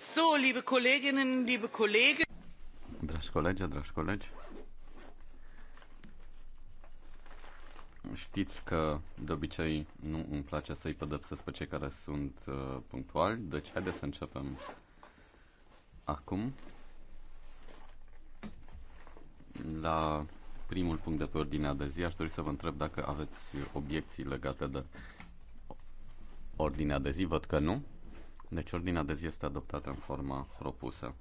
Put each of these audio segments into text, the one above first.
So, liebe Kolleginnen, liebe Kollegen. Dragi colegi, dragi colegi. Știți că de obicei nu îmi place să-i pedepsesc pe cei care sunt uh, punctuali, deci haideți să începem acum. La primul punct de pe ordinea de zi aș dori să vă întreb dacă aveți obiecții legate de ordinea de zi, văd că nu. Deci ordinea de zi este adoptată în forma propusă.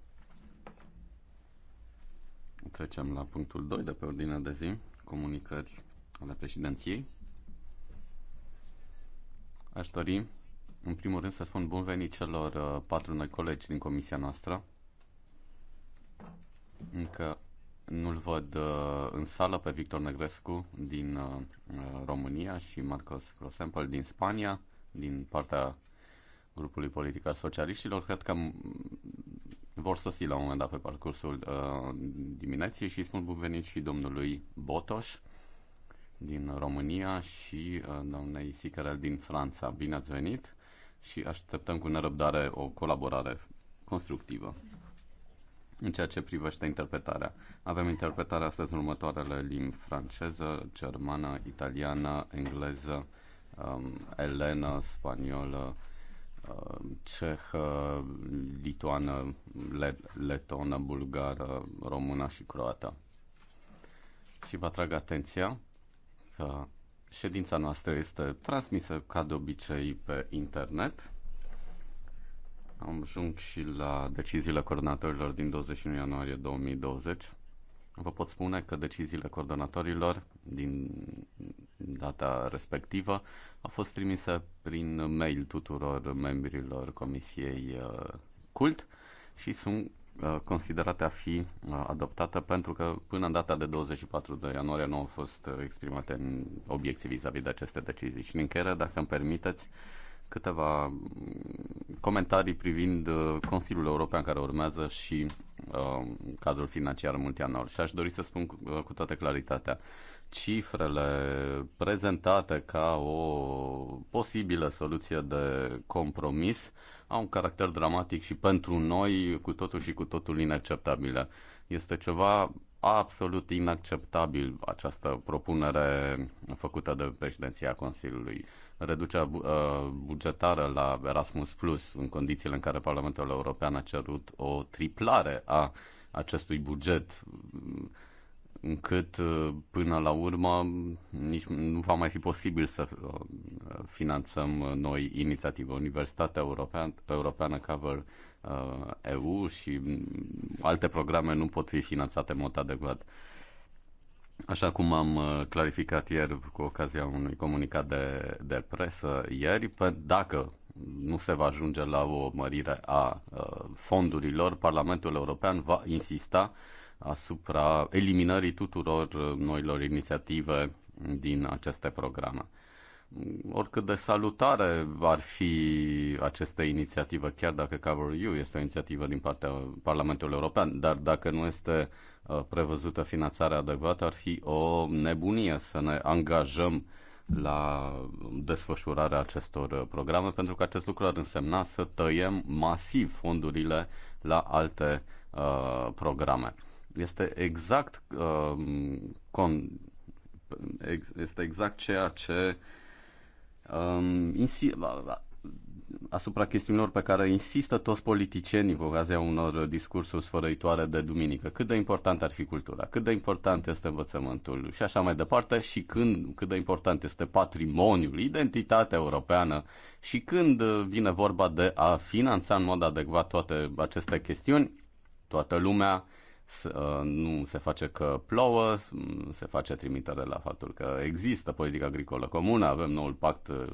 Trecem la punctul 2 de pe ordinea de zi, comunicări ale președinției. Aș dori, în primul rând, să spun bun venit celor uh, patru noi colegi din comisia noastră. Încă nu-l văd uh, în sală pe Victor Negrescu din uh, România și Marcos Crosemple din Spania, din partea grupului politic al socialiștilor. Cred că vor sosi la un moment dat pe parcursul uh, dimineții și spun bun venit și domnului Botoș din România și uh, doamnei Sicarel din Franța. Bine ați venit și așteptăm cu nerăbdare o colaborare constructivă în ceea ce privește interpretarea. Avem interpretarea astăzi în următoarele limbi franceză, germană, italiană, engleză, um, elenă, spaniolă, cehă, lituană, letonă, bulgară, română și croată. Și vă atrag atenția că ședința noastră este transmisă ca de obicei pe internet. Am ajung și la deciziile coordonatorilor din 21 ianuarie 2020. Vă pot spune că deciziile coordonatorilor din data respectivă au fost trimise prin mail tuturor membrilor Comisiei uh, Cult și sunt uh, considerate a fi uh, adoptată pentru că până în data de 24 de ianuarie nu au fost exprimate obiecții vis-a-vis de aceste decizii. Și în încheiere, dacă îmi permiteți, câteva mm, comentarii privind uh, Consiliul European care urmează și uh, cadrul financiar multianual. Și aș dori să spun cu, uh, cu toată claritatea, cifrele prezentate ca o posibilă soluție de compromis au un caracter dramatic și pentru noi cu totul și cu totul inacceptabile. Este ceva absolut inacceptabil această propunere făcută de președinția Consiliului reducerea uh, bugetară la Erasmus Plus, în condițiile în care Parlamentul European a cerut o triplare a acestui buget, încât uh, până la urmă nici nu va mai fi posibil să uh, finanțăm noi inițiative. Universitatea Europeană, Europeană Cover EU și mm, alte programe nu pot fi finanțate în mod adecvat. Așa cum am uh, clarificat ieri cu ocazia unui comunicat de, de presă ieri, pe, dacă nu se va ajunge la o mărire a uh, fondurilor, Parlamentul European va insista asupra eliminării tuturor uh, noilor inițiative din aceste programe oricât de salutare ar fi această inițiativă chiar dacă Cover you este o inițiativă din partea Parlamentului European, dar dacă nu este uh, prevăzută finanțare adecvată, ar fi o nebunie să ne angajăm la desfășurarea acestor uh, programe, pentru că acest lucru ar însemna să tăiem masiv fondurile la alte uh, programe. Este exact uh, con- este exact ceea ce Um, asupra chestiunilor pe care insistă toți politicienii cu ocazia unor discursuri sfărăitoare de duminică. Cât de important ar fi cultura, cât de important este învățământul și așa mai departe și când, cât de important este patrimoniul, identitatea europeană și când vine vorba de a finanța în mod adecvat toate aceste chestiuni, toată lumea Uh, nu se face că plouă, mm, se face trimitere la faptul că există politică agricolă comună, avem noul pact uh,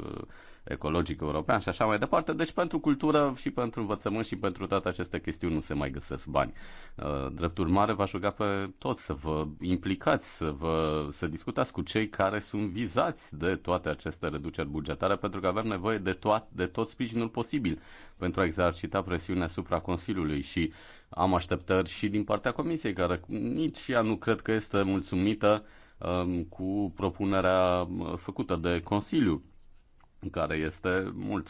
ecologic european și așa mai departe. Deci pentru cultură și pentru învățământ și pentru toate aceste chestiuni nu se mai găsesc bani. Uh, drept urmare, v-aș ruga pe toți să vă implicați, să, vă, să discutați cu cei care sunt vizați de toate aceste reduceri bugetare, pentru că avem nevoie de, toat, de tot sprijinul posibil pentru a exercita presiunea asupra Consiliului și am așteptări și din partea comisiei, care nici ea nu cred că este mulțumită um, cu propunerea um, făcută de Consiliu care este mult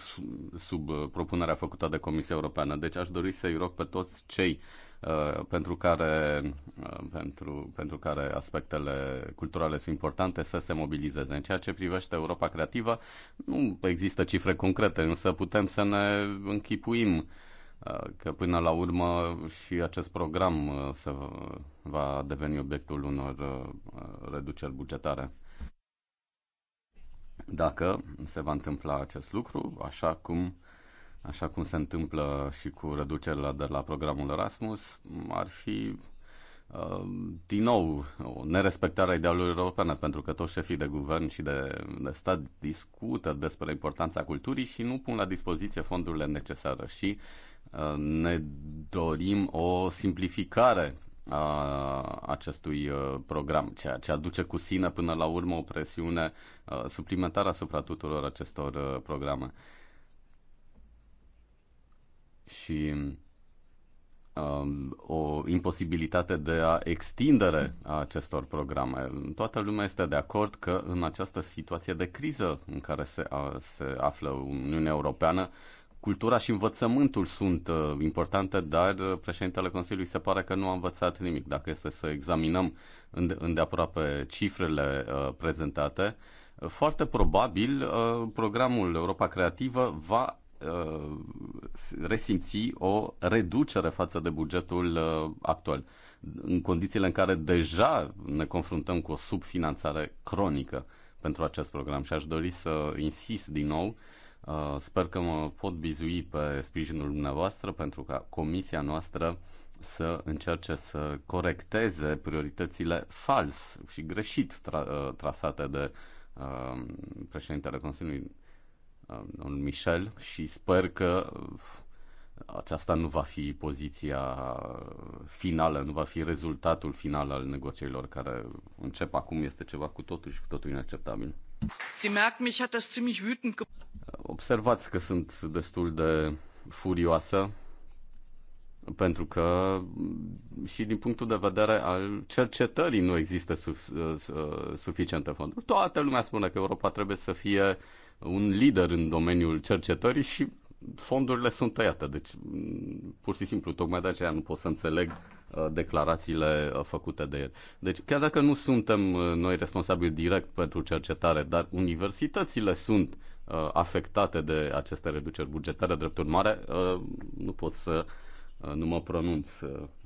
sub uh, propunerea făcută de Comisia Europeană. Deci aș dori să-i rog pe toți cei uh, pentru care, uh, pentru, pentru care aspectele culturale sunt importante să se mobilizeze. În ceea ce privește Europa Creativă, nu există cifre concrete, însă putem să ne închipuim uh, Uh, că până la urmă și acest program uh, se va deveni obiectul unor uh, reduceri bugetare. Dacă se va întâmpla acest lucru, așa cum, așa cum se întâmplă și cu reducerile de la programul Erasmus, ar fi din nou o nerespectare a idealului europene, pentru că toți șefii de guvern și de, de stat discută despre importanța culturii și nu pun la dispoziție fondurile necesare și Uh, ne dorim o simplificare a acestui uh, program, ceea ce aduce cu sine până la urmă o presiune uh, suplimentară asupra tuturor acestor programe. Și um, o imposibilitate de a extindere a acestor programe. Toată lumea este de acord că în această situație de criză în care se, a, se află Uniunea Europeană, cultura și învățământul sunt uh, importante, dar uh, președintele Consiliului se pare că nu a învățat nimic. Dacă este să examinăm înde- îndeaproape cifrele uh, prezentate, uh, foarte probabil uh, programul Europa Creativă va uh, resimți o reducere față de bugetul uh, actual, în condițiile în care deja ne confruntăm cu o subfinanțare cronică pentru acest program. Și aș dori să insist din nou uh, Uh, sper că mă pot bizui pe sprijinul dumneavoastră pentru ca comisia noastră să încerce să corecteze prioritățile fals și greșit tra- uh, trasate de uh, președintele Consiliului, uh, domnul Michel, și sper că uh, aceasta nu va fi poziția finală, nu va fi rezultatul final al negocierilor care încep acum, este ceva cu totul și cu totul inacceptabil. Observați că sunt destul de furioasă pentru că mm, și din punctul de vedere al cercetării nu există suficiente fonduri. Toată lumea spune că Europa trebuie să fie un lider în domeniul cercetării și fondurile sunt tăiate. Deci, mm, pur și simplu, tocmai de aceea nu pot să înțeleg Uh, declarațiile uh, făcute de el. Deci, chiar dacă nu suntem uh, noi responsabili direct pentru cercetare, dar universitățile sunt afectate de aceste reduceri bugetare, drept urmare, nu pot să nu mă pronunț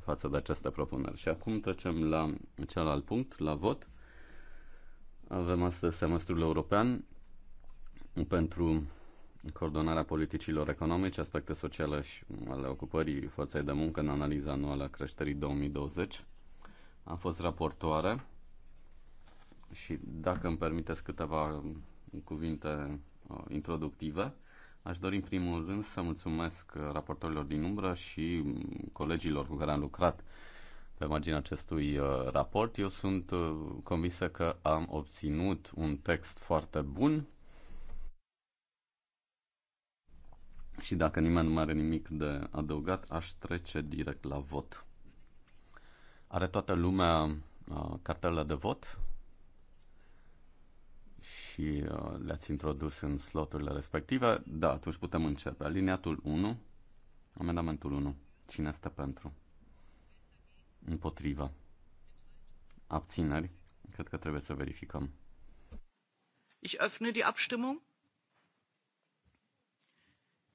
față de aceste propuneri. Și acum trecem la celălalt punct, la vot. Avem astăzi semestrul european pentru coordonarea politicilor economice, aspecte sociale și ale ocupării forței de muncă în analiza anuală a creșterii 2020. Am fost raportoare și dacă îmi permiteți câteva cuvinte uh, introductive, aș dori în primul rând să mulțumesc raportorilor din umbră și colegilor cu care am lucrat pe marginea acestui uh, raport. Eu sunt uh, convinsă că am obținut un text foarte bun Și dacă nimeni nu mai are nimic de adăugat, aș trece direct la vot. Are toată lumea uh, cartela de vot și uh, le-ați introdus în sloturile respective? Da, atunci putem începe. Aliniatul 1, amendamentul 1. Cine stă pentru? Împotriva. Abțineri. Cred că trebuie să verificăm. Ich öffne die Abstimmung.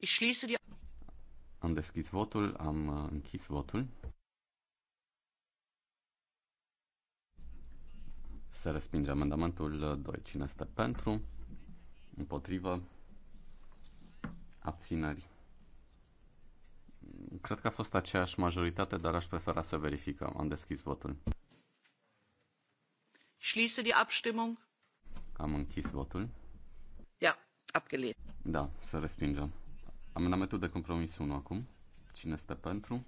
Ich schließe die... Am deschis votul, am uh, închis votul. Se respinge amendamentul 2. Uh, Cine este pentru? Împotrivă? Abțineri? Cred că a fost aceeași majoritate, dar aș prefera să verificăm. Am deschis votul. Schließe die Abstimmung. Am închis votul. Ja, abgelehnt. Da, să respingem. Amendamentul de compromis 1 acum. Cine este pentru?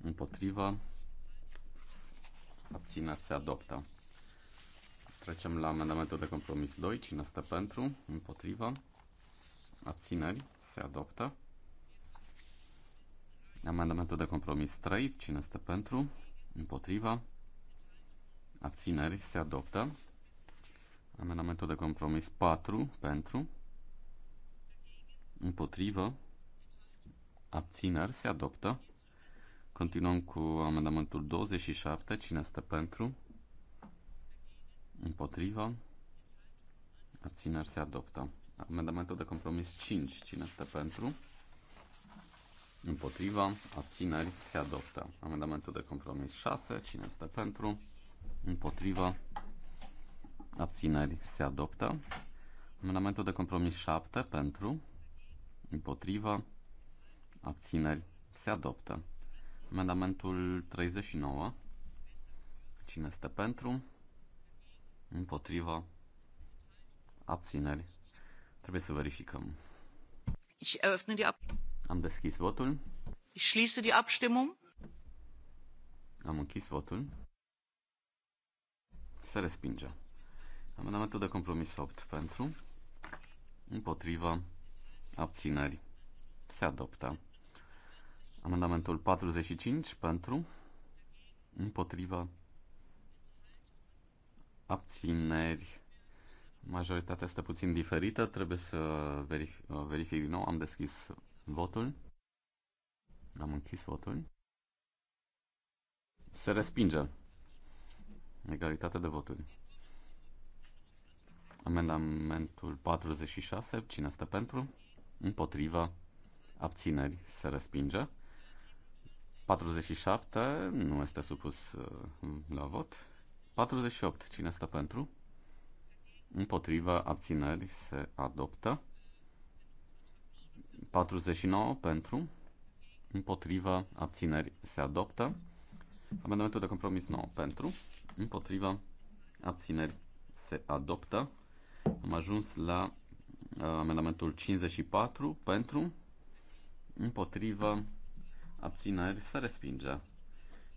Împotriva. Abțineri se adoptă. Trecem la amendamentul de compromis 2. Cine este pentru? Împotriva. Abțineri se adoptă. Amendamentul de compromis 3. Cine este pentru? Împotriva. Abțineri se adoptă. Amendamentul de compromis 4 pentru împotrivă, abțineri, se adoptă. Continuăm cu amendamentul 27, cine este pentru, împotrivă, abțineri, se adoptă. Amendamentul de compromis 5, cine este pentru, împotriva, abțineri, se adoptă. Amendamentul de compromis 6, cine este pentru, împotriva, abțineri, se adoptă. Amendamentul de compromis 7, pentru, Împotrivă. Abțineri. Se adoptă. Amendamentul 39. Cine este pentru? Împotrivă. Abțineri. Trebuie să verificăm. Ich eröffne die Am deschis votul. Ich schließe die Abstimmung. Am închis votul. Se respinge. Amendamentul de compromis 8 pentru. Împotrivă abțineri, se adoptă. Amendamentul 45 pentru, împotriva, abțineri. Majoritatea este puțin diferită, trebuie să verific, uh, verific din nou. Am deschis votul. Am închis votul. Se respinge. Egalitate de voturi. Amendamentul 46. Cine este pentru? împotriva, abțineri, se respinge. 47 nu este supus uh, la vot. 48, cine stă pentru? Împotriva, abțineri, se adoptă. 49 pentru, împotriva, abțineri, se adoptă. Amendamentul de compromis 9 pentru, împotriva, abțineri, se adoptă. Am ajuns la Uh, amendamentul 54 pentru, împotrivă, abțineri, se respinge.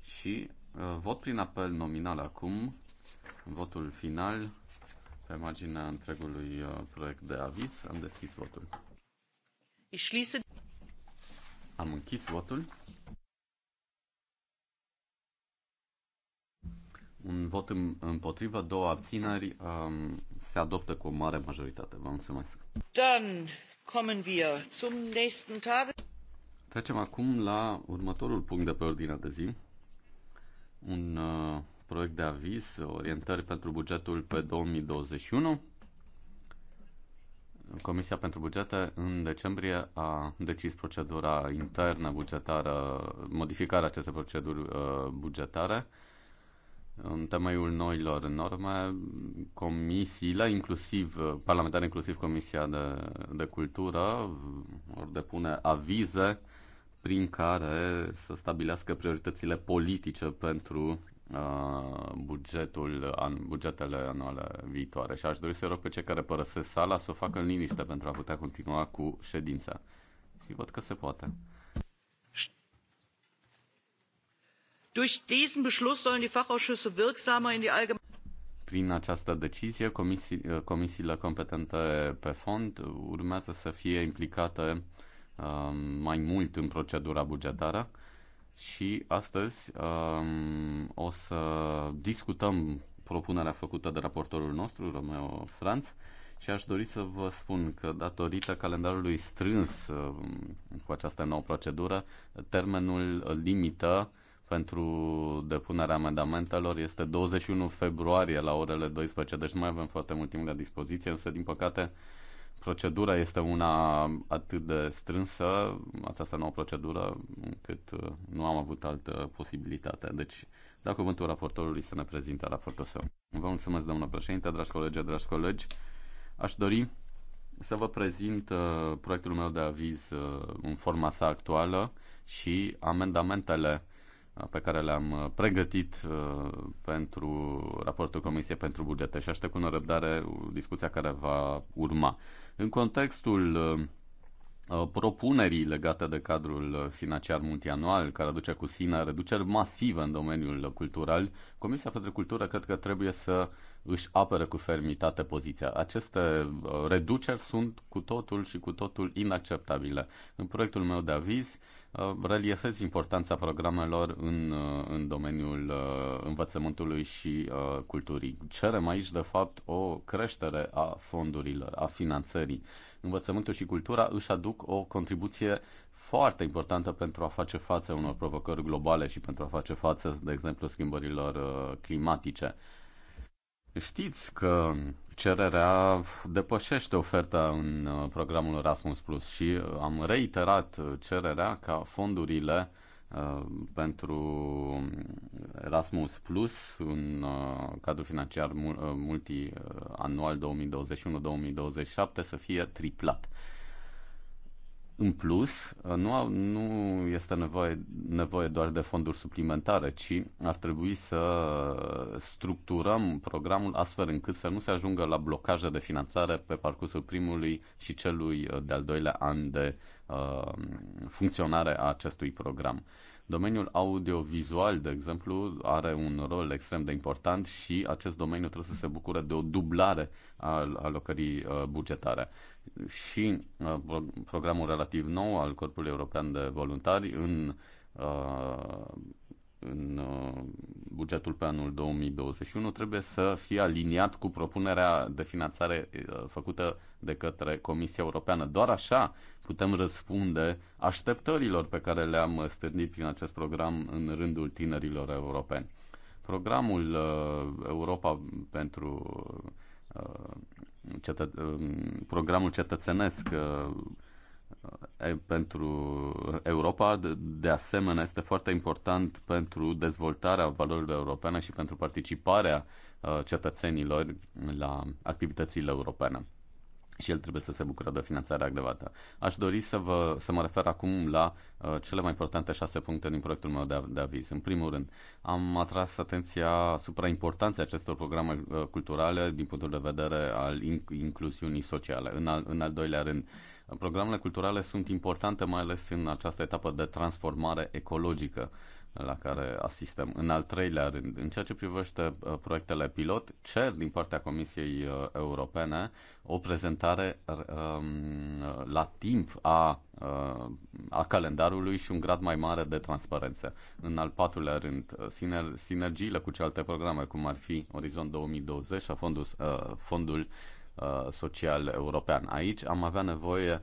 Și uh, vot prin apel nominal acum, votul final, pe marginea întregului uh, proiect de aviz, am deschis votul. Am închis votul. un vot împotrivă, două abțineri, um, se adoptă cu o mare majoritate. Vă mulțumesc. Dann kommen wir zum nächsten Tag. Trecem acum la următorul punct de pe ordinea de zi. Un uh, proiect de aviz, orientări pentru bugetul pe 2021. Comisia pentru bugete în decembrie a decis procedura internă bugetară, modificarea acestei proceduri uh, bugetare. Uh, în temeiul noilor norme, comisiile, inclusiv parlamentare, inclusiv Comisia de, de Cultură, vor depune avize prin care să stabilească prioritățile politice pentru uh, bugetul, an, bugetele anuale viitoare. Și aș dori să rog pe cei care părăsesc sala să o facă în liniște pentru a putea continua cu ședința. Și văd că se poate. prin această decizie, comisii, eh, comisiile competente pe fond urmează să fie implicate um, mai mult în procedura bugetară și astăzi um, o să discutăm propunerea făcută de raportorul nostru, Romeo Franz, și aș dori să vă spun că datorită calendarului strâns um, cu această nouă procedură, termenul limită pentru depunerea amendamentelor este 21 februarie la orele 12, deci nu mai avem foarte mult timp la dispoziție, însă din păcate procedura este una atât de strânsă, această nouă procedură, încât uh, nu am avut altă posibilitate. Deci, da cuvântul raportorului să ne prezinte raportul său. Vă mulțumesc, domnul președinte, dragi colegi, dragi colegi. Aș dori să vă prezint uh, proiectul meu de aviz uh, în forma sa actuală și amendamentele pe care le-am uh, pregătit uh, pentru raportul Comisiei pentru Bugete și aștept cu nerăbdare discuția care va urma. În contextul uh, propunerii legate de cadrul financiar multianual, care aduce cu sine reduceri masive în domeniul cultural, Comisia pentru Cultură cred că trebuie să își apere cu fermitate poziția. Aceste reduceri sunt cu totul și cu totul inacceptabile. În proiectul meu de aviz, Uh, reliefez importanța programelor în, uh, în domeniul uh, învățământului și culturii. Cerem aici, de fapt, o creștere a fondurilor, a finanțării. Învățământul și cultura își aduc o contribuție foarte importantă pentru a face față unor provocări globale și pentru a face față, de exemplu, schimbărilor climatice. Știți că cererea depășește oferta în uh, programul Erasmus Plus și uh, am reiterat uh, cererea ca fondurile pentru Erasmus Plus în cadrul financiar multianual 2021-2027 să fie triplat. În plus, nu, au, nu este nevoie, nevoie doar de fonduri suplimentare, ci ar trebui să structurăm programul astfel încât să nu se ajungă la blocaje de finanțare pe parcursul primului și celui de-al doilea an de uh, funcționare a acestui program. Domeniul audiovizual, de exemplu, are un rol extrem de important și acest domeniu trebuie să se bucure de o dublare a alocării uh, bugetare și uh, programul relativ nou al Corpului European de Voluntari în, uh, în uh, bugetul pe anul 2021 trebuie să fie aliniat cu propunerea de finanțare uh, făcută de către Comisia Europeană. Doar așa putem răspunde așteptărilor pe care le-am stârnit prin acest program în rândul tinerilor europeni. Programul uh, Europa pentru uh, cetă, um, programul cetățenesc uh, pentru Europa, de asemenea, este foarte important pentru dezvoltarea valorilor europene și pentru participarea uh, cetățenilor la activitățile europene și el trebuie să se bucure de finanțare adecvată. Aș dori să, vă, să mă refer acum la uh, cele mai importante șase puncte din proiectul meu de, de aviz. În primul rând, am atras atenția asupra importanței acestor programe uh, culturale din punctul de vedere al in- incluziunii sociale. În al, în al doilea rând, programele culturale sunt importante mai ales în această etapă de transformare ecologică. Uh, la care asistăm. În al treilea rând, în ceea ce privește uh, proiectele pilot, cer din partea Comisiei uh, Europene o prezentare um, la timp a, uh, a calendarului și un grad mai mare de transparență. În al patrulea rând, siner, sinergiile cu celelalte programe, cum ar fi Orizont 2020 și fondul, fondul social european. Aici am avea nevoie uh,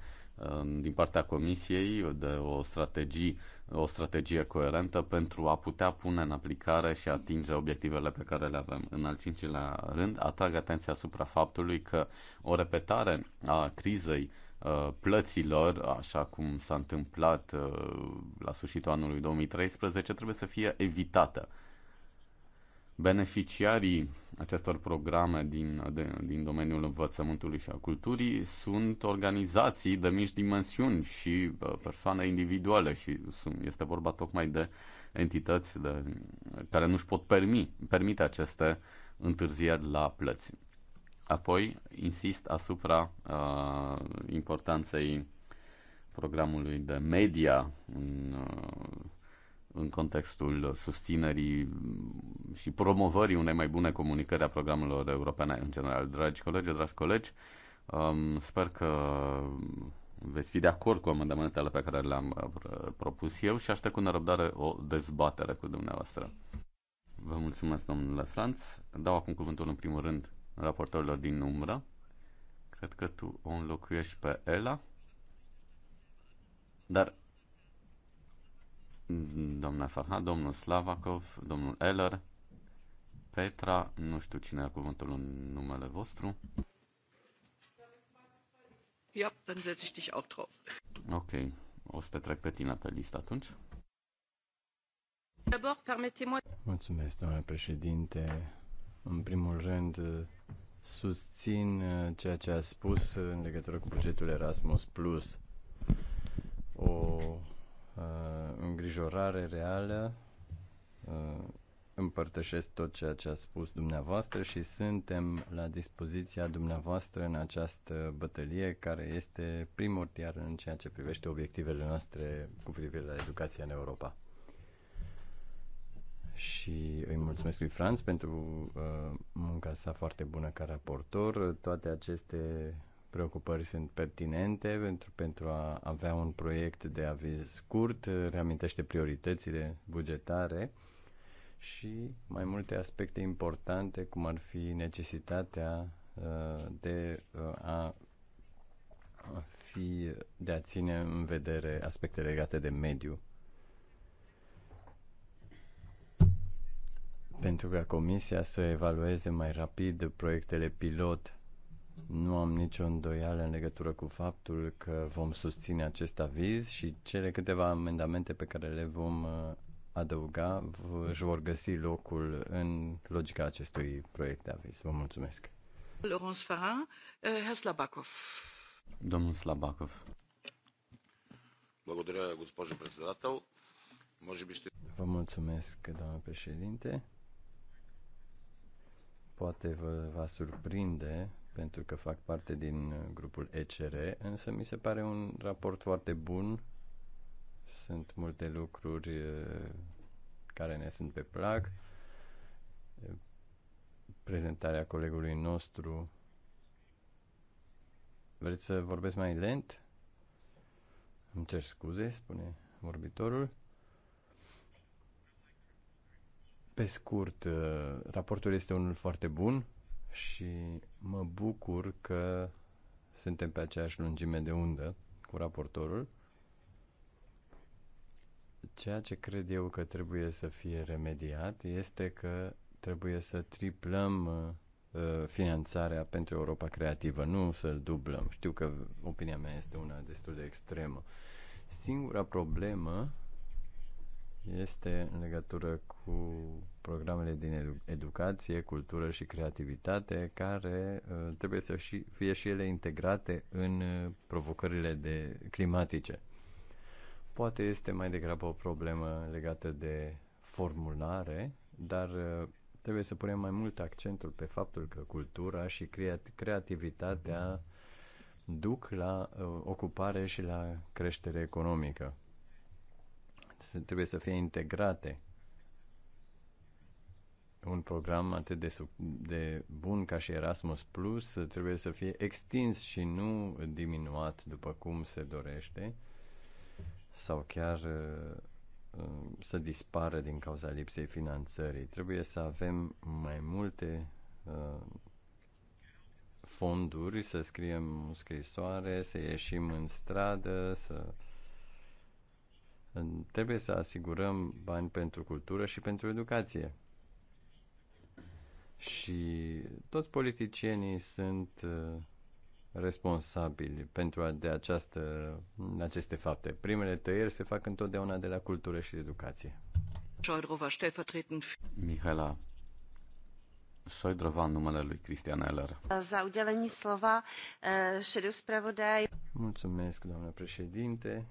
din partea Comisiei de o strategie, o strategie coerentă pentru a putea pune în aplicare și atinge obiectivele pe care le avem. În al cincilea rând, atrag atenția asupra faptului că o repetare a crizei uh, plăților, așa cum s-a întâmplat uh, la sfârșitul anului 2013, trebuie să fie evitată. Beneficiarii acestor programe din, de, din domeniul învățământului și a culturii sunt organizații de mici dimensiuni și persoane individuale și sunt, este vorba tocmai de entități de, care nu își pot permi, permite aceste întârzieri la plăți. Apoi insist asupra uh, importanței programului de media în uh, în contextul susținerii și promovării unei mai bune comunicări a programelor europene în general. Dragi colegi, dragi colegi, um, sper că veți fi de acord cu amendamentele pe care le-am uh, propus eu și aștept cu nerăbdare o dezbatere cu dumneavoastră. Vă mulțumesc, domnule Franț. Dau acum cuvântul în primul rând raportorilor din umbră. Cred că tu o înlocuiești pe Ela. Dar Mm, doamna Farha, domnul Slavakov, domnul Eller, Petra, nu știu cine a cuvântul în numele vostru. Ja, dann setze ich dich auch drauf. Ok, o să te trec pe tine pe listă atunci. Mulțumesc, domnule președinte. În primul rând, susțin uh, ceea ce a spus uh, în legătură cu bugetul Erasmus Plus. O Uh, îngrijorare reală. Uh, împărtășesc tot ceea ce a spus dumneavoastră și suntem la dispoziția dumneavoastră în această bătălie care este primordială în ceea ce privește obiectivele noastre cu privire la educația în Europa. Și îi mulțumesc lui Franz pentru uh, munca sa foarte bună ca raportor. Toate aceste preocupări sunt pertinente pentru, pentru a avea un proiect de aviz scurt, reamintește prioritățile bugetare și mai multe aspecte importante, cum ar fi necesitatea uh, de uh, a fi de a ține în vedere aspecte legate de mediu. Pentru ca Comisia să evalueze mai rapid proiectele pilot nu am nicio îndoială în legătură cu faptul că vom susține acest aviz și cele câteva amendamente pe care le vom uh, adăuga își vor găsi locul în logica acestui proiect de aviz. Vă mulțumesc. Laurence Farin, uh, Herr Slabakov. Domnul Slabakov. Vă mulțumesc, doamnă președinte. Poate vă va surprinde pentru că fac parte din uh, grupul ECR, însă mi se pare un raport foarte bun. Sunt multe lucruri uh, care ne sunt pe plac. Prezentarea colegului nostru. Vreți să vorbesc mai lent? Îmi cer scuze, spune vorbitorul. Pe scurt, uh, raportul este unul foarte bun și mă bucur că suntem pe aceeași lungime de undă cu raportorul. Ceea ce cred eu că trebuie să fie remediat este că trebuie să triplăm uh, finanțarea pentru Europa Creativă, nu să-l dublăm. Știu că opinia mea este una destul de extremă. Singura problemă este în legătură cu programele din educație, cultură și creativitate, care uh, trebuie să fie și ele integrate în uh, provocările de climatice. Poate este mai degrabă o problemă legată de formulare, dar uh, trebuie să punem mai mult accentul pe faptul că cultura și creativitatea duc la ocupare și la creștere economică trebuie să fie integrate. Un program atât de, sub, de bun ca și Erasmus Plus trebuie să fie extins și nu diminuat după cum se dorește sau chiar uh, să dispară din cauza lipsei finanțării. Trebuie să avem mai multe uh, fonduri, să scriem o scrisoare, să ieșim în stradă, să Trebuie să asigurăm bani pentru cultură și pentru educație. Și toți politicienii sunt uh, responsabili pentru de această, aceste fapte. Primele tăieri se fac întotdeauna de la cultură și educație. Mihaela Soidrova, numele lui Cristian Eller. Za udělení slova, ședu eh, Mulțumesc, doamnă președinte.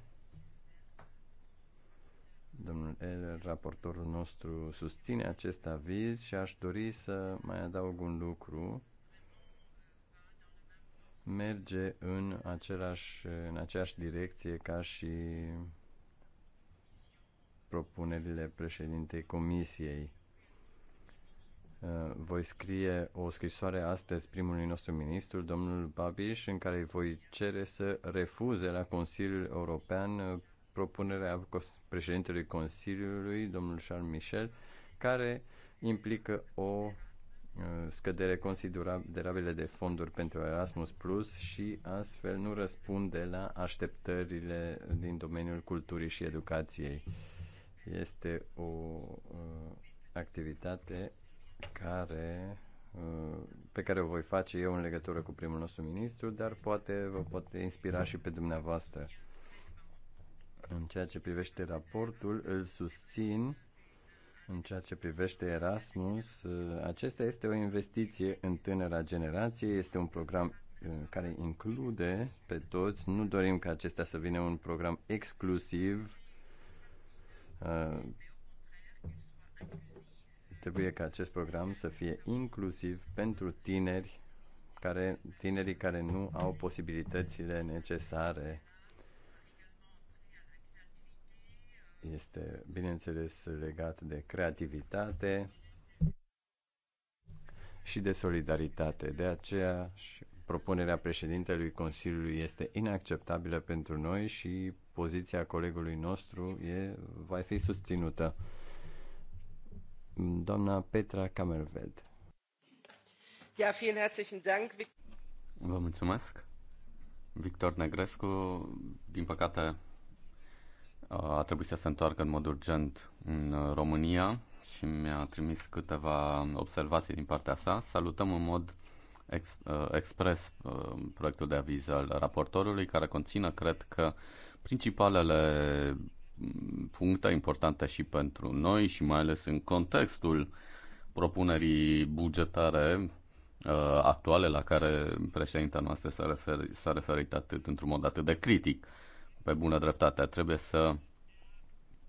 Domnul El, raportorul nostru, susține acest aviz și aș dori să mai adaug un lucru. Merge în, același, în aceeași direcție ca și propunerile președintei comisiei. Uh, voi scrie o scrisoare astăzi primului nostru ministru, domnul Babiș, în care îi voi cere să refuze la Consiliul European a președintelui Consiliului, domnul Charles Michel, care implică o uh, scădere considerabilă de fonduri pentru Erasmus Plus și astfel nu răspunde la așteptările din domeniul culturii și educației. Este o uh, activitate care, uh, pe care o voi face eu în legătură cu primul nostru ministru, dar poate vă poate inspira și pe dumneavoastră. Uh, în ceea ce privește raportul, îl susțin. În ceea ce privește Erasmus, acesta este o investiție în tânăra generație, este un program uh, care include pe toți. Nu dorim ca acesta să vină un program exclusiv. Uh, trebuie ca acest program să fie inclusiv pentru tineri care, tinerii care nu au posibilitățile necesare este, bineînțeles, legat de creativitate și de solidaritate. De aceea, propunerea președintelui Consiliului este inacceptabilă pentru noi și poziția colegului nostru e, va fi susținută. Doamna Petra Kamerveld. Ja, vielen herzlichen Dank. Vă mulțumesc. Victor Negrescu, din păcate, a trebuit să se întoarcă în mod urgent în România și mi-a trimis câteva observații din partea sa. Salutăm în mod ex, uh, expres uh, proiectul de aviz al raportorului, care conține, cred că, principalele mm, puncte importante și pentru noi și mai ales în contextul propunerii bugetare uh, actuale la care președintele noastră s-a, referit, s-a referit atât într-un mod atât de critic pe bună dreptate. Trebuie să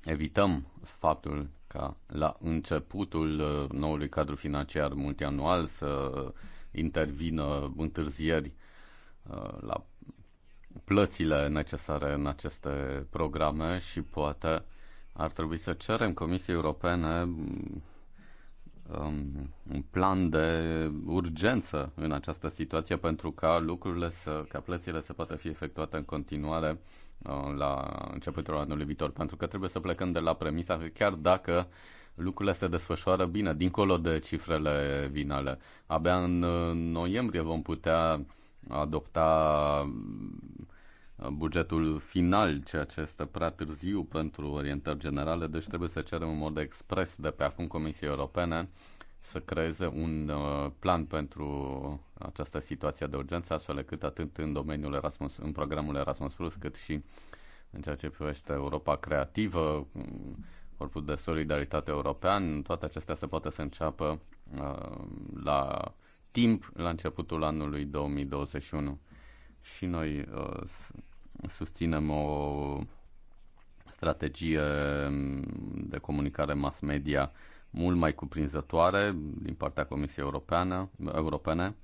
evităm faptul ca la începutul uh, noului cadru financiar multianual să intervină întârzieri uh, la plățile necesare în aceste programe și poate ar trebui să cerem Comisiei Europene um, un plan de urgență în această situație pentru ca lucrurile să, ca plățile să poată fi efectuate în continuare Uh, la începutul anului viitor, pentru că trebuie să plecăm de la premisa că chiar dacă lucrurile se desfășoară bine, dincolo de cifrele finale, abia în uh, noiembrie vom putea adopta uh, bugetul final, ceea ce este prea târziu pentru orientări generale, deci trebuie să cerem în mod expres de pe acum Comisiei Europene uh, să creeze un uh, plan pentru această situație de urgență, astfel încât atât în domeniul Erasmus, în programul Erasmus Plus, cât și în ceea ce privește Europa creativă, mm, Corpul de Solidaritate European, toate acestea se poate să înceapă uh, la timp, la începutul anului 2021. Și noi uh, susținem o strategie mm, de comunicare mass media mult mai cuprinzătoare din partea Comisiei Europeană, Europene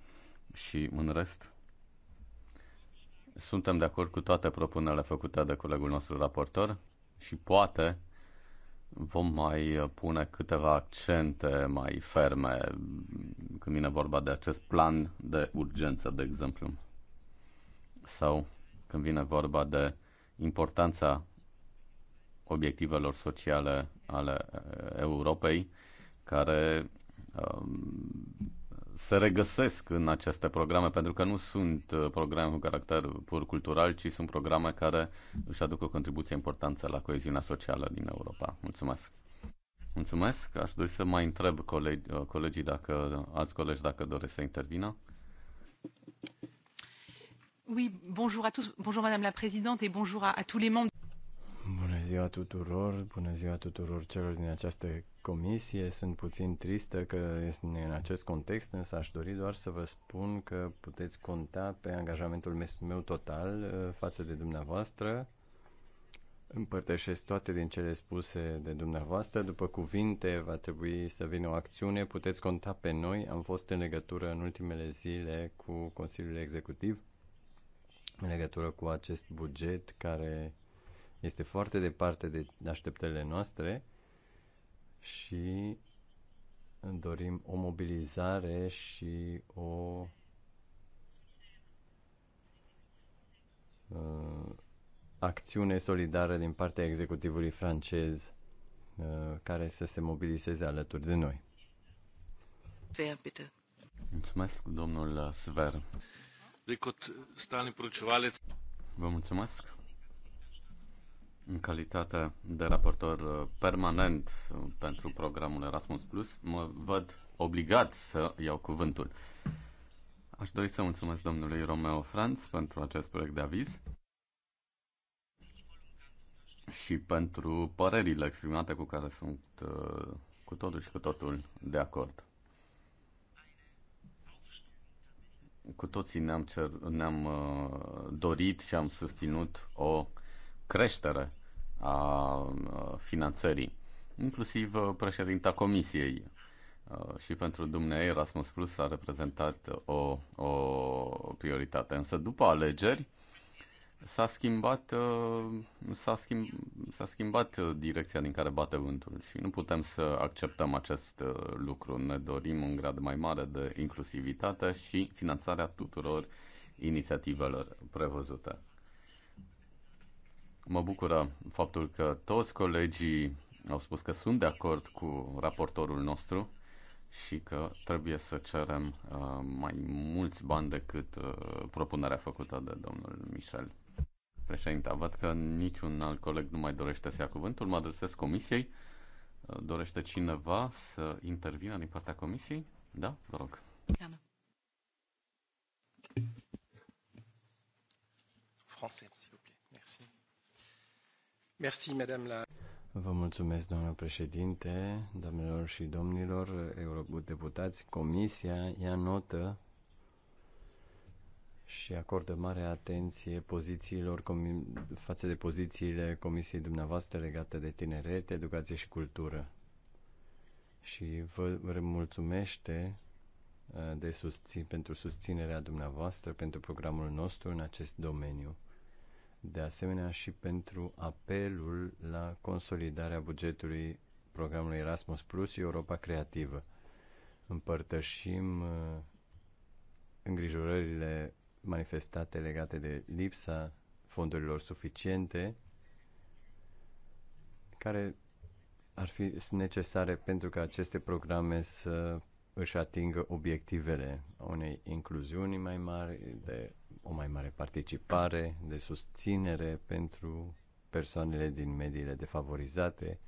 și în rest suntem de acord cu toate propunerile făcute de colegul nostru raportor și poate vom mai pune câteva accente mai ferme când vine vorba de acest plan de urgență, de exemplu, sau când vine vorba de importanța obiectivelor sociale ale Europei care um, se regăsesc în aceste programe, pentru că nu sunt uh, programe cu caracter pur cultural, ci sunt programe care își aduc o contribuție importantă la coeziunea socială din Europa. Mulțumesc! Mulțumesc! Aș dori să mai întreb colegi, uh, colegii dacă, alți colegi dacă doresc să intervină. Oui, bonjour à tous. Bonjour Madame la Présidente et bonjour à, à tous les membres ziua tuturor, bună ziua tuturor celor din această comisie. Sunt puțin tristă că este în acest context, însă aș dori doar să vă spun că puteți conta pe angajamentul meu total uh, față de dumneavoastră. Împărtășesc toate din cele spuse de dumneavoastră. După cuvinte, va trebui să vină o acțiune. Puteți conta pe noi. Am fost în legătură în ultimele zile cu Consiliul Executiv în legătură cu acest buget care este foarte departe de așteptările noastre și dorim o mobilizare și o uh, acțiune solidară din partea executivului francez uh, care să se mobilizeze alături de noi. Svea, bitte. Mulțumesc, domnul Sver. Vă mulțumesc. În calitate de raportor uh, permanent uh, pentru programul Erasmus Plus, mă văd obligat să iau cuvântul. Aș dori să mulțumesc domnului Romeo Franz pentru acest proiect de aviz și pentru părerile exprimate cu care sunt uh, cu totul și cu totul de acord. Cu toții ne-am, cer, ne-am dorit și am susținut o creștere a finanțării, inclusiv uh, președinta comisiei. Uh, și pentru dumneavoastră Erasmus Plus a reprezentat uh, o, o prioritate. Însă după alegeri s-a schimbat, s-a, schimb, s-a schimbat direcția din care bate vântul și nu putem să acceptăm acest lucru. Ne dorim un grad mai mare de inclusivitate și finanțarea tuturor inițiativelor prevăzute. Mă bucură faptul că toți colegii au spus că sunt de acord cu raportorul nostru și că trebuie să cerem uh, mai mulți bani decât uh, propunerea făcută de domnul Michel. Președinte, văd că niciun alt coleg nu mai dorește să ia cuvântul. Mă adresez comisiei. Uh, dorește cineva să intervină din partea comisiei? Da? Vă rog. Iana. Français, Vă mulțumesc, doamnă președinte, doamnelor și domnilor, eurodeputați. Comisia ia notă și acordă mare atenție pozițiilor față de pozițiile comisiei dumneavoastră legate de tineret, educație și cultură. Și vă mulțumește uh, de susțin, pentru susținerea dumneavoastră pentru programul nostru în acest domeniu de asemenea și pentru apelul la consolidarea bugetului programului Erasmus Plus și Europa Creativă. Împărtășim uh, îngrijorările manifestate legate de lipsa fondurilor suficiente care ar fi necesare pentru ca aceste programe să își atingă obiectivele unei incluziuni mai mari, de o mai mare participare, de susținere pentru persoanele din mediile defavorizate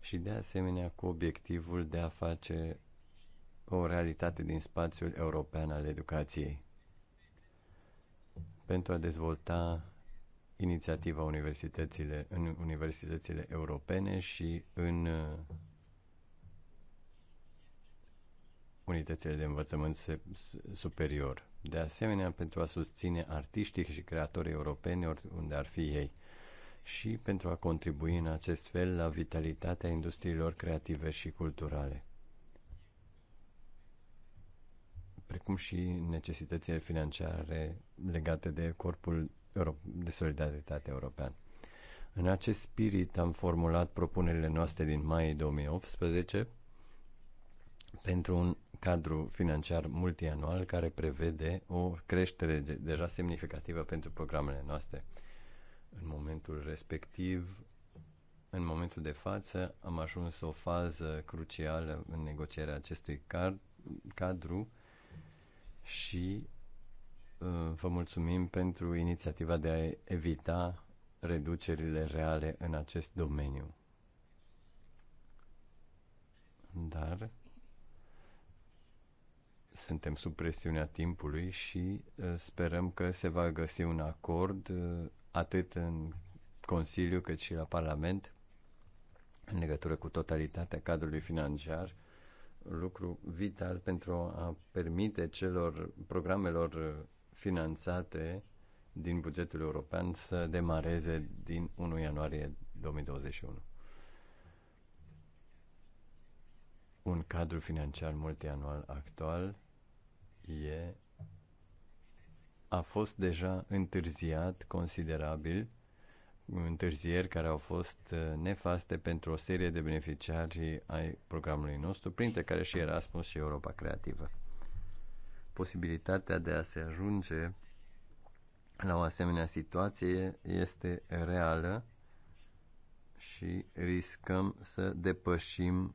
și de asemenea cu obiectivul de a face o realitate din spațiul european al educației. Pentru a dezvolta inițiativa universitățile, în universitățile europene și în unitățile de învățământ superior. De asemenea, pentru a susține artiștii și creatorii europeni unde ar fi ei și pentru a contribui în acest fel la vitalitatea industriilor creative și culturale, precum și necesitățile financiare legate de Corpul de Solidaritate European. În acest spirit am formulat propunerile noastre din mai 2018 pentru un cadru financiar multianual care prevede o creștere de, deja semnificativă pentru programele noastre. În momentul respectiv, în momentul de față, am ajuns o fază crucială în negocierea acestui cadru și uh, vă mulțumim pentru inițiativa de a evita reducerile reale în acest domeniu. Dar suntem sub presiunea timpului și uh, sperăm că se va găsi un acord uh, atât în Consiliu cât și la Parlament în legătură cu totalitatea cadrului financiar, lucru vital pentru a permite celor programelor uh, finanțate din bugetul european să demareze din 1 ianuarie 2021. un cadru financiar multianual actual e, a fost deja întârziat considerabil, întârzieri care au fost uh, nefaste pentru o serie de beneficiari ai programului nostru, printre care și Erasmus și Europa Creativă. Posibilitatea de a se ajunge la o asemenea situație este reală și riscăm să depășim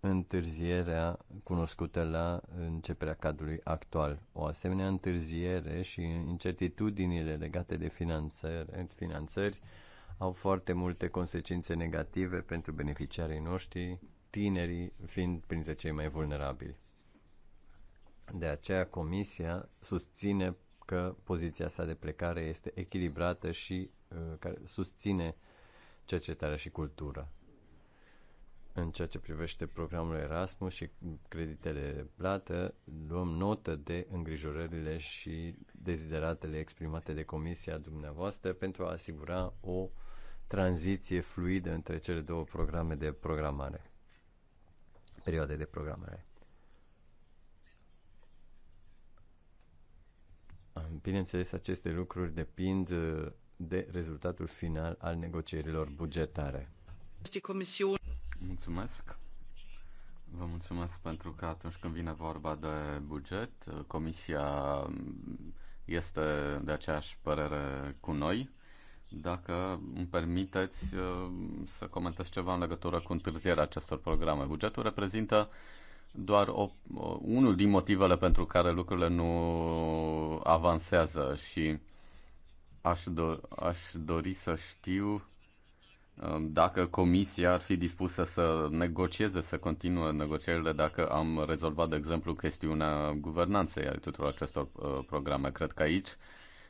întârzierea cunoscută la începerea cadrului actual. O asemenea întârziere și incertitudinile legate de finanțări, finanțări au foarte multe consecințe negative pentru beneficiarii noștri, tinerii fiind printre cei mai vulnerabili. De aceea, Comisia susține că poziția sa de plecare este echilibrată și uh, care susține cercetarea și cultura. În ceea ce privește programul Erasmus și creditele de plată, luăm notă de îngrijorările și dezideratele exprimate de comisia dumneavoastră pentru a asigura o tranziție fluidă între cele două programe de programare, perioade de programare. Bineînțeles, aceste lucruri depind de rezultatul final al negocierilor bugetare. Mulțumesc. Vă mulțumesc pentru că atunci când vine vorba de buget, Comisia este de aceeași părere cu noi. Dacă îmi permiteți uh, să comentez ceva în legătură cu întârzierea acestor programe. Bugetul reprezintă doar o, unul din motivele pentru care lucrurile nu avansează și aș, do- aș dori să știu Um, dacă comisia ar fi dispusă să negocieze, să continue negocierile dacă am rezolvat, de exemplu, chestiunea guvernanței a tuturor acestor uh, programe. Cred că aici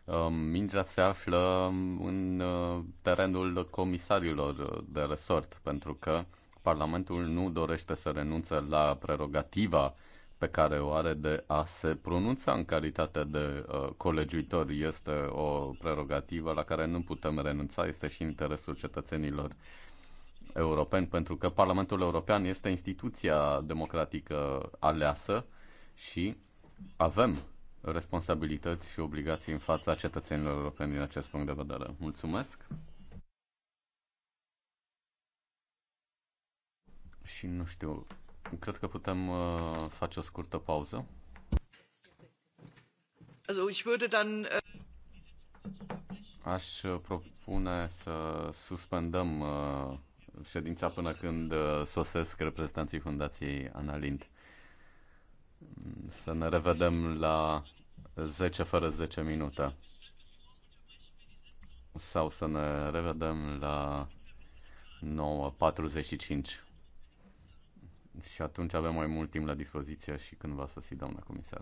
um, mingea se află în uh, terenul comisarilor de resort, pentru că Parlamentul nu dorește să renunțe la prerogativa uh, pe care o are de a se pronunța în calitate de uh, colegiuitor este o prerogativă la care nu putem renunța, este și interesul cetățenilor europeni, pentru că Parlamentul European este instituția democratică aleasă și avem responsabilități și obligații în fața cetățenilor europeni din acest punct de vedere. Mulțumesc! Și nu știu Cred că putem uh, face o scurtă pauză. Also, ich würde dann, äh, uh... Aș propune să suspendăm uh, ședința până când uh, sosesc reprezentanții Fundației Analind. Să ne revedem la 10 fără 10 minute. Sau să ne revedem la 9.45 și atunci avem mai mult timp la dispoziție și când va sosi doamna comisar.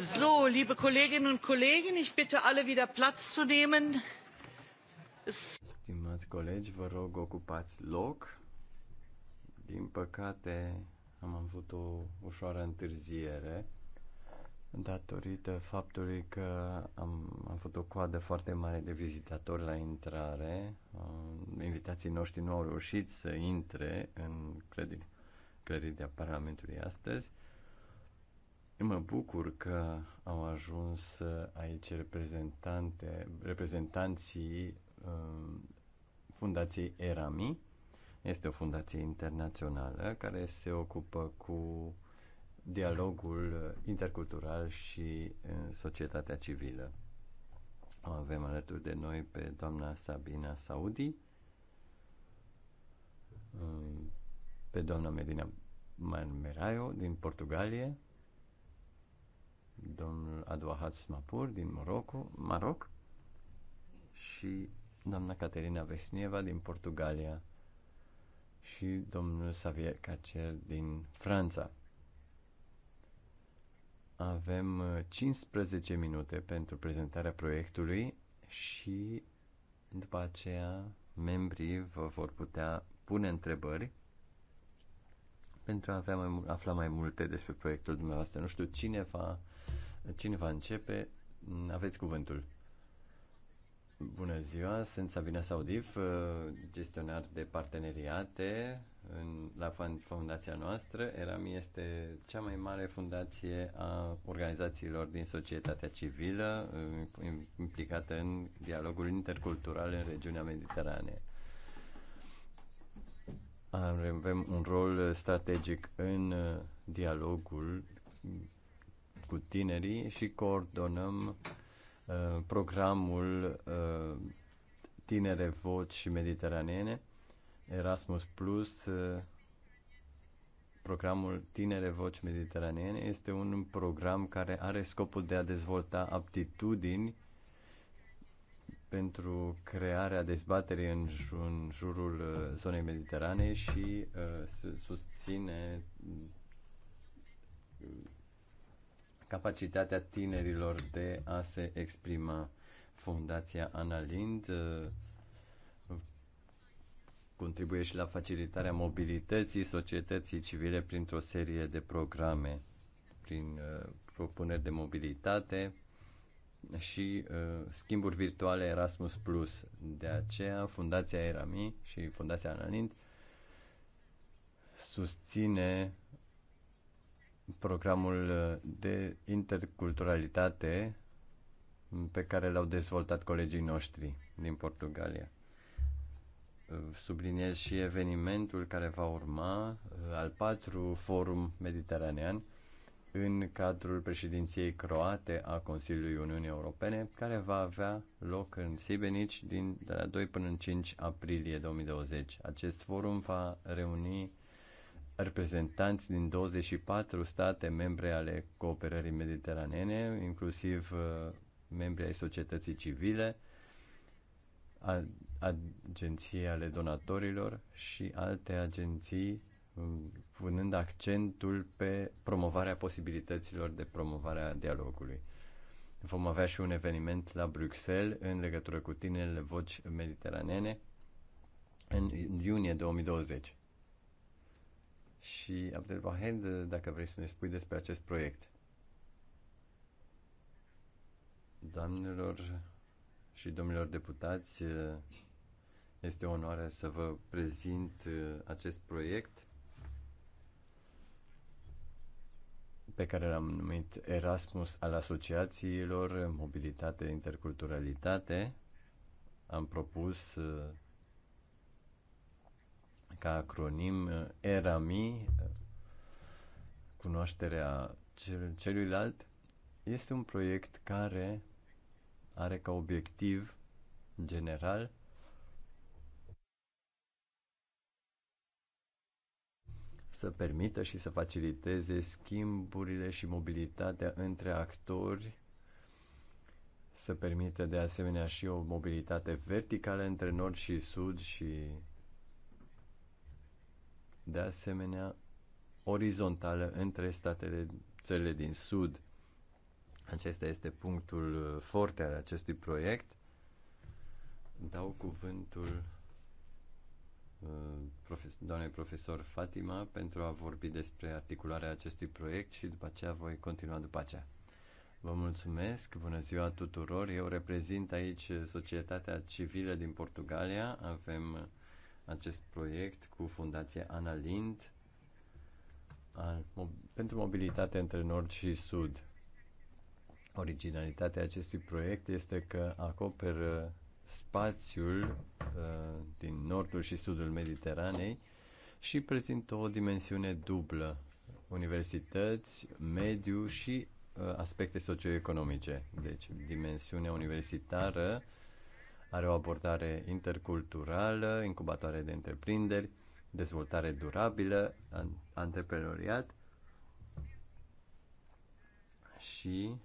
So, liebe Kolleginnen und Kollegen, ich bitte alle wieder Platz zu nehmen. Stimați colegi, vă rog ocupați loc. Din păcate am avut o ușoară întârziere datorită faptului că am, avut o coadă foarte mare de vizitatori la intrare. Um, invitații noștri nu au reușit să intre în clădirea Parlamentului astăzi Mă bucur că au ajuns aici reprezentante, reprezentanții um, Fundației Erami. Este o fundație internațională care se ocupă cu dialogul intercultural și uh, societatea civilă. O avem alături de noi pe doamna Sabina Saudi, um, pe doamna Medina Manmeraio din Portugalie, domnul Adouahat Smapur din Morocu, Maroc și doamna Caterina Vesnieva din Portugalia și domnul Xavier Cacer din Franța. Avem 15 uh, minute pentru prezentarea proiectului și după aceea membrii vă vor putea pune întrebări pentru a avea mai, afla mai multe despre proiectul dumneavoastră. Nu știu cine va Cine va începe? Aveți cuvântul. Bună ziua, sunt Sabina Saudiv, uh, gestionar de parteneriate în, la fundația noastră. ERAM este cea mai mare fundație a organizațiilor din societatea civilă uh, implicată în dialogul intercultural în regiunea Mediterane. Avem un rol strategic în uh, dialogul cu tinerii și coordonăm uh, programul uh, Tinere Voci și Mediteraneene, Erasmus Plus, uh, programul Tinere Voci Mediteraneene este un program care are scopul de a dezvolta aptitudini pentru crearea dezbaterii în, în jurul uh, zonei mediterane și uh, susține capacitatea tinerilor de a se exprima. Fundația Analind uh, contribuie și la facilitarea mobilității societății civile printr-o serie de programe, prin uh, propuneri de mobilitate și uh, schimburi virtuale Erasmus+. Plus. De aceea, Fundația Erami și Fundația Analind susține programul uh, de interculturalitate mm, pe care l-au dezvoltat colegii noștri din Portugalia. Uh, subliniez și evenimentul care va urma, uh, al patru forum mediteranean, în cadrul președinției croate a Consiliului Uniunii Europene, care va avea loc în Sibenici din, de la 2 până în 5 aprilie 2020. Acest forum va reuni reprezentanți din 24 state membre ale cooperării mediteranene, inclusiv uh, membri ai societății civile, agenții ale donatorilor și alte agenții um, punând accentul pe promovarea posibilităților de promovare a dialogului. Vom avea și un eveniment la Bruxelles în legătură cu tinerile voci mediteranene în iunie 2020 și Abdelwahed, dacă vrei să ne spui despre acest proiect. Doamnelor și domnilor deputați, este o onoare să vă prezint acest proiect pe care l-am numit Erasmus al asociațiilor, mobilitate, interculturalitate. Am propus ca acronim ERAMI, cunoașterea cel, celuilalt, este un proiect care are ca obiectiv general să permită și să faciliteze schimburile și mobilitatea între actori, să permită de asemenea și o mobilitate verticală între nord și sud și de asemenea orizontală între statele țările din Sud. Acesta este punctul uh, forte al acestui proiect. Dau cuvântul uh, doamnei profesor Fatima pentru a vorbi despre articularea acestui proiect și după aceea voi continua după aceea. Vă mulțumesc, bună ziua tuturor. Eu reprezint aici uh, societatea civilă din Portugalia. Avem acest proiect cu Fundația Analind al, pentru mobilitate între nord și sud. Originalitatea acestui proiect este că acoperă spațiul uh, din nordul și sudul Mediteranei și prezintă o dimensiune dublă, universități, mediu și uh, aspecte socioeconomice. Deci, dimensiunea universitară uh, are o abordare interculturală, incubatoare de întreprinderi, dezvoltare durabilă, antreprenoriat și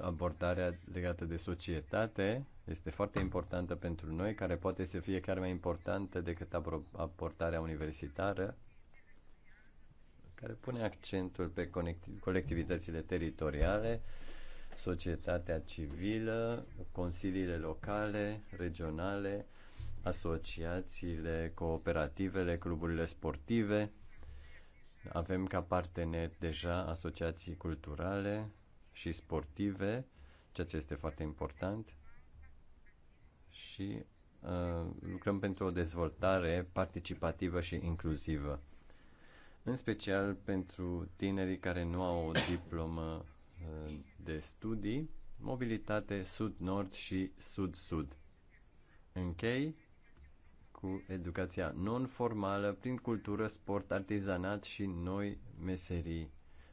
abordarea legată de societate este foarte importantă pentru noi, care poate să fie chiar mai importantă decât abordarea universitară care pune accentul pe colectivitățile teritoriale, societatea civilă, consiliile locale, regionale, asociațiile, cooperativele, cluburile sportive. Avem ca parteneri deja asociații culturale și sportive, ceea ce este foarte important. Și uh, lucrăm pentru o dezvoltare participativă și inclusivă în special pentru tinerii care nu au o diplomă eh, de studii, mobilitate sud-nord și sud-sud. Închei cu educația non-formală, prin cultură, sport, artizanat și noi meserii.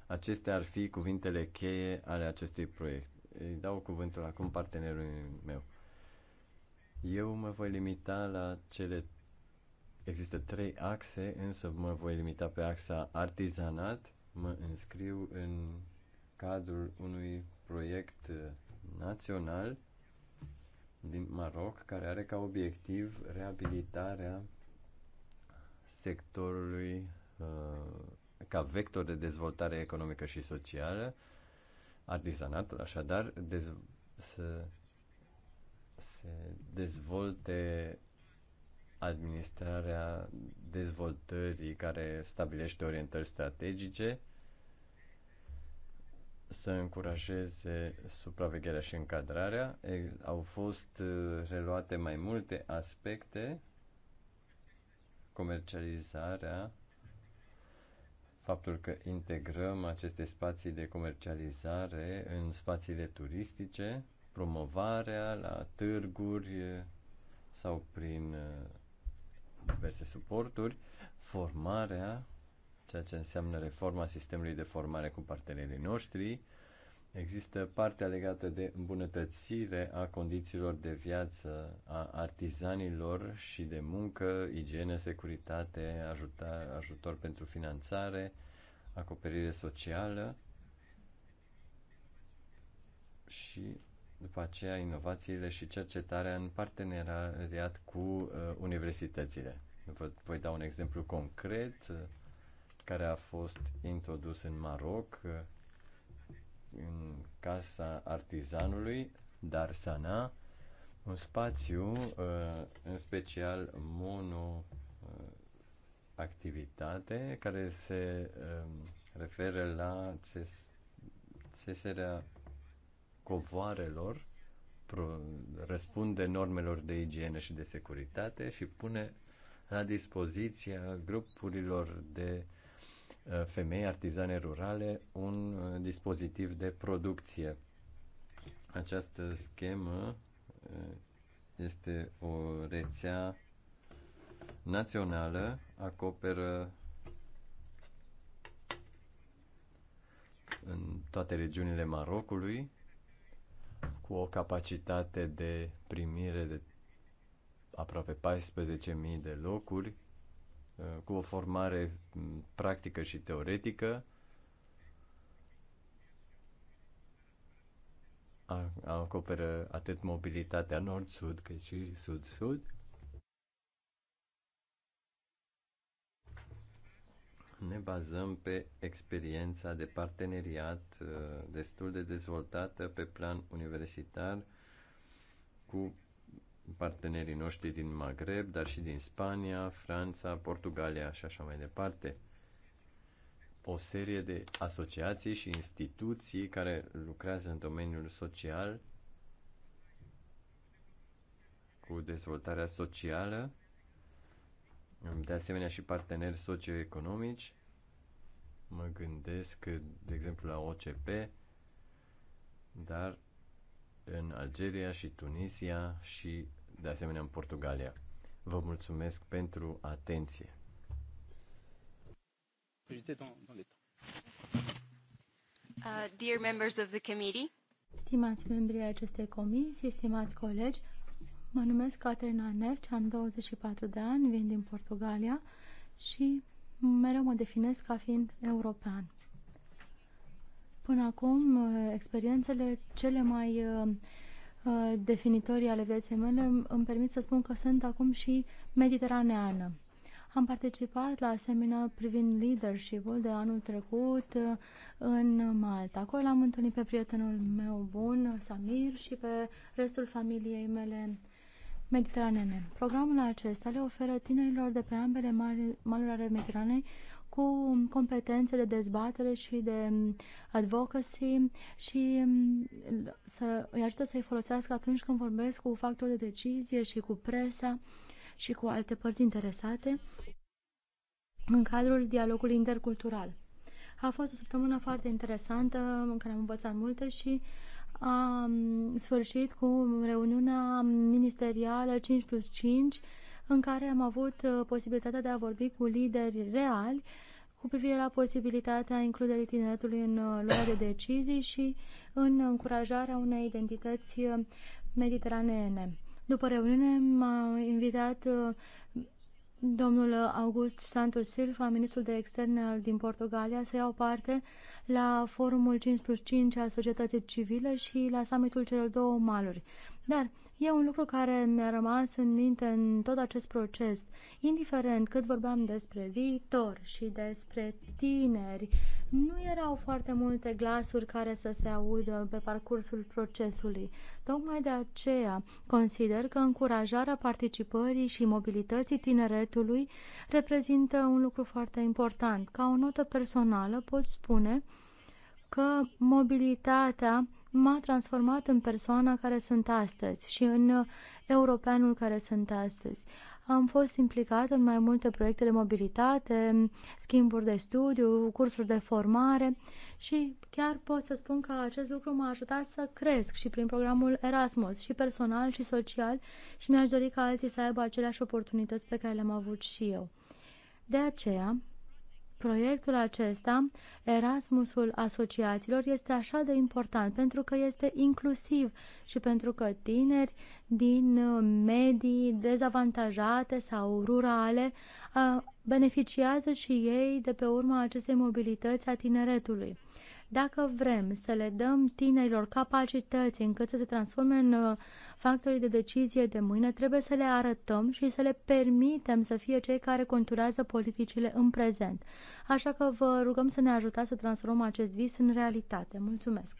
Acestea ar fi cuvintele cheie ale acestui proiect. Îi dau cuvântul acum partenerului meu. Eu mă voi limita la cele Există trei axe, însă mă voi limita pe axa artizanat. Mă înscriu în cadrul unui proiect uh, național din Maroc care are ca obiectiv reabilitarea sectorului uh, ca vector de dezvoltare economică și socială, artizanatul, așadar, dez- să se dezvolte administrarea dezvoltării care stabilește orientări strategice, să încurajeze supravegherea și încadrarea. Au fost uh, reluate mai multe aspecte, comercializarea, faptul că integrăm aceste spații de comercializare în spațiile turistice, promovarea la târguri uh, sau prin uh, diverse suporturi, formarea, ceea ce înseamnă reforma sistemului de formare cu partenerii noștri, Există partea legată de îmbunătățire a condițiilor de viață a artizanilor și de muncă, igienă, securitate, ajutor, ajutor pentru finanțare, acoperire socială și după aceea inovațiile și cercetarea în parteneriat cu uh, universitățile. Vă voi da un exemplu concret uh, care a fost introdus în Maroc, uh, în Casa Artizanului, Dar Sana, un spațiu uh, în special mono uh, activitate care se uh, referă la ces- ceserea covoarelor răspunde normelor de igienă și de securitate și pune la dispoziția grupurilor de uh, femei artizane rurale un uh, dispozitiv de producție. Această schemă uh, este o rețea națională, acoperă în toate regiunile Marocului cu o capacitate de primire de aproape 14.000 de locuri, uh, cu o formare mm, practică și teoretică. Acoperă atât mobilitatea nord-sud cât și sud-sud. ne bazăm pe experiența de parteneriat uh, destul de dezvoltată pe plan universitar cu partenerii noștri din Maghreb, dar și din Spania, Franța, Portugalia și așa mai departe. O serie de asociații și instituții care lucrează în domeniul social cu dezvoltarea socială de asemenea și parteneri socioeconomici. Mă gândesc, de exemplu, la OCP, dar în Algeria și Tunisia și, de asemenea, în Portugalia. Vă mulțumesc pentru atenție. Uh, dear members of the committee. Stimați membrii acestei comisii, stimați colegi, Mă numesc Caterina Neft, am 24 de ani, vin din Portugalia și mereu mă definesc ca fiind european. Până acum, uh, experiențele cele mai uh, uh, definitorii ale vieții mele îmi permit să spun că sunt acum și mediteraneană. Am participat la seminar privind leadership-ul de anul trecut în Malta. Acolo am întâlnit pe prietenul meu bun, Samir, și pe restul familiei mele mediteranene. Programul acesta le oferă tinerilor de pe ambele maluri ale Mediteranei cu competențe de dezbatere și de mm, advocacy și mm, să îi ajută să-i folosească atunci când vorbesc cu factori de decizie și cu presa și cu alte părți interesate în cadrul dialogului intercultural. A fost o săptămână foarte interesantă în care am învățat multe și uh, a sfârșit cu reuniunea ministerială 5 plus 5, în care am avut uh, posibilitatea de a vorbi cu lideri reali cu privire la posibilitatea includerii tineretului în uh, luarea de decizii și în încurajarea unei identități uh, mediteraneene. După reuniune m-a invitat domnul August Santos Silva, ministrul de externe din Portugalia, să iau parte la forumul 5 plus 5 al societății civile și la summitul celor două maluri. Dar e un lucru care mi-a rămas în minte în tot acest proces. Indiferent cât vorbeam despre viitor și despre tineri, nu erau foarte multe glasuri care să se audă pe parcursul procesului. Tocmai de aceea consider că încurajarea participării și mobilității tineretului reprezintă un lucru foarte important. Ca o notă personală pot spune că mobilitatea m-a transformat în persoana care sunt astăzi și în uh, europeanul care sunt astăzi. Am fost implicat în mai multe proiecte de mobilitate, schimburi de studiu, cursuri de formare și chiar pot să spun că acest lucru m-a ajutat să cresc și prin programul Erasmus, și personal și social și mi-aș dori ca alții să aibă aceleași oportunități pe care le-am avut și eu. De aceea, Proiectul acesta, Erasmusul asociațiilor, este așa de important pentru că este inclusiv și pentru că tineri din medii dezavantajate sau rurale beneficiază și ei de pe urma acestei mobilități a tineretului. Dacă vrem să le dăm tinerilor capacități încât să se transforme în uh, factorii de decizie de mâine, trebuie să le arătăm și să le permitem să fie cei care conturează politicile în prezent. Așa că vă rugăm să ne ajutați să transformăm acest vis în realitate. Mulțumesc!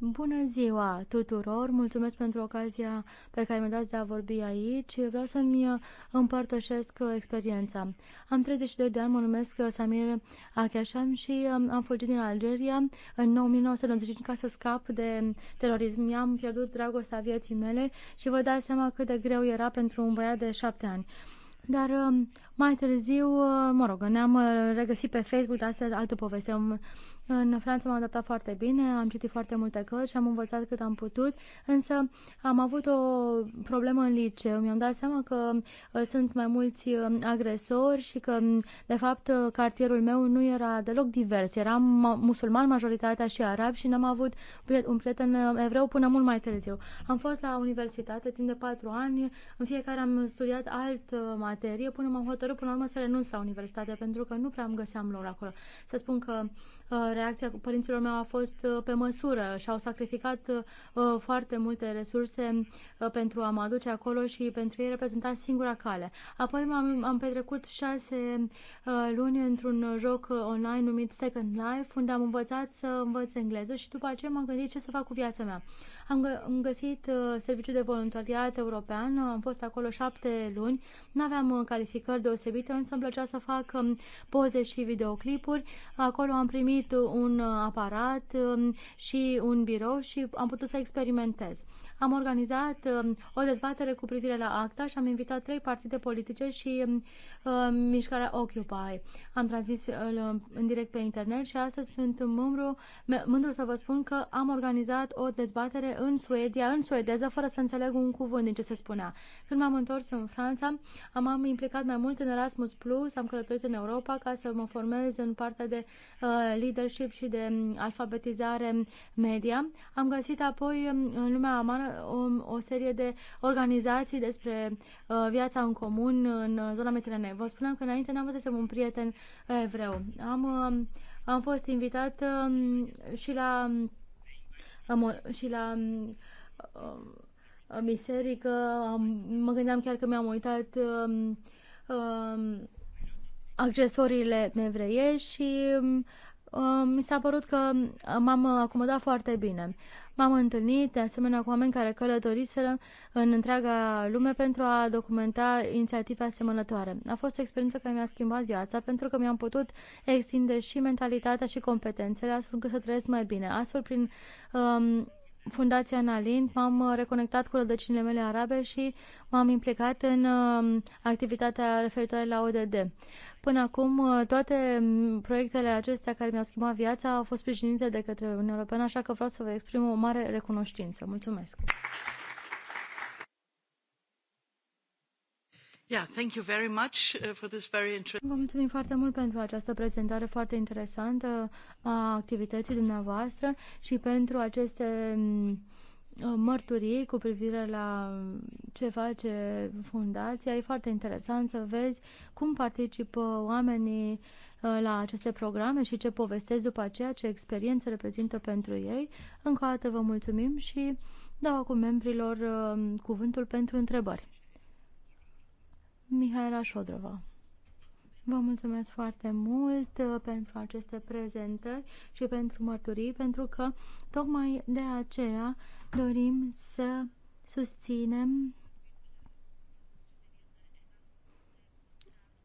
Bună ziua tuturor! Mulțumesc pentru ocazia pe care mi a dați de a vorbi aici. Vreau să-mi uh, împărtășesc uh, experiența. Am 32 de ani, mă numesc uh, Samir Akasham și um, am fugit din Algeria în 1995 ca să scap de terorism. I-am pierdut dragostea vieții mele și vă dați seama cât de greu era pentru un băiat de 7 ani dar um, mai târziu, mă rog, ne-am regăsit pe Facebook, dar asta e altă poveste. Um, în Franța m-am adaptat foarte bine, am citit foarte multe cărți și am învățat cât am putut, însă am avut o problemă în liceu. Mi-am dat seama că uh, sunt mai mulți uh, agresori și că, mm, de fapt, uh, cartierul meu nu era deloc divers. Eram musulman, majoritatea și arab și n-am avut un prieten evreu până mult mai târziu. Am fost la universitate timp de patru ani, în fiecare am studiat alt materie până m-am hotărât până la urmă să renunț la universitate pentru că nu prea am găseam lor acolo. Să spun că Uh, reacția părinților mei a fost uh, pe măsură și au sacrificat uh, foarte multe resurse pentru a mă aduce acolo și pentru ei reprezenta singura cale. Apoi am, am petrecut șase luni într-un joc online numit Second Life, unde am învățat să învăț engleză și după aceea m-am gândit ce să fac cu viața mea. Am găsit serviciul de voluntariat european, am fost acolo șapte luni, nu aveam calificări deosebite, însă îmi plăcea să fac um, poze și videoclipuri. Acolo am primit găsit un aparat um, și un birou și am putut să experimentez. Am organizat um, o dezbatere cu privire la acta și am invitat trei partide politice și um, um, mișcarea Occupy. Am transmis uh, în direct pe internet și astăzi sunt mândru, mândru să vă spun că am organizat o dezbatere în Suedia, în suedeză, fără să înțeleg un cuvânt din ce se spunea. Când m-am întors în Franța, am, am implicat mai mult în Erasmus Plus, am călătorit în Europa ca să mă formez în partea de uh, leadership și de alfabetizare media. Am găsit apoi în lumea amară o, o serie de organizații despre uh, viața în comun în uh, zona Mediteranei. Vă spuneam că înainte n-am văzut un prieten uh, evreu. Am, uh, am fost invitat uh, și la um, și la um, uh, biserică. Am, mă gândeam chiar că mi-am uitat uh, uh, accesoriile evreiești și uh, mi s-a părut că m-am acomodat foarte bine. M-am întâlnit de asemenea cu oameni care călătoriseră în întreaga lume pentru a documenta inițiative asemănătoare. A fost o experiență care mi-a schimbat viața pentru că mi-am putut extinde și mentalitatea și competențele astfel încât să trăiesc mai bine. Astfel, prin um, Fundația Nalind, m-am reconectat cu rădăcinile mele arabe și m-am implicat în uh, activitatea referitoare la ODD. Până acum, uh, toate mm, proiectele acestea care mi-au schimbat viața au fost sprijinite de către Uniunea Europeană, așa că vreau să vă exprim o mare recunoștință. Mulțumesc! Yeah, thank you very much uh, for this very interesting... Vă mulțumim foarte mult pentru această prezentare foarte interesantă a activității dumneavoastră și pentru aceste mm, Uh, mărturii cu privire la ce face fundația. E foarte interesant să vezi cum participă oamenii uh, la aceste programe și ce povestesc după aceea, ce experiență reprezintă pentru ei. Încă o dată vă mulțumim și dau acum membrilor uh, cuvântul pentru întrebări. Mihaela Șodrova. Vă mulțumesc foarte mult pentru aceste prezentări și pentru mărturii, pentru că tocmai de aceea dorim să susținem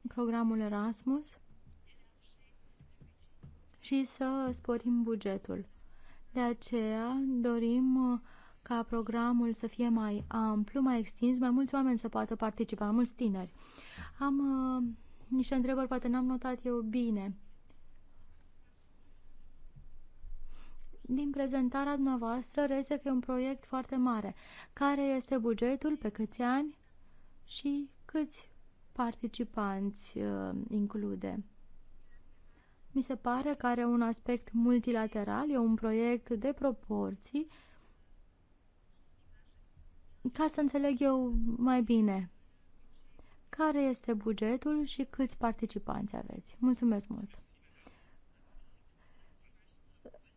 programul Erasmus și să sporim bugetul. De aceea dorim uh, ca programul să fie mai amplu, mai extins, mai mulți oameni să poată participa, mai mulți tineri. Am uh, niște întrebări, poate n-am notat eu bine. Din prezentarea dumneavoastră reiese că e un proiect foarte mare. Care este bugetul, pe câți ani și câți participanți uh, include? Mi se pare că are un aspect multilateral, e un proiect de proporții. Ca să înțeleg eu mai bine, care este bugetul și câți participanți aveți? Mulțumesc mult!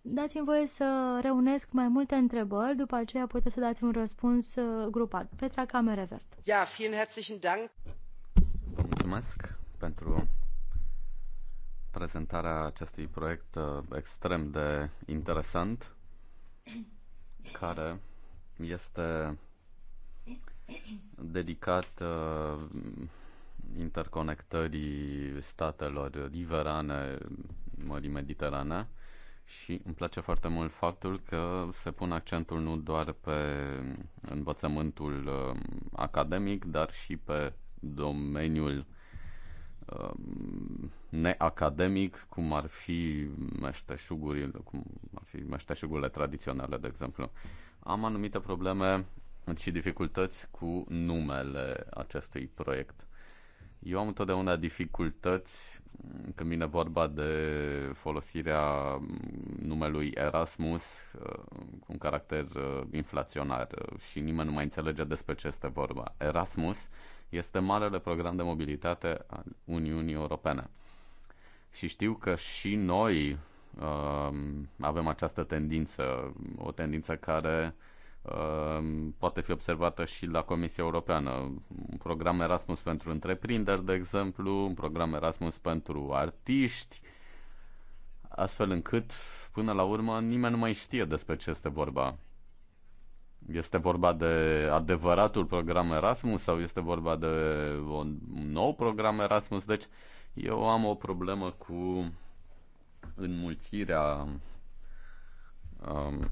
Dați-mi voie să reunesc mai multe întrebări, după aceea puteți să dați un răspuns uh, grupat. Petra Camerevert. Ja, vielen herzlichen Dank. Vă mulțumesc pentru prezentarea acestui proiect uh, extrem de interesant, care este dedicat uh, interconectării statelor riverane Mării Mediterane și îmi place foarte mult faptul că se pune accentul nu doar pe învățământul um, academic, dar și pe domeniul um, neacademic, cum ar fi meșteșugurile, cum ar fi meșteșugurile tradiționale, de exemplu. Am anumite probleme și dificultăți cu numele acestui proiect. Eu am întotdeauna dificultăți când vine vorba de folosirea numelui Erasmus uh, cu un caracter uh, inflaționar uh, și nimeni nu mai înțelege despre ce este vorba. Erasmus este marele program de mobilitate al Uniunii Europene. Și știu că și noi uh, avem această tendință, o tendință care Ehm, poate fi observată și la Comisia Europeană. Un program Erasmus pentru întreprinderi, de exemplu, un program Erasmus pentru artiști, astfel încât, până la urmă, nimeni nu mai știe despre ce este vorba. Este vorba de adevăratul program Erasmus sau este vorba de un nou program Erasmus? Deci, eu am o problemă cu înmulțirea um,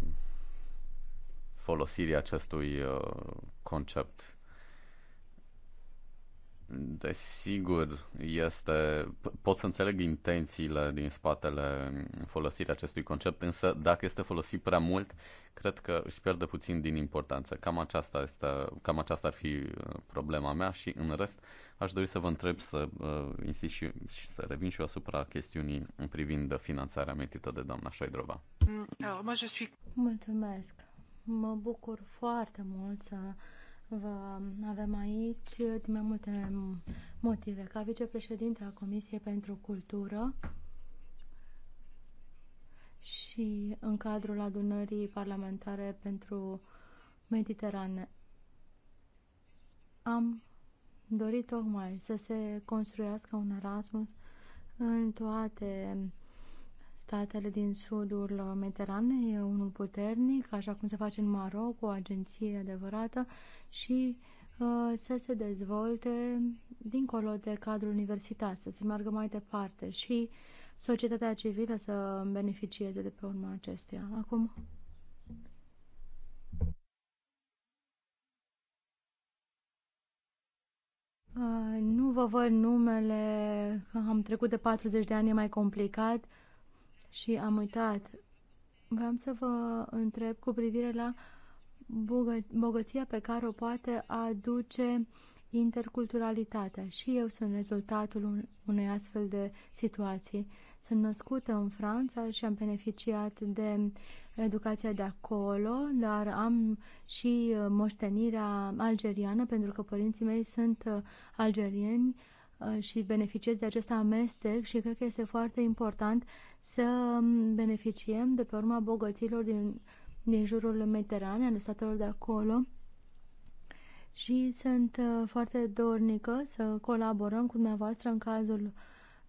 folosirii acestui uh, concept. Desigur, este, pot să înțeleg intențiile din spatele folosirii acestui concept, însă dacă este folosit prea mult, cred că își pierde puțin din importanță. Cam aceasta, este, cam aceasta ar fi uh, problema mea și în rest aș dori să vă întreb să uh, insist și, și să revin și eu asupra chestiunii privind finanțarea metită de doamna Șoidrova. Mm, Mulțumesc. Mă bucur foarte mult să vă avem aici din mai multe motive. Ca vicepreședinte a Comisiei pentru Cultură și în cadrul adunării parlamentare pentru Mediterane, am dorit tocmai să se construiască un Erasmus în toate statele din sudul Mediteranei, unul puternic, așa cum se face în Maroc, o agenție adevărată și uh, să se dezvolte dincolo de cadrul universitar, să se meargă mai departe și societatea civilă să beneficieze de pe urma acestuia. Acum, uh, nu vă văd numele, am trecut de 40 de ani, e mai complicat și am uitat. Vreau să vă întreb cu privire la bogăția pe care o poate aduce interculturalitatea. Și eu sunt rezultatul unei astfel de situații. Sunt născută în Franța și am beneficiat de educația de acolo, dar am și uh, moștenirea algeriană, pentru că părinții mei sunt uh, algerieni, Uh, și beneficiez de acest amestec și cred că este foarte important să beneficiem de pe urma bogăților din, din jurul Mediteranei, ale statelor de acolo și sunt uh, foarte dornică să colaborăm cu dumneavoastră în, cazul,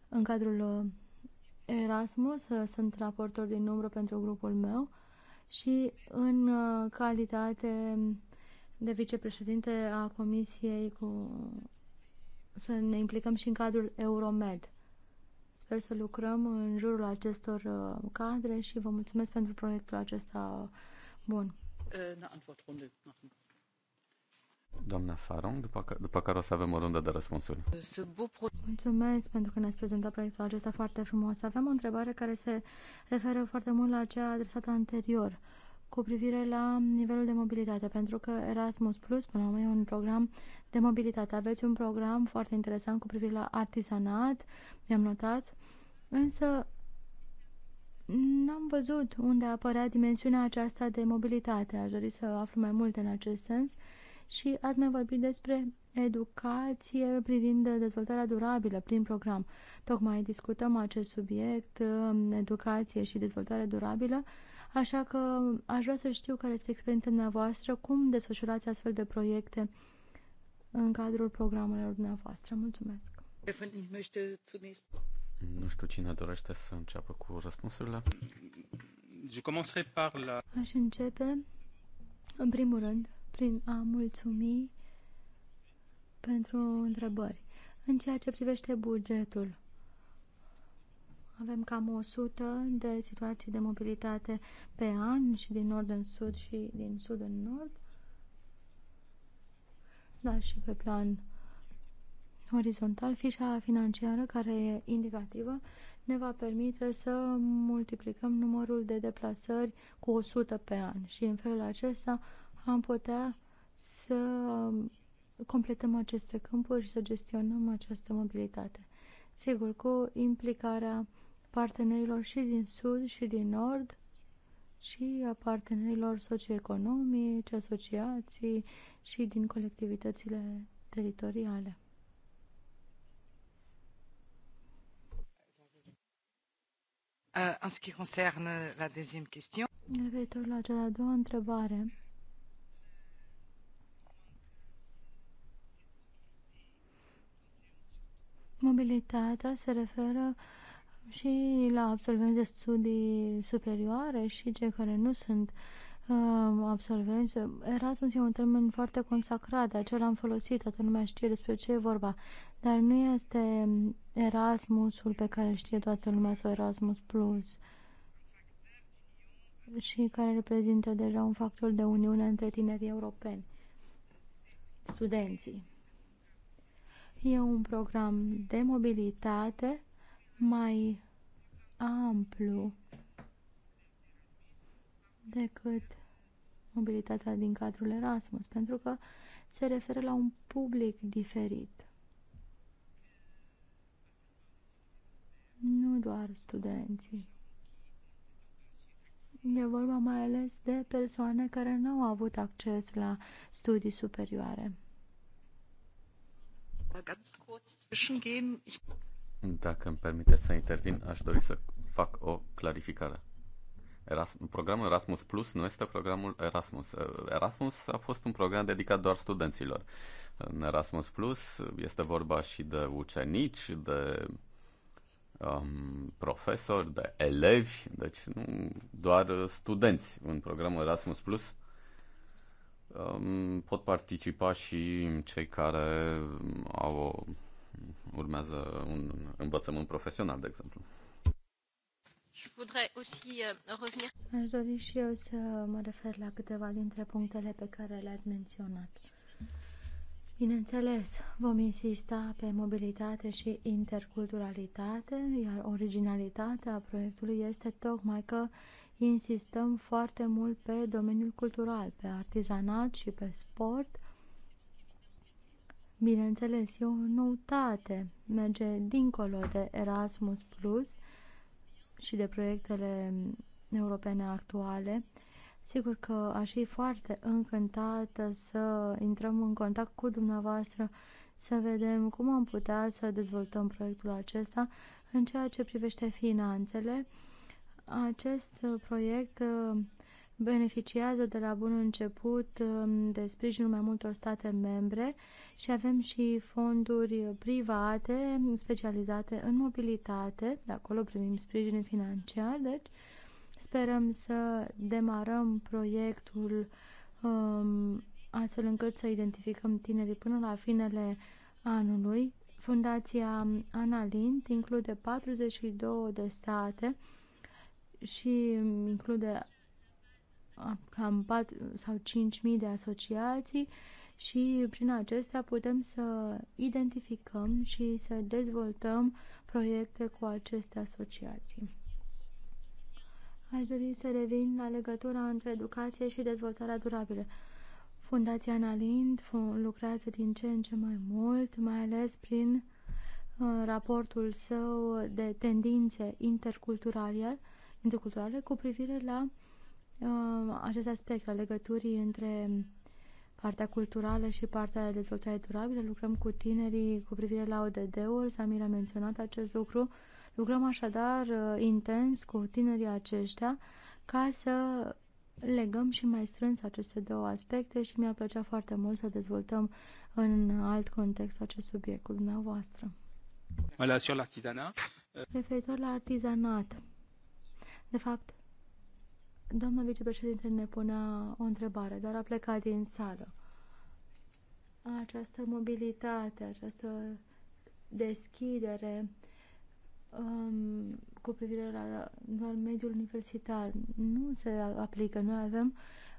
în cadrul uh, Erasmus, sunt raportor din umbră pentru grupul meu și în calitate de vicepreședinte a Comisiei cu să ne implicăm și în cadrul Euromed. Sper să lucrăm în jurul acestor uh, cadre și vă mulțumesc pentru proiectul acesta bun. Doamna Faron, după, după care o să avem o rundă de răspunsuri. Mulțumesc pentru că ne-ați prezentat proiectul acesta foarte frumos. Aveam o întrebare care se referă foarte mult la cea adresată anterior. Uh, cu privire la nivelul de mobilitate, pentru că Erasmus Plus, până la urmă, e un program de mobilitate. Aveți un program foarte interesant cu privire la artizanat, mi-am notat, însă n-am văzut unde apărea dimensiunea aceasta de mobilitate. Aș dori să aflu mai multe în acest sens și ați mai vorbit despre educație privind dezvoltarea durabilă prin program. Tocmai discutăm acest subiect, educație și dezvoltare durabilă, Așa că aș vrea să știu care este experiența dumneavoastră, cum desfășurați astfel de proiecte în cadrul programelor dumneavoastră. Mulțumesc! Nu știu cine dorește să înceapă cu răspunsurile. Aș începe, în primul rând, prin a mulțumi pentru întrebări. În ceea ce privește bugetul, avem cam 100 de situații de mobilitate pe an și din nord în sud și din sud în nord, dar și pe plan orizontal. Fișa financiară, care e indicativă, ne va permite să multiplicăm numărul de deplasări cu 100 pe an și în felul acesta am putea să completăm aceste câmpuri și să gestionăm această mobilitate. Sigur, cu implicarea partenerilor și din sud și din nord și a partenerilor socioeconomici, asociații și din colectivitățile teritoriale. În uh, ce concerne la deuxième question. Referitor la cea de-a doua întrebare, mobilitatea se referă și la absolvenți de studii superioare și cei care nu sunt uh, absolvenți. Erasmus e un termen foarte consacrat, de acela am folosit, toată lumea știe despre ce e vorba, dar nu este Erasmusul pe care știe toată lumea sau Erasmus Plus și care reprezintă deja un factor de uniune între tinerii europeni, studenții. E un program de mobilitate mai amplu decât mobilitatea din cadrul Erasmus, pentru că se referă la un public diferit. Nu doar studenții. E vorba mai ales de persoane care nu au avut acces la studii superioare. Dacă îmi permiteți să intervin, aș dori să fac o clarificare. Erasmus, programul Erasmus Plus nu este programul Erasmus. Erasmus a fost un program dedicat doar studenților. În Erasmus Plus este vorba și de ucenici, de um, profesori, de elevi, deci nu doar studenți. În programul Erasmus Plus um, pot participa și cei care au o urmează un învățământ profesional, de exemplu. Euh, Aș dori și eu să mă refer la câteva dintre punctele pe care le-ați menționat. Bineînțeles, vom insista pe mobilitate și interculturalitate, iar originalitatea proiectului este tocmai că insistăm foarte mult pe domeniul cultural, pe artizanat și pe sport, Bineînțeles, e o noutate, merge dincolo de Erasmus Plus și de proiectele europene actuale. Sigur că aș fi foarte încântată să intrăm în contact cu dumneavoastră, să vedem cum am putea să dezvoltăm proiectul acesta în ceea ce privește finanțele. Acest proiect beneficiază de la bun început um, de sprijinul mai multor state membre și avem și fonduri private specializate în mobilitate, de acolo primim sprijin financiar, deci sperăm să demarăm proiectul um, astfel încât să identificăm tinerii până la finele anului. Fundația Analint include 42 de state și include cam 4 sau 5.000 de asociații și prin acestea putem să identificăm și să dezvoltăm proiecte cu aceste asociații. Aș dori să revin la legătura între educație și dezvoltarea durabilă. Fundația Nalind lucrează din ce în ce mai mult, mai ales prin uh, raportul său de tendințe interculturale, interculturale cu privire la acest aspect al legăturii între partea culturală și partea de dezvoltare durabilă. Lucrăm cu tinerii cu privire la ODD-uri, Samir a menționat acest lucru. Lucrăm așadar uh, intens cu tinerii aceștia ca să legăm și mai strâns aceste două aspecte și mi-ar plăcea foarte mult să dezvoltăm în alt context acest subiect cu dumneavoastră. Referitor la artizanat, de fapt, Doamna vicepreședinte ne punea o întrebare, dar a plecat din sală. Această mobilitate, această deschidere um, cu privire la doar mediul universitar nu se aplică. Noi avem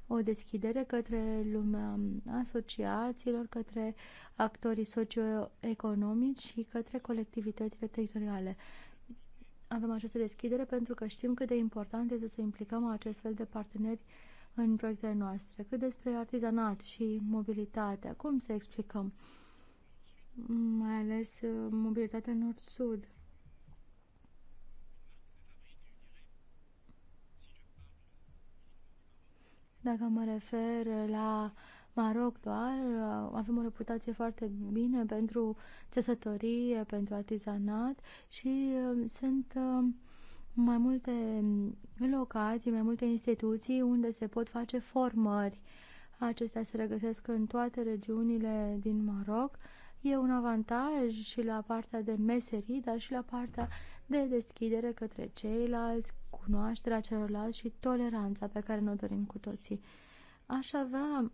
o deschidere către lumea asociațiilor, către actorii socioeconomici și către colectivitățile teritoriale. Uh, avem această deschidere pentru că știm cât de important este să implicăm acest fel de parteneri în proiectele noastre. Cât despre artizanat și mobilitatea, cum să explicăm? Mai ales uh, mobilitatea nord-sud. Dacă mă refer la uh, Maroc doar uh, avem o reputație foarte bine pentru cesătorie, pentru artizanat și uh, sunt uh, mai multe locații, mai multe instituții unde se pot face formări. Acestea se regăsesc în toate regiunile din Maroc. E un avantaj și la partea de meserii, dar și la partea de deschidere către ceilalți, cunoașterea celorlalți și toleranța pe care ne-o dorim cu toții. Aș avea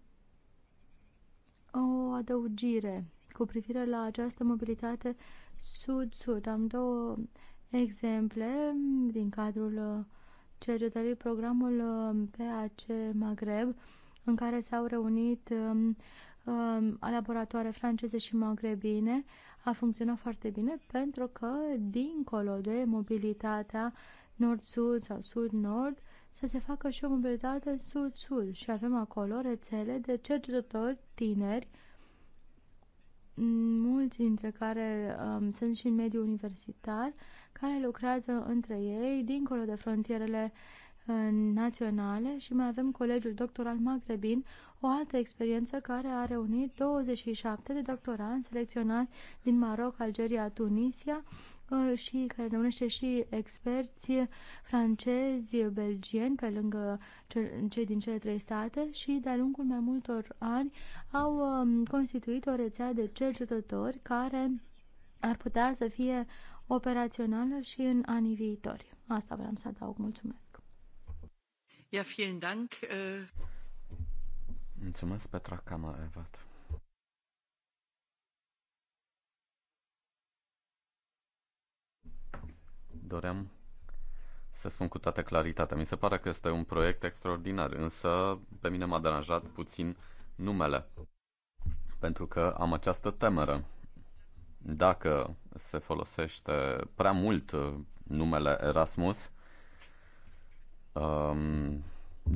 o adăugire cu privire la această mobilitate sud-sud. Am două exemple din cadrul cercetării programul uh, PAC Maghreb, în care s-au reunit um, um, laboratoare franceze și magrebine, a funcționat foarte bine pentru că, dincolo de mobilitatea nord-sud sau sud-nord, să se facă și o mobilitate sud-sud și avem acolo rețele de cercetători tineri, mulți dintre care um, sunt și în mediul universitar, care lucrează între ei, dincolo de frontierele uh, naționale și mai avem colegiul doctoral Magrebin, o altă experiență care a reunit 27 de doctoranți selecționați din Maroc, Algeria, Tunisia, și care numește și experți francezi, belgieni, pe lângă cei din cele trei state și de-a lungul mai multor ani au um, constituit o rețea de cercetători care ar putea să fie operațională și în anii viitori. Asta vreau să adaug. Mulțumesc! Ja, vielen Dank. Uh. Mulțumesc, Petra Cama Evat. doream să spun cu toată claritatea. Mi se pare că este un proiect extraordinar, însă pe mine m-a deranjat puțin numele, pentru că am această temeră. Dacă se folosește prea mult uh, numele Erasmus, um,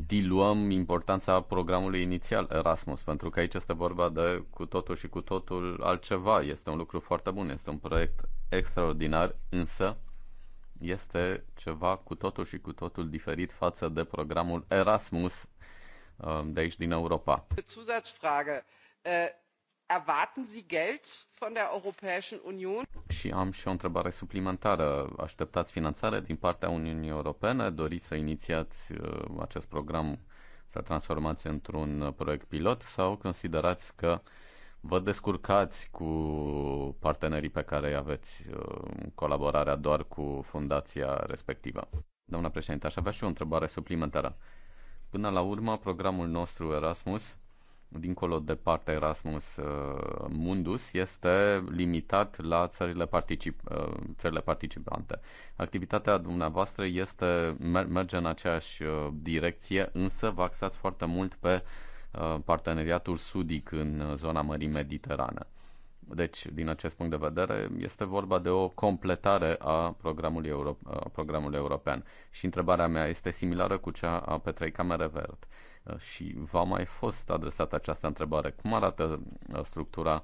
diluăm importanța programului inițial Erasmus, pentru că aici este vorba de cu totul și cu totul altceva. Este un lucru foarte bun, este un proiect extraordinar, însă este ceva cu totul și cu totul diferit față de programul Erasmus uh, de aici din Europa. Äh, erwarten Sie Geld von der Europäischen Union? Și am și o întrebare suplimentară. Așteptați finanțare din partea Uniunii Europene? Doriți să inițiați uh, acest program, să transformați într-un proiect pilot sau considerați că uh, vă descurcați cu partenerii pe care îi aveți, uh, colaborarea doar cu fundația respectivă? Doamna președinte, aș avea și o întrebare suplimentară. Până la urmă, programul nostru Erasmus, dincolo de partea Erasmus uh, Mundus, este limitat la țările, particip, uh, țările participante. Activitatea dumneavoastră este, merge în aceeași direcție, însă vă axați foarte mult pe uh, Uh, parteneriatul sudic în uh, zona Mării Mediterane. Deci, din acest punct de vedere, este vorba de o completare a programului, euro- a uh, programului european. Și întrebarea mea este similară cu cea a Petrei Camere Verde. Și v-a mai fost adresată această întrebare. Cum arată structura uh,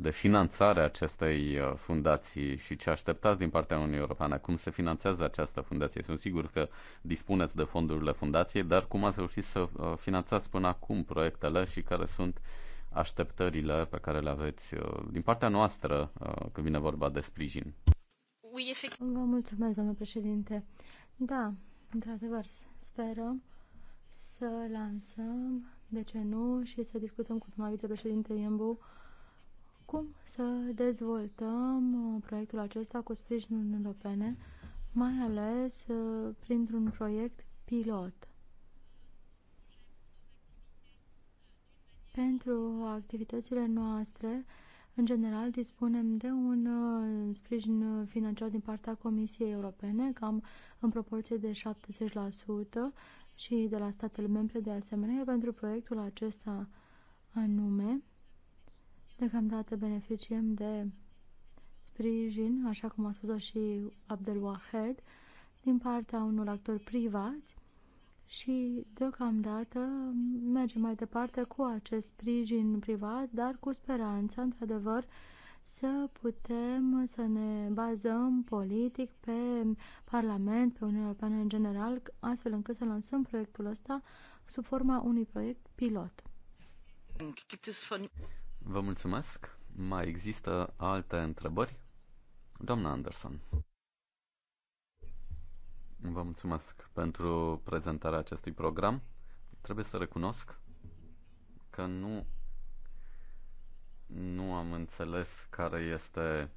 de finanțare a acestei uh, fundații și ce așteptați din partea Uniunii Europeană? Cum se finanțează această fundație? Sunt sigur că dispuneți de fondurile fundației, dar cum ați reușit să uh, finanțați până acum proiectele și care sunt așteptările pe care le aveți uh, din partea noastră când vine vorba de sprijin? Vă mulțumesc, domnule președinte. Da, într-adevăr, sperăm să lansăm, de ce nu, și să discutăm cu domnul vicepreședinte Iembu cum să dezvoltăm uh, proiectul acesta cu sprijinul Uniunii Europene, mai ales uh, printr-un proiect pilot. Pentru activitățile noastre, în general, dispunem de un uh, sprijin financiar din partea Comisiei Europene, cam în proporție de 70% și de la statele membre de asemenea, pentru proiectul acesta anume Deocamdată beneficiem de sprijin, așa cum a spus-o și Abdel Wahed, din partea unor actori privați și deocamdată mergem mai departe cu acest sprijin privat, dar cu speranța, într-adevăr, să putem să ne bazăm politic pe Parlament, pe Uniunea Europeană în general, astfel încât să lansăm proiectul ăsta sub forma unui proiect pilot. Vă mulțumesc. Mai există alte întrebări? Doamna Anderson. Vă mulțumesc pentru prezentarea acestui program. Trebuie să recunosc că nu, nu am înțeles care este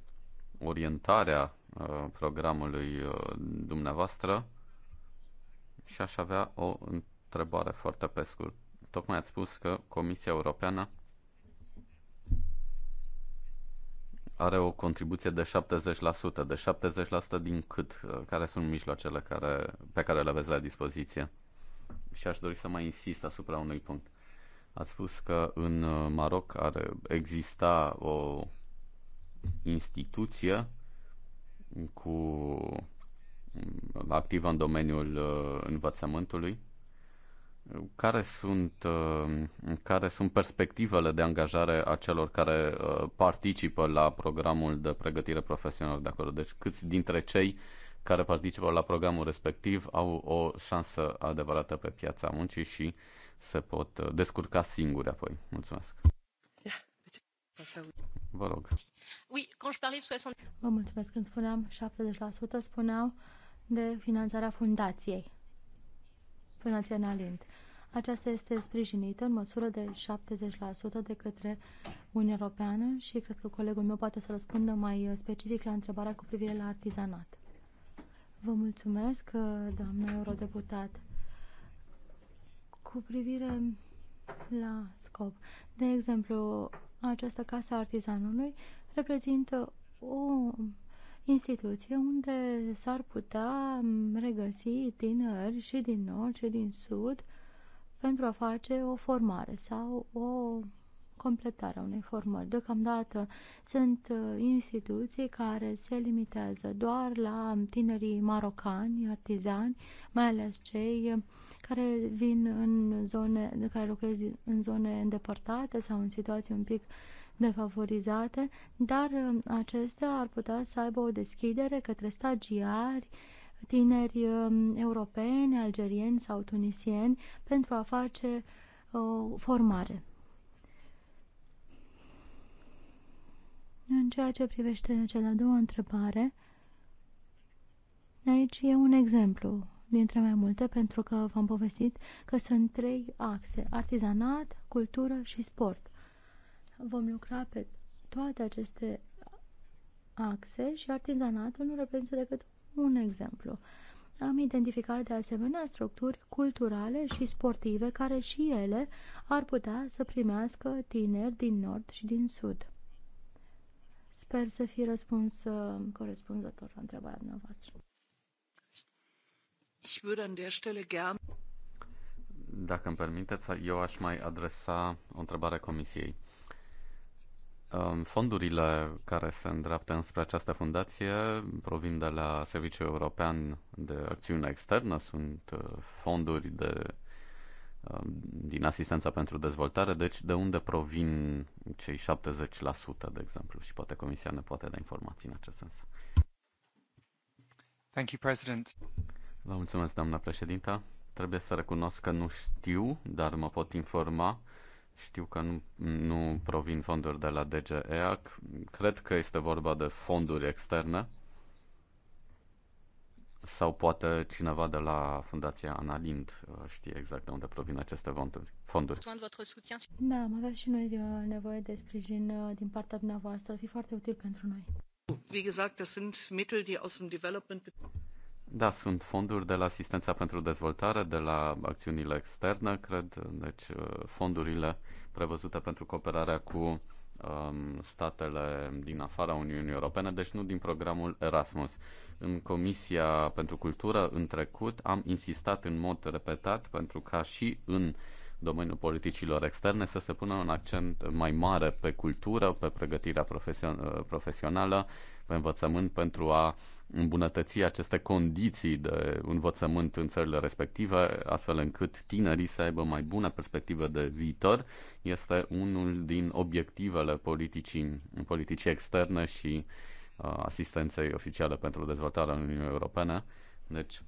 orientarea uh, programului uh, dumneavoastră și aș avea o întrebare foarte pe scurt. Tocmai ați spus că Comisia Europeană are o contribuție de 70%, de 70% din cât, uh, care sunt mijloacele care, pe care le aveți la dispoziție. Și aș dori să mai insist asupra unui punct. Ați spus că în uh, Maroc ar exista o instituție cu mm, activă în domeniul uh, învățământului care sunt, uh, care sunt perspectivele de angajare a celor care uh, participă la programul de pregătire profesională de acolo? Deci câți dintre cei care participă la programul respectiv au o șansă adevărată pe piața muncii și se pot uh, descurca singuri apoi. Mulțumesc! Vă rog. Vă mulțumesc. Când spuneam 70%, spuneau de finanțarea fundației. Fundația Nalind. Aceasta este sprijinită în măsură de 70% de către Uniunea Europeană și cred că colegul meu poate să răspundă mai specific la întrebarea cu privire la artizanat. Vă mulțumesc, uh, doamnă eurodeputat. Cu privire la scop, de exemplu, această casă artizanului reprezintă o instituție unde s-ar putea regăsi tineri și din nord și din sud pentru a face o formare sau o completare a unei formări. Deocamdată sunt uh, instituții care se limitează doar la tinerii marocani, artizani, mai ales cei care vin în zone, care locuiesc în zone îndepărtate sau în situații un pic defavorizate, dar uh, acestea ar putea să aibă o deschidere către stagiari, tineri um, europeni, algerieni sau tunisieni pentru a face uh, formare. În ceea ce privește cea de-a doua întrebare, aici e un exemplu dintre mai multe, pentru că v-am povestit că sunt trei axe, artizanat, cultură și sport. Vom lucra pe toate aceste axe și artizanatul nu reprezintă decât un exemplu. Am identificat de asemenea structuri culturale și sportive care și ele ar putea să primească tineri din nord și din sud. Sper să fi răspuns uh, corespunzător la întrebarea dumneavoastră. Ich würde an der Stelle gern dacă îmi permiteți, eu aș mai adresa o întrebare comisiei. Fondurile care se îndreaptă înspre această fundație provin de la Serviciul European de Acțiune Externă, sunt uh, fonduri de, uh, din asistența pentru dezvoltare, deci de unde provin cei 70%, de exemplu, și poate Comisia ne poate da informații în acest sens. Thank you, President. Vă mulțumesc, doamna președinta. Trebuie să recunosc că nu știu, dar mă pot informa știu că nu, nu provin fonduri de la DGEAC. Cred că este vorba de fonduri externe. Sau poate cineva de la Fundația Analind uh, știe exact de unde provin aceste fonduri. fonduri. Da, am avea și noi uh, nevoie de sprijin uh, din partea dumneavoastră. Ar fi foarte util pentru noi. da, sunt fonduri de la asistența pentru dezvoltare, de la acțiunile externe, cred, deci fondurile prevăzute pentru cooperarea cu um, statele din afara Uniunii Europene, deci nu din programul Erasmus. În Comisia pentru Cultură, în trecut, am insistat în mod repetat pentru ca și în domeniul politicilor externe să se pună un accent mai mare pe cultură, pe pregătirea profesion- profesională, pe învățământ pentru a îmbunătăți aceste condiții de învățământ în țările respective, astfel încât tinerii să aibă mai bună perspectivă de viitor, este unul din obiectivele politicii, politicii externe și uh, asistenței oficiale pentru dezvoltarea Uniunii Europene. Deci,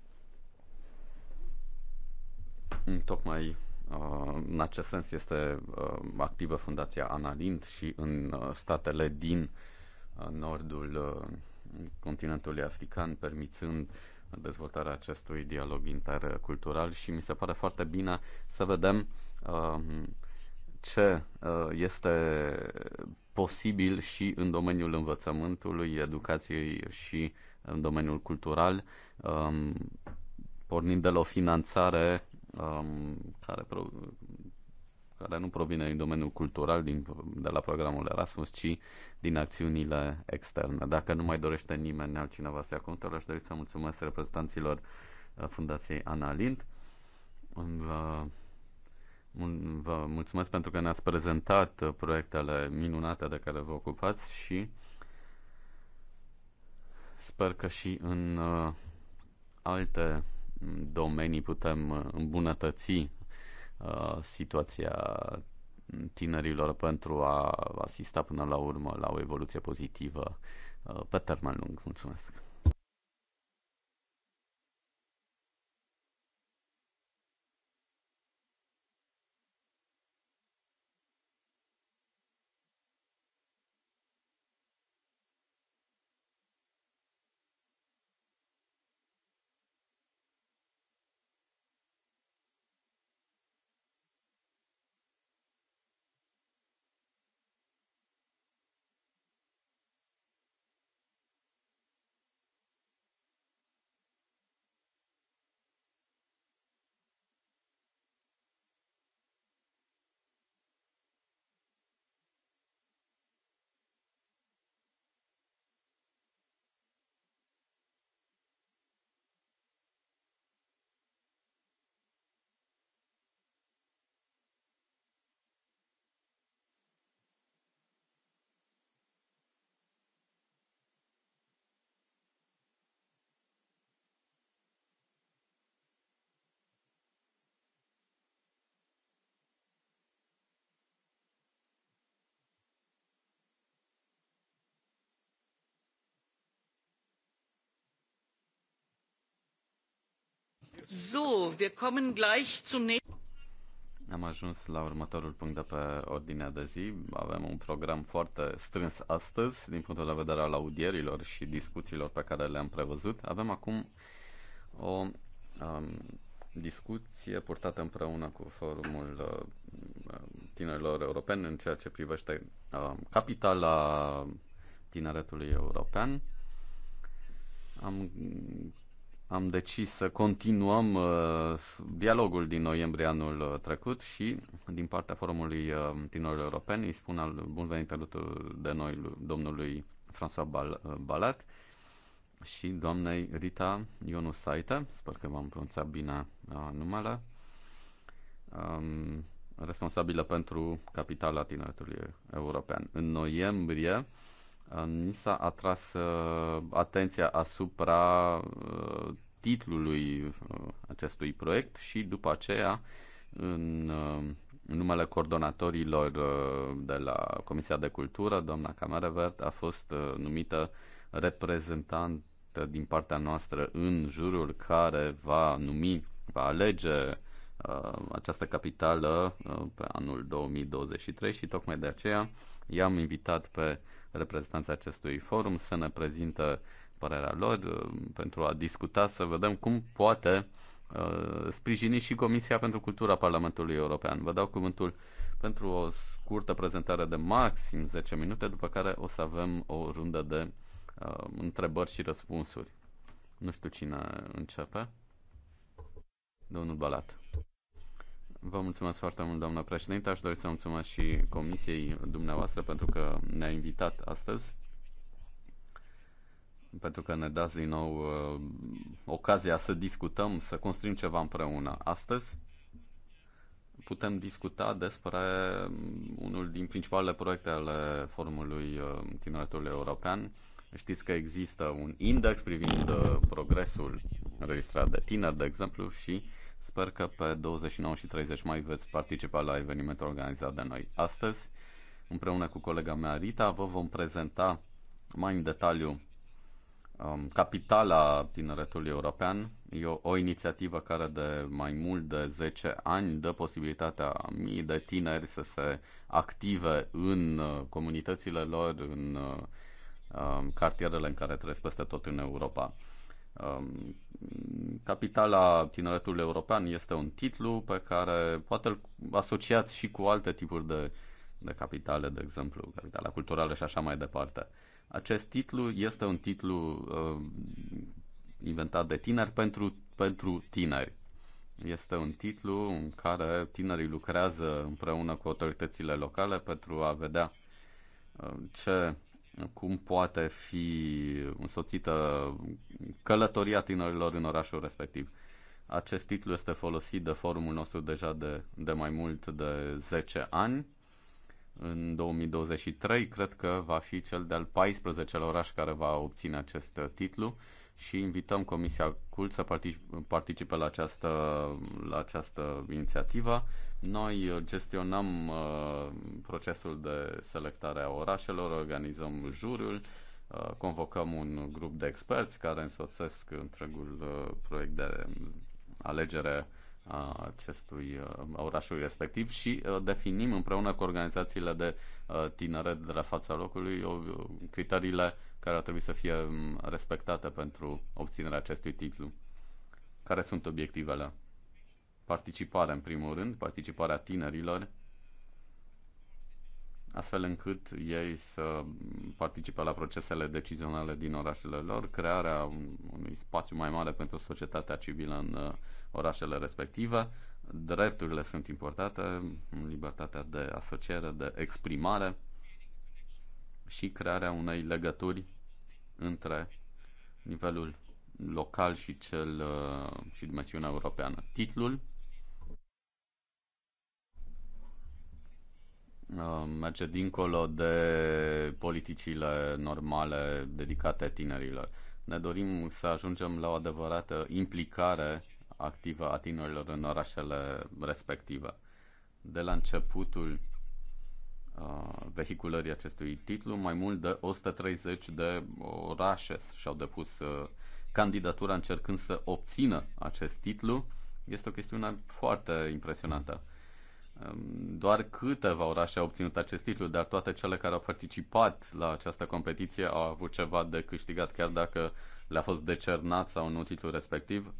tocmai uh, în acest sens este uh, activă Fundația Analind și în uh, statele din uh, nordul uh, continentului african, permițând dezvoltarea acestui dialog intercultural și mi se pare foarte bine să vedem um, ce uh, este posibil și în domeniul învățământului, educației și în domeniul cultural, um, pornind de la o finanțare um, care care nu provine din domeniul cultural, din, de la programul Erasmus, ci din acțiunile externe. Dacă nu mai dorește nimeni altcineva să ia contul, aș dori să mulțumesc reprezentanților uh, Fundației Lind. Vă, vă mulțumesc pentru că ne-ați prezentat uh, proiectele minunate de care vă ocupați și sper că și în uh, alte domenii putem îmbunătăți Uh, situația tinerilor pentru a asista până la urmă la o evoluție pozitivă uh, pe termen lung. Mulțumesc! Am ajuns la următorul punct de pe ordinea de zi. Avem un program foarte strâns astăzi, din punctul de vedere al audierilor și discuțiilor pe care le-am prevăzut. Avem acum o um, discuție purtată împreună cu Forumul uh, Tinerilor Europeni în ceea ce privește um, capitala tineretului european. Am am decis să continuăm uh, dialogul din noiembrie anul uh, trecut și din partea Forumului uh, Tinerilor Europeni îi spun al bun venit alături de noi domnului François Bal- uh, Balat și doamnei Rita Saite, sper că v-am pronunțat bine uh, numele, um, responsabilă pentru capitala tineretului european. În noiembrie, Uh, ni s-a atras uh, atenția asupra uh, titlului acestui proiect și după aceea în numele coordonatorilor de la Comisia de Cultură, doamna Camerevert a fost numită reprezentant din partea noastră în jurul care va numi, va alege uh, această capitală uh, pe anul 2023 și tocmai de aceea i-am invitat pe reprezentanții acestui forum să ne prezintă părerea lor uh, pentru a discuta, să vedem cum poate uh, sprijini și Comisia pentru Cultura Parlamentului European. Vă dau cuvântul pentru o scurtă prezentare de maxim 10 minute, după care o să avem o rundă de uh, întrebări și răspunsuri. Nu știu cine începe. Domnul Balat. Vă mulțumesc foarte mult, doamna președinte. Aș dori să mulțumesc și comisiei dumneavoastră pentru că ne-a invitat astăzi, pentru că ne dați din nou uh, ocazia să discutăm, să construim ceva împreună. Astăzi putem discuta despre unul din principalele proiecte ale Forumului uh, Tineretului European. Știți că există un index privind uh, progresul înregistrat de tineri, de exemplu, și uh, Sper că pe 29 și 30 mai veți participa la evenimentul organizat de noi. Astăzi, împreună cu colega mea Rita, vă vom prezenta mai în detaliu um, Capitala Tineretului European. E o, o inițiativă care de mai mult de 10 ani dă posibilitatea mii de tineri să se active în uh, comunitățile lor, în uh, um, cartierele în care trăiesc peste tot în Europa. Um, capitala tineretului european este un titlu pe care poate îl asociați și cu alte tipuri de, de capitale, de exemplu, capitala culturală și așa mai departe. Acest titlu este un titlu uh, inventat de tineri pentru, pentru tineri. Este un titlu în care tinerii lucrează împreună cu autoritățile locale pentru a vedea uh, ce cum poate fi însoțită călătoria tinerilor în orașul respectiv. Acest titlu este folosit de forumul nostru deja de, de mai mult de 10 ani. În 2023 cred că va fi cel de-al 14-lea oraș care va obține acest titlu și invităm Comisia Cult să participe la această, la această inițiativă. Noi uh, gestionăm uh, procesul de selectare a orașelor, organizăm juriul, uh, convocăm un grup de experți care însoțesc întregul uh, proiect de um, alegere a acestui uh, a orașului respectiv și uh, definim împreună cu organizațiile de tineret de la fața locului criteriile care ar trebui să fie mm, respectate pentru obținerea acestui titlu. Care sunt obiectivele? Participarea, în primul rând, participarea tinerilor, astfel încât ei să participe la procesele decizionale din orașele lor, crearea unui spațiu mai mare pentru societatea civilă în uh, orașele respective. Drepturile sunt importante, libertatea de asociere, de exprimare și crearea unei legături între nivelul local și cel uh, și dimensiunea europeană. Titlul uh, merge dincolo de politicile normale dedicate tinerilor. Ne dorim să ajungem la o adevărată implicare activă a tinerilor în orașele respective. De la începutul Uh, vehiculării acestui titlu. Mai mult de 130 de orașe și-au depus uh, candidatura încercând să obțină acest titlu. Este o chestiune foarte impresionantă. Um, doar câteva orașe au obținut acest titlu, dar toate cele care au participat la această competiție au avut ceva de câștigat, chiar dacă le-a fost decernat sau nu titlul respectiv.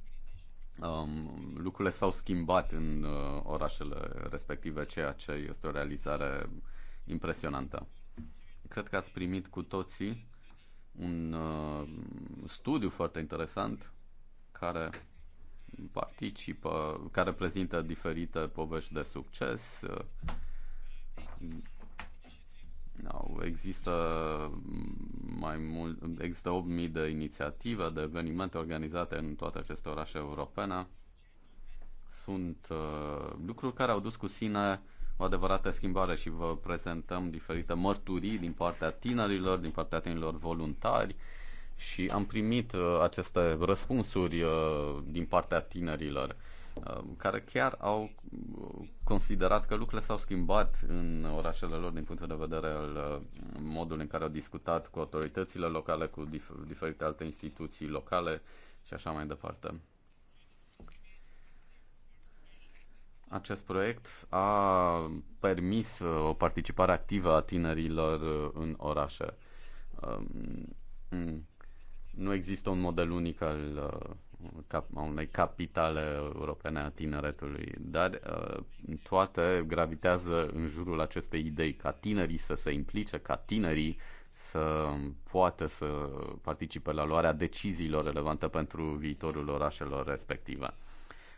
Um, lucrurile s-au schimbat în uh, orașele respective, ceea ce este o realizare uh, impresionantă. Cred că ați primit cu toții un uh, studiu foarte interesant care participă, care prezintă diferite povești de succes. există mai mult, există 8000 de inițiative, de evenimente organizate în toate aceste orașe europene. Sunt uh, lucruri care au dus cu sine o adevărată schimbare și vă prezentăm diferite mărturii din partea tinerilor, din partea tinerilor voluntari și am primit uh, aceste răspunsuri uh, din partea tinerilor uh, care chiar au considerat că lucrurile s-au schimbat în orașele lor din punctul de vedere al modului în care au discutat cu autoritățile locale, cu dif- diferite alte instituții locale și așa mai departe. Acest proiect a permis uh, o participare activă a tinerilor uh, în orașe. Um, mm, nu există un model unic al uh, a unei capitale europene a tineretului, dar toate gravitează în jurul acestei idei ca tinerii să se implice, ca tinerii să poată să participe la luarea deciziilor relevante pentru viitorul orașelor respective.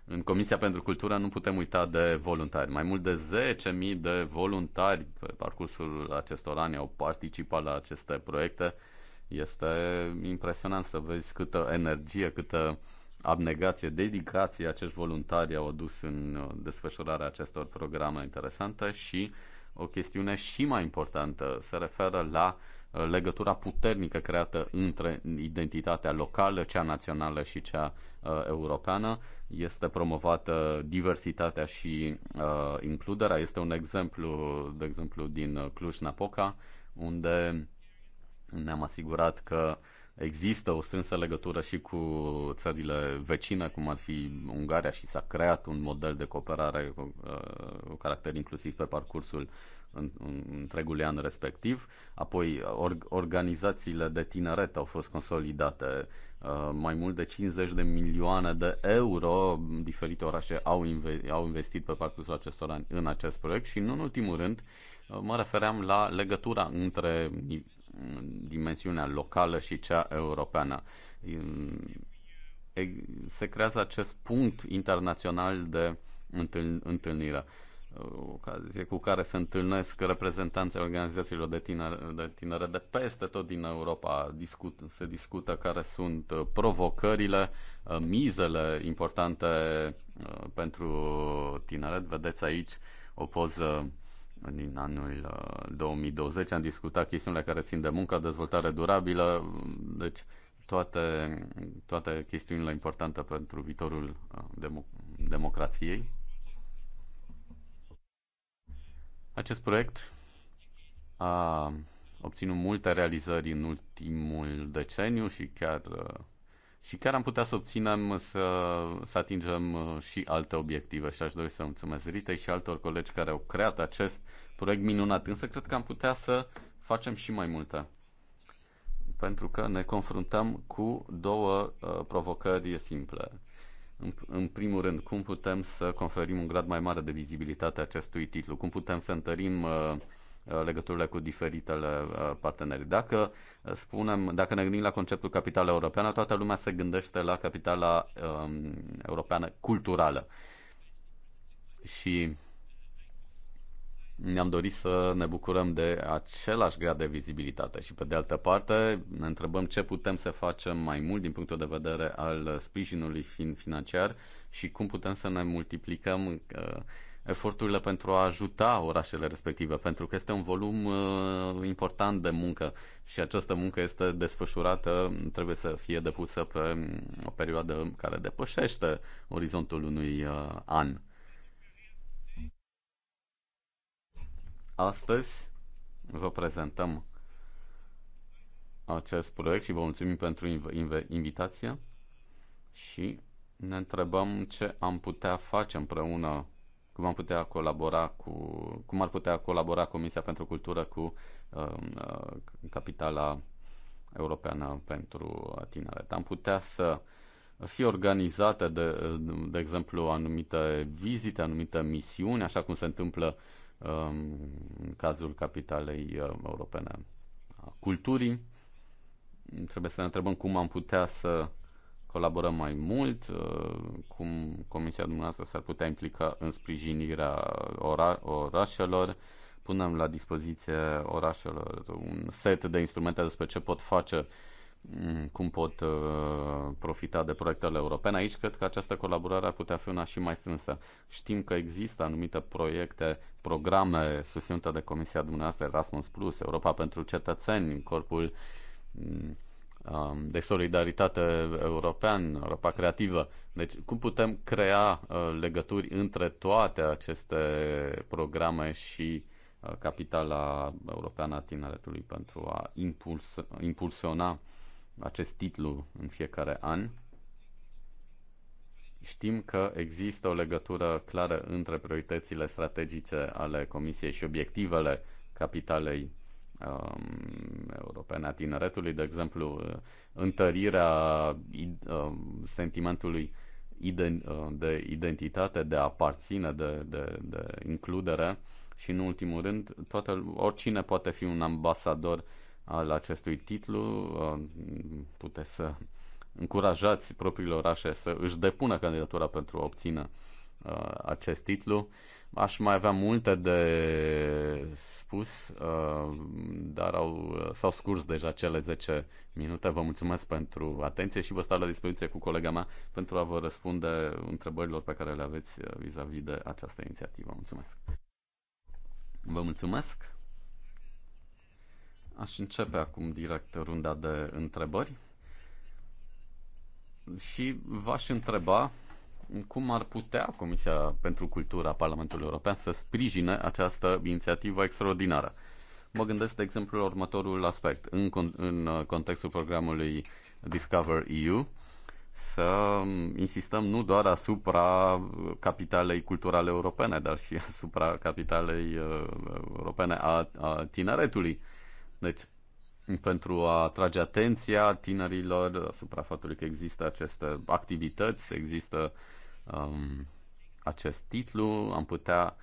În Comisia pentru Cultură nu putem uita de voluntari. Mai mult de 10.000 de voluntari pe parcursul acestor ani au participat la aceste proiecte. Este impresionant să vezi câtă energie, câtă abnegație, dedicație acești voluntari au adus în uh, desfășurarea acestor programe interesante și o chestiune și mai importantă se referă la uh, Uh, legătura puternică creată între identitatea locală, cea națională și cea uh, europeană. Este promovată diversitatea și uh, includerea. Este un exemplu, de exemplu, din uh, Cluj-Napoca, unde ne-am asigurat că există o strânsă legătură și cu țările vecine, cum ar fi Ungaria, și s-a creat un model de cooperare cu, uh, cu caracter inclusiv pe parcursul în, în întregul an respectiv. Apoi or, organizațiile de tineret au fost consolidate. Uh, mai mult de 50 de milioane de euro diferite orașe au, inve- au investit pe parcursul acestor ani în acest proiect și, nu în ultimul rând, uh, mă refeream la legătura între dimensiunea locală și cea europeană se creează acest punct internațional de întâlnire ocazie cu care se întâlnesc reprezentanții organizațiilor de tinere, de tinere de peste tot din Europa. Discut, se discută care sunt uh, provocările, uh, mizele importante uh, pentru tineret. Vedeți aici o poză din anul 2020. Am discutat chestiunile care țin de muncă, dezvoltare durabilă, deci toate, toate chestiunile importante pentru viitorul democ- democrației. Acest proiect a obținut multe realizări în ultimul deceniu și chiar, și chiar am putea să obținem să, să atingem uh, și alte obiective și aș dori să mulțumesc Ritei și altor colegi care au creat acest proiect minunat, însă cred că am putea să facem și mai multe pentru că ne confruntăm cu două uh, provocări simple. În, în primul rând, cum putem să conferim un grad mai mare de vizibilitate acestui titlu? Cum putem să întărim uh, uh, legăturile cu diferitele uh, parteneri. Dacă spunem, dacă ne gândim la conceptul capitală europeană, toată lumea se gândește la capitala um, europeană culturală. Și ne-am dorit să ne bucurăm de același grad de vizibilitate și pe de altă parte ne întrebăm ce putem să facem mai mult din punctul de vedere al sprijinului financiar și cum putem să ne multiplicăm uh, eforturile pentru a ajuta orașele respective, pentru că este un volum uh, important de muncă și această muncă este desfășurată, trebuie să fie depusă pe um, o perioadă care depășește orizontul unui uh, an. Astăzi vă prezentăm acest proiect și vă mulțumim pentru inv- invitație și ne întrebăm ce am putea face împreună, cum am putea colabora cu, cum ar putea colabora Comisia pentru Cultură cu um, uh, Capitala Europeană pentru Tineret. Am putea să fi organizate, de, de exemplu, anumite vizite, anumite misiuni, așa cum se întâmplă uh, Um, în cazul capitalei um, europene a culturii. Trebuie să ne întrebăm cum am putea să colaborăm mai mult, uh, cum Comisia dumneavoastră s-ar putea implica în sprijinirea ora- orașelor. Punem la dispoziție orașelor un set de instrumente despre ce pot face uh, Mm, cum pot uh, profita de proiectele europene. Aici cred că această colaborare ar putea fi una și mai strânsă. Știm că există anumite proiecte, programe susținute de Comisia dumneavoastră, Erasmus+, Plus, Europa pentru cetățeni, Corpul mm, um, de solidaritate european, Europa creativă. Deci cum putem crea uh, legături între toate aceste programe și uh, capitala europeană a tineretului pentru a impulsiona acest titlu în fiecare an, știm că există o legătură clară între prioritățile strategice ale Comisiei și obiectivele capitalei um, europene a tineretului, de exemplu, întărirea um, sentimentului uh, de identitate, de aparține, de, de, de includere și, în ultimul rând, toată, oricine poate fi un ambasador uh, al acestui titlu. Uh, puteți să încurajați propriilor orașe să își depună candidatura pentru a obține uh, acest titlu. Aș mai avea multe de spus, uh, dar au, s-au scurs deja cele 10 minute. Vă mulțumesc pentru atenție și vă stau la dispoziție cu colega mea pentru a vă răspunde întrebărilor pe care le aveți vis-a-vis -vis de această inițiativă. Mulțumesc! Vă mulțumesc! Aș începe acum direct runda de întrebări și v-aș întreba cum ar putea Comisia pentru Cultura Parlamentului European să sprijine această inițiativă extraordinară. Mă gândesc, de exemplu, la următorul aspect. În, con- în contextul programului Discover EU, să insistăm nu doar asupra capitalei culturale europene, dar și asupra capitalei uh, europene a, a tineretului. Deci, pentru a atrage atenția tinerilor asupra faptului că există aceste activități, există um, acest titlu, am putea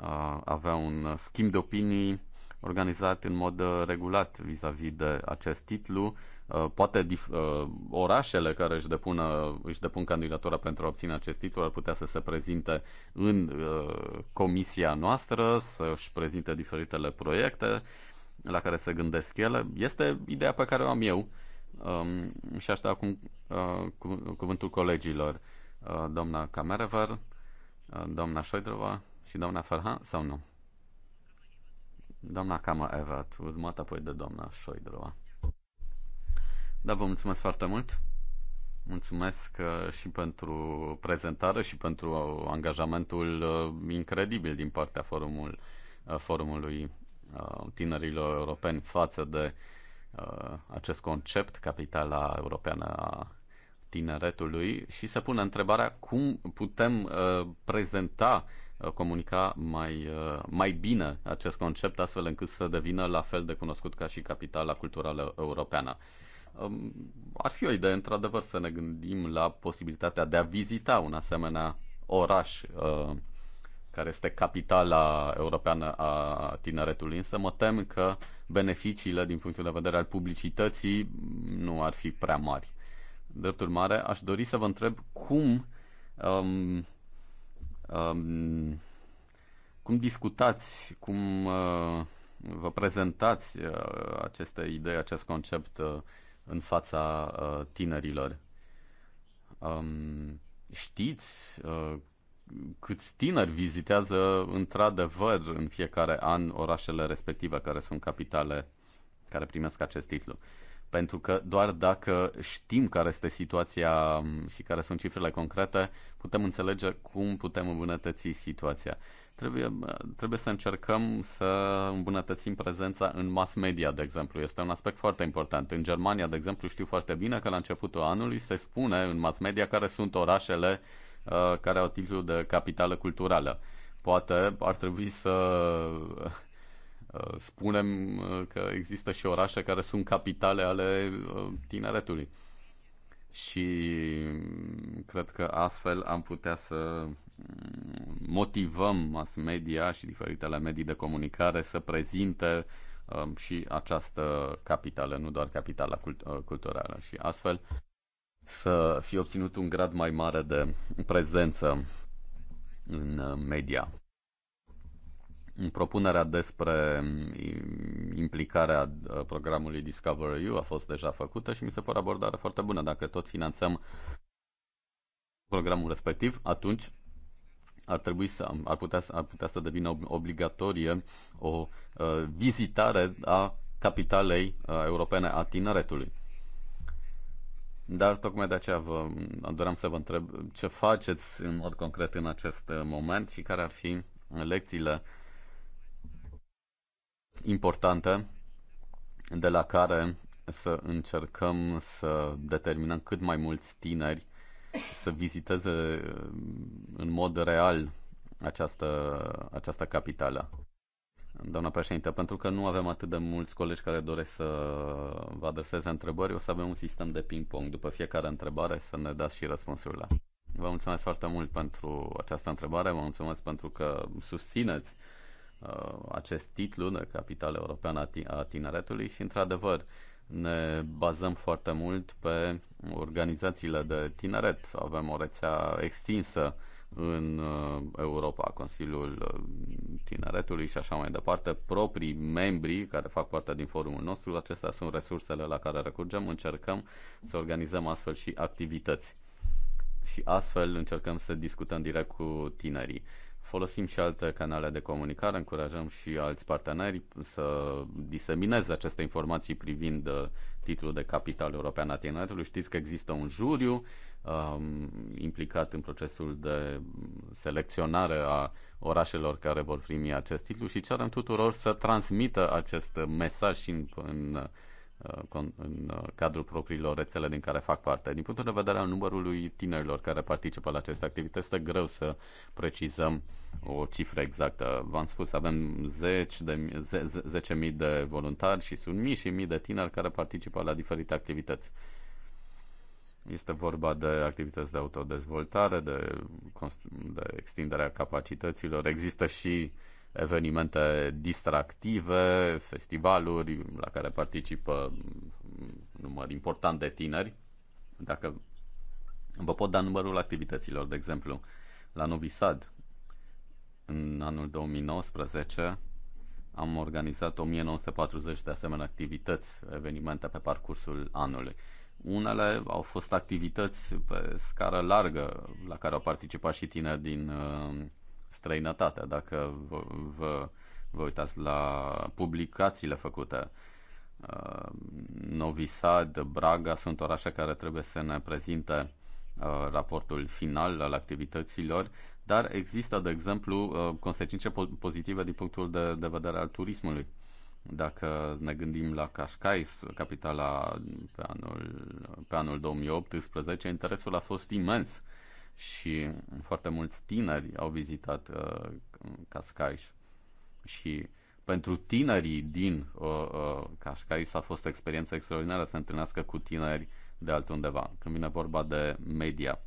uh, avea un schimb de opinii organizat în mod uh, regulat vis-a-vis -vis de acest titlu. Uh, poate dif- uh, orașele care își, depună, își depun candidatura pentru a obține acest titlu ar putea să se prezinte în uh, comisia noastră, să își prezinte diferitele proiecte la care se gândesc ele. Este ideea pe care o am eu um, și aștept acum uh, cu, cuvântul colegilor, uh, doamna Camerever, uh, doamna Șoidrova și doamna Ferhan, sau nu? Doamna Cama Evert, urmat apoi de doamna Șoidrova. Da, vă mulțumesc foarte mult. Mulțumesc uh, și pentru prezentare și pentru angajamentul uh, incredibil din partea forumul, uh, forumului Uh, tinerilor europeni față de uh, acest concept, capitala europeană a tineretului și se pune întrebarea cum putem uh, prezenta comunica mai, mai bine acest concept astfel încât să devină la fel de cunoscut ca și capitala culturală europeană. Um, ar fi o idee, într-adevăr, să ne gândim la posibilitatea de a vizita un asemenea oraș care este capitala europeană a tineretului, însă mă tem că beneficiile din punctul de vedere al publicității nu ar fi prea mari. Drept urmare, aș dori să vă întreb cum um, um, cum discutați, cum uh, vă prezentați uh, aceste idei, acest concept uh, în fața uh, tinerilor? Um, știți uh, câți tineri vizitează într-adevăr în fiecare an orașele respective care sunt capitale care primesc acest titlu. Pentru că doar dacă știm care este situația um, și care sunt cifrele concrete, putem înțelege cum putem îmbunătăți situația. Trebuie, uh, trebuie să încercăm să îmbunătățim prezența în mass media, de exemplu. Este un aspect foarte important. În Germania, de exemplu, știu foarte bine că la începutul anului se spune în mass media care sunt orașele uh, Uh, care au titlul de capitală culturală. Poate ar trebui să uh, spunem uh, că există și orașe care sunt capitale ale tineretului. Și cred că astfel am putea să mm, motivăm mass media și diferitele medii de comunicare să prezinte um, și această capitală, nu doar capitala cult- culturală. Și astfel să fie obținut un grad mai mare de prezență în uh, media. Propunerea despre mm, implicarea uh, programului Discover EU a fost deja făcută și mi se pare abordare foarte bună. Dacă tot finanțăm programul respectiv, atunci ar trebui să ar putea, ar putea să devină obligatorie o uh, vizitare a capitalei uh, europene a tineretului. Dar tocmai de aceea vă doream să vă întreb ce faceți în mod concret în acest moment și care ar fi lecțiile importante de la care să încercăm să determinăm cât mai mulți tineri să viziteze în mod real această, această capitală doamna președintă, pentru că nu avem atât de mulți colegi care doresc să vă adreseze întrebări, o să avem un sistem de ping-pong. După fiecare întrebare să ne dați și răspunsurile. Vă mulțumesc foarte mult pentru această întrebare, vă mulțumesc pentru că susțineți uh, acest titlu de Capitală Europeană a Tineretului și, într-adevăr, ne bazăm foarte mult pe organizațiile de tineret. Avem o rețea extinsă uh, în uh, Europa, Consiliul uh, Tineretului și așa mai departe, proprii membri care fac parte din forumul nostru, acestea sunt resursele la care recurgem, încercăm să organizăm astfel și activități. Și astfel încercăm să discutăm direct cu tinerii. Folosim și alte canale de comunicare, încurajăm și alți parteneri să disemineze aceste informații privind uh, titlul de capital european a tineretului. Știți că există un juriu um, implicat în procesul de selecționare a orașelor care vor primi acest titlu și cerem tuturor să transmită acest mesaj și în, în, uh, în uh, cadrul propriilor rețele din care fac parte. Din punctul de vedere al numărului tinerilor care participă la aceste activități, este greu să precizăm o cifră exactă. V-am spus, avem 10.000 de, 10, de voluntari și sunt mii și mii de tineri care participă la diferite activități. Este vorba de activități de autodezvoltare, de, de extinderea capacităților. Există și evenimente distractive, festivaluri la care participă număr important de tineri. Dacă vă pot da numărul activităților, de exemplu, la Novi Sad, în anul 2019, am organizat 1940 de asemenea activități, evenimente pe parcursul anului. Unele au fost activități pe scară largă la care au participat și tineri din uh, străinătate. Dacă vă, vă, vă uitați la publicațiile făcute, uh, Novi Sad, Braga sunt orașe care trebuie să ne prezinte uh, raportul final al activităților, dar există, de exemplu, uh, consecințe po- pozitive din punctul de, de vedere al turismului dacă ne gândim la Cascais, capitala pe anul, pe anul 2018, interesul a fost imens și foarte mulți tineri au vizitat uh, Cascais și pentru tinerii din uh, uh, Cascais a fost o experiență extraordinară să întâlnească cu tineri de altundeva. Când vine vorba de media,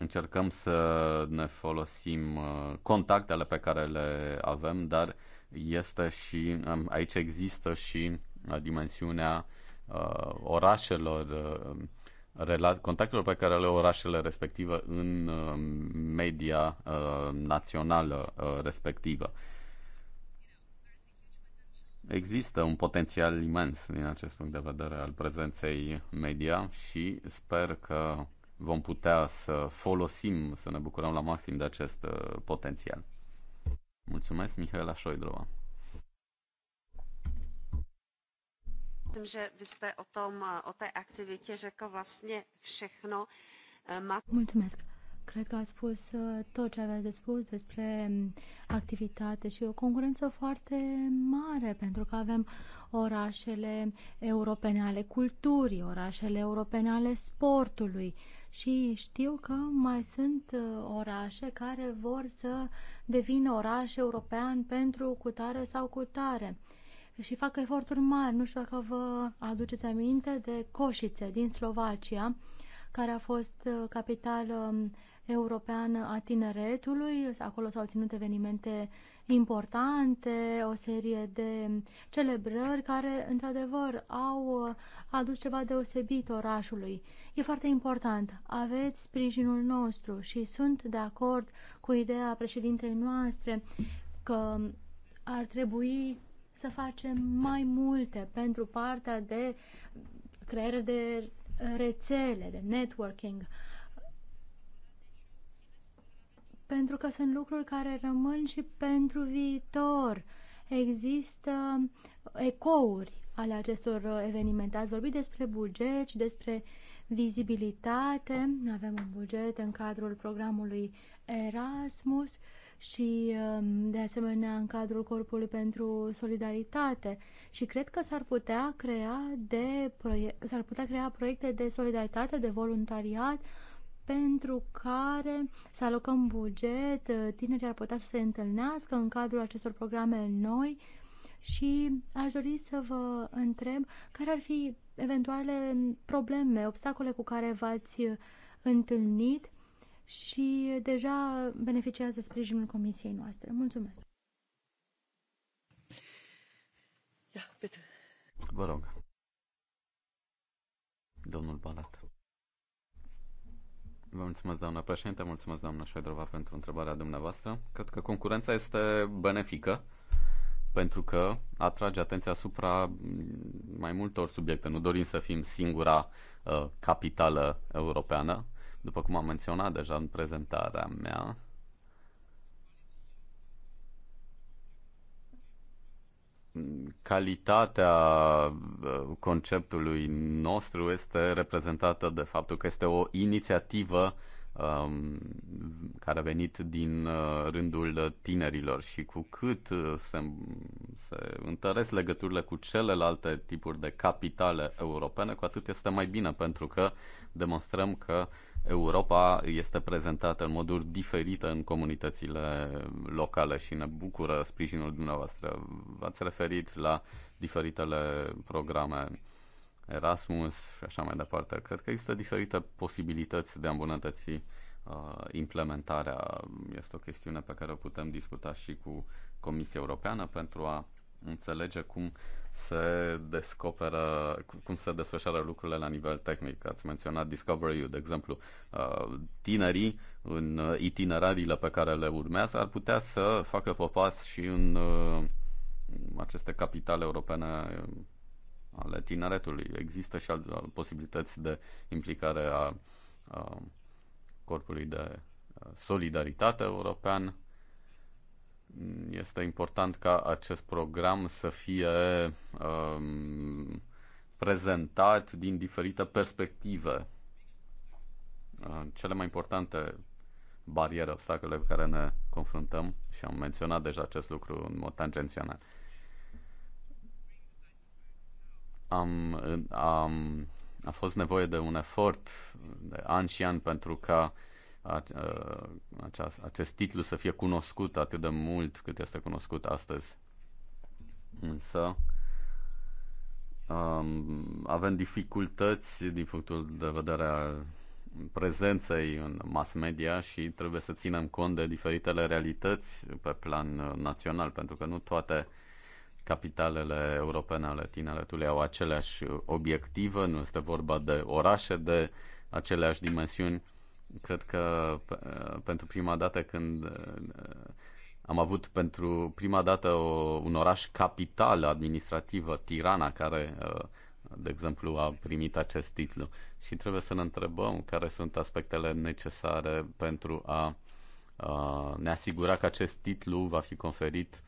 Încercăm să ne folosim uh, contactele pe care le avem, dar este și um, aici există și uh, dimensiunea uh, orașelor, contactelor pe care le orașele respective în um, media națională respectivă. Există un potențial imens din acest punct de vedere al prezenței media și sper că vom putea să folosim, să ne bucurăm la maxim de acest uh, potențial. Mulțumesc, Mihaela Șoidrova. Myslím, že vy jste o, tom, uh, o té aktivitě řekl vlastně všechno. Uh, Mulțumesc. Cred că ați spus tot ce aveați de spus despre um, activitate și o concurență foarte mare, pentru că avem orașele europene ale culturii, orașele europene ale sportului, și știu că mai sunt uh, orașe care vor să devină oraș european pentru cutare sau cutare și fac eforturi mari. Nu știu dacă vă aduceți aminte de Coșițe din Slovacia, care a fost uh, capitală europeană a tineretului. Acolo s-au ținut evenimente importante, o serie de celebrări care, într-adevăr, au uh, adus ceva deosebit orașului. E foarte important. Aveți sprijinul nostru și sunt de acord cu ideea președintei noastre că ar trebui să facem mai multe pentru partea de creare de rețele, de networking. Uh, pentru că sunt lucruri care rămân și pentru viitor. Există ecouri ale acestor evenimente. Ați vorbit despre buget și despre vizibilitate. Avem un buget în cadrul programului Erasmus și um, de asemenea în cadrul Corpului pentru Solidaritate și cred că s-ar putea crea de s-ar putea crea proiecte de solidaritate, de voluntariat pentru care să alocăm buget, uh, tinerii ar putea să se întâlnească în cadrul acestor programe noi și aș dori să vă întreb care ar fi eventuale probleme, obstacole cu care v-ați întâlnit și deja beneficiază sprijinul comisiei noastre. Mulțumesc! Ia, Vă rog. Domnul Balat. Vă mulțumesc, doamna președinte, mulțumesc, doamna Șoedrova, pentru întrebarea dumneavoastră. Cred că concurența este benefică pentru că atrage atenția asupra mai multor subiecte. Nu dorim să fim singura uh, capitală europeană. După cum am menționat deja în prezentarea mea, calitatea uh, conceptului nostru este reprezentată de faptul că este o inițiativă um, care a venit din uh, rândul tinerilor și cu cât uh, se, se întăresc legăturile cu celelalte tipuri de capitale europene, cu atât este mai bine pentru că demonstrăm că uh, Europa este prezentată în moduri diferite în comunitățile locale și ne bucură sprijinul dumneavoastră. V-ați referit la diferitele programe Erasmus și așa mai departe. Cred că există diferite posibilități de a îmbunătăți uh, implementarea. Este o chestiune pe care o putem discuta și cu Comisia Europeană pentru a înțelege cum se descoperă, cum se desfășoară lucrurile la nivel tehnic. Ați menționat Discovery, de exemplu, uh, tinerii în uh, itinerariile pe care le urmează ar putea să facă popas și în uh, aceste capitale europene ale tineretului. Există și alte posibilități de implicare a, a corpului de solidaritate european este important ca acest program să fie um, prezentat din diferite perspective. Uh, cele mai importante bariere, obstacole cu care ne confruntăm, și am menționat deja acest lucru în mod tangențional, am, am, a fost nevoie de un efort de ani și ani pentru ca acest, uh, acest titlu să fie cunoscut atât de mult cât este cunoscut astăzi. Însă um, avem dificultăți din punctul de vedere al prezenței în mass media și trebuie să ținem cont de diferitele realități pe plan uh, național, pentru că nu toate capitalele europene ale tineretului au aceleași obiective, nu este vorba de orașe de aceleași dimensiuni Cred că pentru prima dată când uh, am avut pentru prima dată o, un oraș capital administrativă, Tirana, care, uh, de exemplu, a primit acest titlu. Și trebuie să ne întrebăm care sunt aspectele necesare pentru a, a uh, ne asigura că acest titlu va fi conferit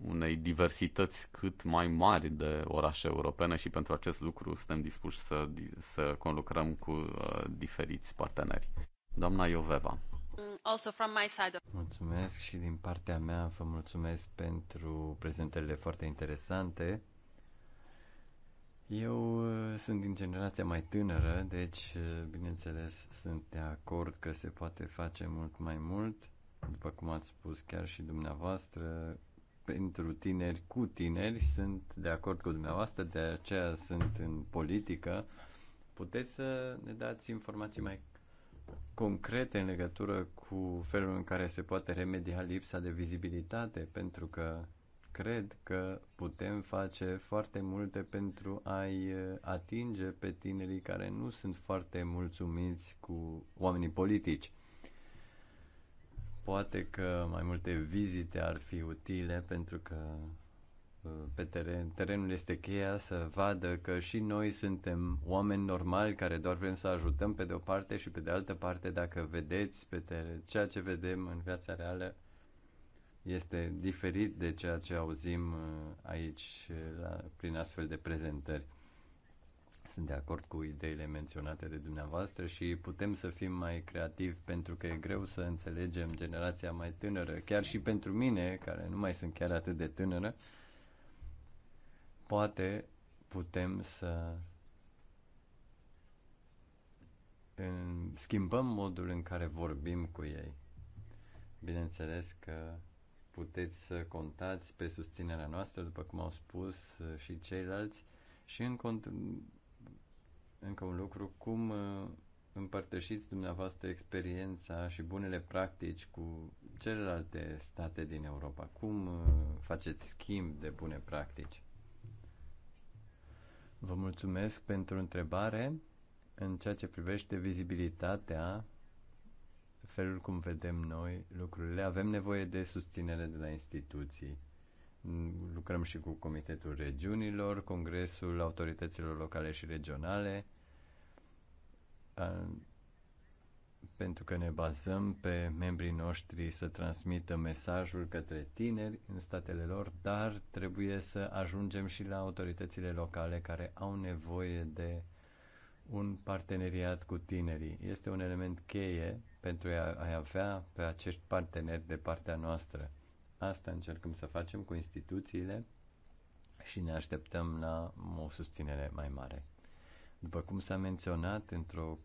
unei diversități cât mai mari de orașe europene și pentru acest lucru suntem dispuși să, să conlucrăm cu uh, diferiți parteneri. Doamna Ioveva. Mm, also from my side. Mulțumesc și din partea mea vă mulțumesc pentru prezentările foarte interesante. Eu uh, sunt din generația mai tânără, deci, uh, bineînțeles, sunt de acord că se poate face mult mai mult, după cum ați spus chiar și dumneavoastră, pentru tineri cu tineri. Sunt de acord cu dumneavoastră, de aceea sunt în politică. Puteți să ne dați informații mai concrete în legătură cu felul în care se poate remedia lipsa de vizibilitate, pentru că cred că putem face foarte multe pentru a-i uh, atinge pe tinerii care nu sunt foarte mulțumiți cu oamenii politici. Poate că mai multe vizite ar fi utile pentru că uh, pe teren, terenul este cheia să vadă că și noi suntem oameni normali care doar vrem să ajutăm pe de o parte și pe de altă parte dacă vedeți pe teren, ceea ce vedem în viața reală este diferit de ceea ce auzim uh, aici uh, la, prin astfel de prezentări. Sunt de acord cu ideile menționate de dumneavoastră și putem să fim mai creativi pentru că e greu să înțelegem generația mai tânără. Chiar și pentru mine, care nu mai sunt chiar atât de tânără, poate putem să schimbăm modul în care vorbim cu ei. Bineînțeles că puteți să contați pe susținerea noastră, după cum au spus și ceilalți, și în cont- încă un lucru, cum uh, împărtășiți dumneavoastră experiența și bunele practici cu celelalte state din Europa? Cum uh, faceți schimb de bune practici? Vă mulțumesc pentru întrebare. În ceea ce privește vizibilitatea, felul cum vedem noi lucrurile, avem nevoie de susținere de la instituții Mm, lucrăm și cu Comitetul Regiunilor, Congresul Autorităților Locale și Regionale, pentru că ne bazăm pe membrii noștri să transmită mesajul către tineri în statele lor, dar trebuie să ajungem și la autoritățile locale care au nevoie de un parteneriat cu tinerii. Este un element cheie pentru a avea pe acești parteneri de partea noastră. Asta încercăm să facem cu instituțiile și ne așteptăm la o susținere mai mare. După cum s-a menționat într-o,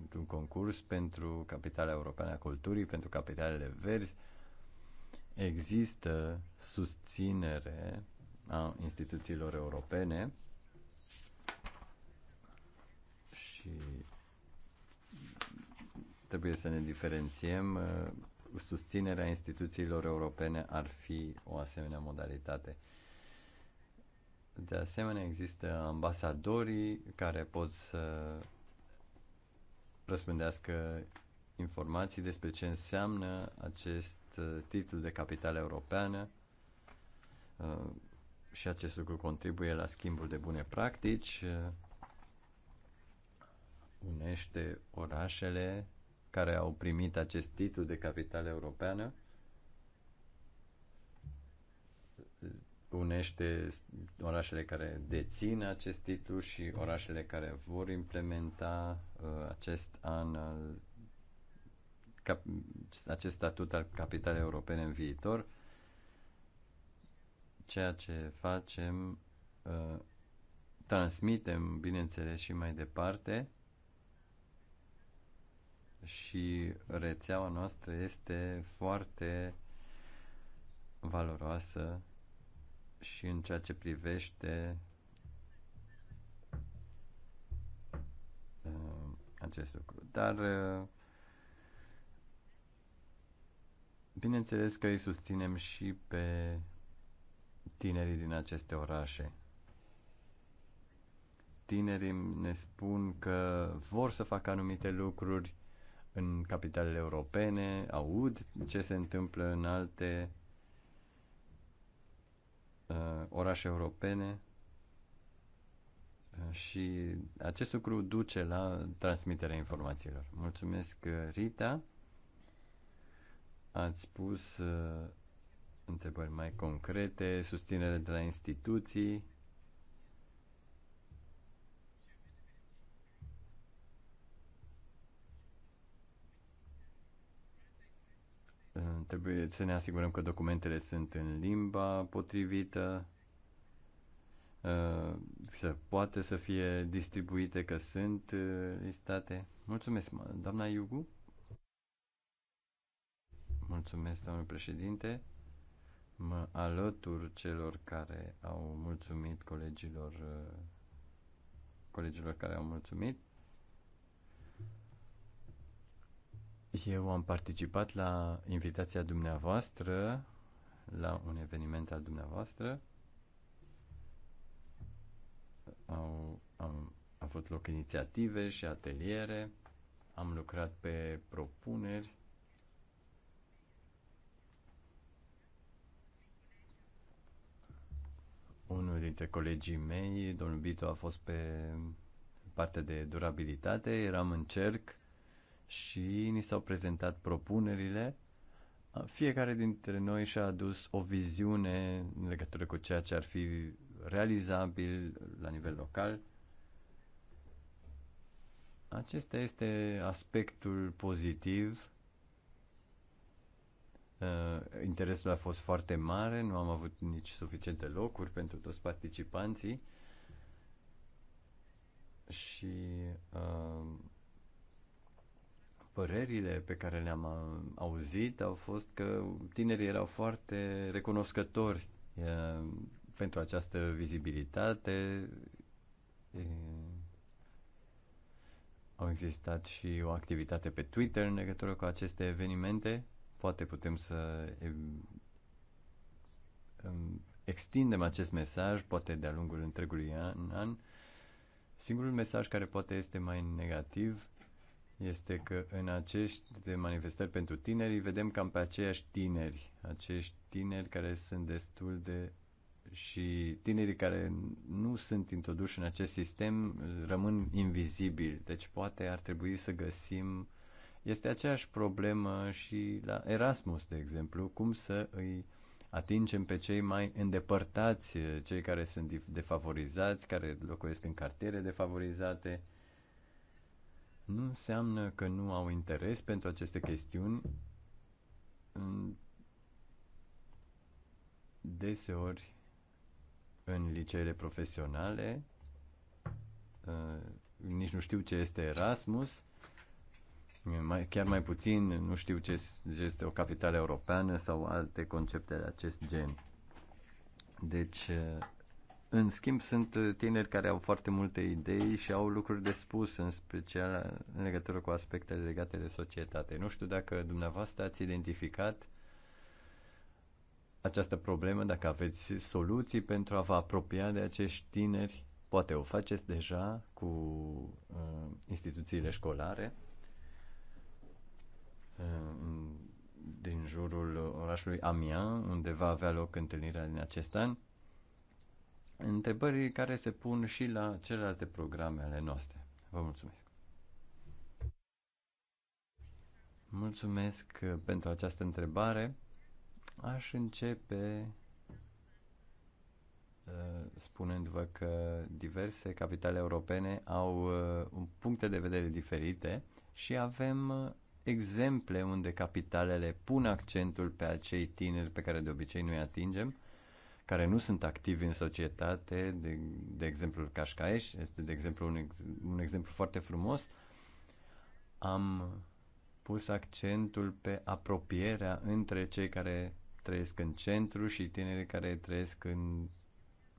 într-un concurs pentru Capitala Europeană a Culturii, pentru Capitalele Verzi, există susținere a instituțiilor europene și trebuie să ne diferențiem uh, susținerea instituțiilor europene ar fi o asemenea modalitate. De asemenea, există ambasadorii care pot să răspândească informații despre ce înseamnă acest uh, titlu de capitală europeană uh, și acest lucru contribuie la schimbul de bune practici, uh, unește orașele care au primit acest titlu de capitală europeană unește orașele care dețin acest titlu și orașele care vor implementa uh, acest an al, cap, acest statut al capitalei europene în viitor. Ceea ce facem, uh, transmitem, bineînțeles, și mai departe și rețeaua noastră este foarte valoroasă și în ceea ce privește uh, acest lucru. Dar uh, bineînțeles că îi susținem și pe tinerii din aceste orașe. Tinerii ne spun că vor să facă anumite lucruri, în capitalele europene, aud ce se întâmplă în alte uh, orașe europene uh, și acest lucru duce la transmiterea informațiilor. Mulțumesc, uh, Rita. Ați spus uh, întrebări mai concrete, susținere de la instituții, Trebuie să ne asigurăm că documentele sunt în limba potrivită, uh, să poate să fie distribuite, că sunt uh, listate. Mulțumesc, doamna Iugu. Mulțumesc, domnule președinte. Mă alătur celor care au mulțumit colegilor uh, colegilor care au mulțumit. Eu am participat la invitația dumneavoastră, la un eveniment al dumneavoastră. Au, am avut loc inițiative și ateliere. Am lucrat pe propuneri. Unul dintre colegii mei, domnul Bito, a fost pe partea de durabilitate. Eram în cerc și ni s-au prezentat propunerile. Fiecare dintre noi și-a adus o viziune în legătură cu ceea ce ar fi realizabil la nivel local. Acesta este aspectul pozitiv. Uh, interesul a fost foarte mare, nu am avut nici suficiente locuri pentru toți participanții și uh, părerile pe care le-am uh, auzit au fost că tinerii erau foarte recunoscători uh, pentru această vizibilitate. Au existat și o activitate pe Twitter în legătură cu aceste evenimente. Poate putem să um, extindem acest mesaj, poate de-a lungul întregului an. an. Singurul mesaj care poate este mai negativ este că în aceste manifestări pentru tineri vedem cam pe aceiași tineri, acești tineri care sunt destul de și tinerii care nu sunt introduși în acest sistem rămân invizibili. Deci poate ar trebui să găsim este aceeași problemă și la Erasmus, de exemplu, cum să îi atingem pe cei mai îndepărtați, cei care sunt defavorizați, care locuiesc în cartiere defavorizate, nu înseamnă că nu au interes pentru aceste chestiuni. Deseori, în liceele profesionale, uh, nici nu știu ce este Erasmus, mai, chiar mai puțin nu știu ce este o capitală europeană sau alte concepte de acest gen. Deci, uh, în schimb, sunt tineri care au foarte multe idei și au lucruri de spus, în special în legătură cu aspectele legate de societate. Nu știu dacă dumneavoastră ați identificat această problemă, dacă aveți soluții pentru a vă apropia de acești tineri, poate o faceți deja cu uh, instituțiile școlare uh, din jurul orașului Amiens, unde va avea loc întâlnirea din acest an întrebări care se pun și la celelalte programe ale noastre. Vă mulțumesc! Mulțumesc uh, pentru această întrebare. Aș începe uh, spunându-vă că diverse capitale europene au uh, puncte de vedere diferite și avem exemple unde capitalele pun accentul pe acei tineri pe care de obicei nu-i atingem care nu sunt activi în societate, de, de exemplu Cașcaeș, este de exemplu un, ex, un exemplu foarte frumos, am pus accentul pe apropierea între cei care trăiesc în centru și tinerii care trăiesc în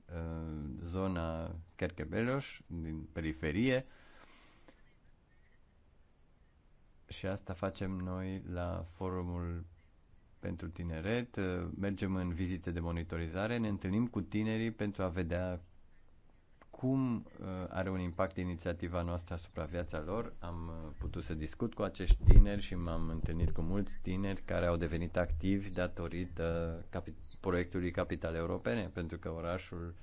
uh, zona Kerkebeloș, din periferie. Și asta facem noi la forumul pentru tineret, uh, mergem în vizite de monitorizare, ne întâlnim cu tinerii pentru a vedea cum uh, are un impact inițiativa noastră asupra viața lor. Am uh, putut să discut cu acești tineri și m-am întâlnit cu mulți tineri care au devenit activi datorită capi- proiectului Capital Europene, pentru că orașul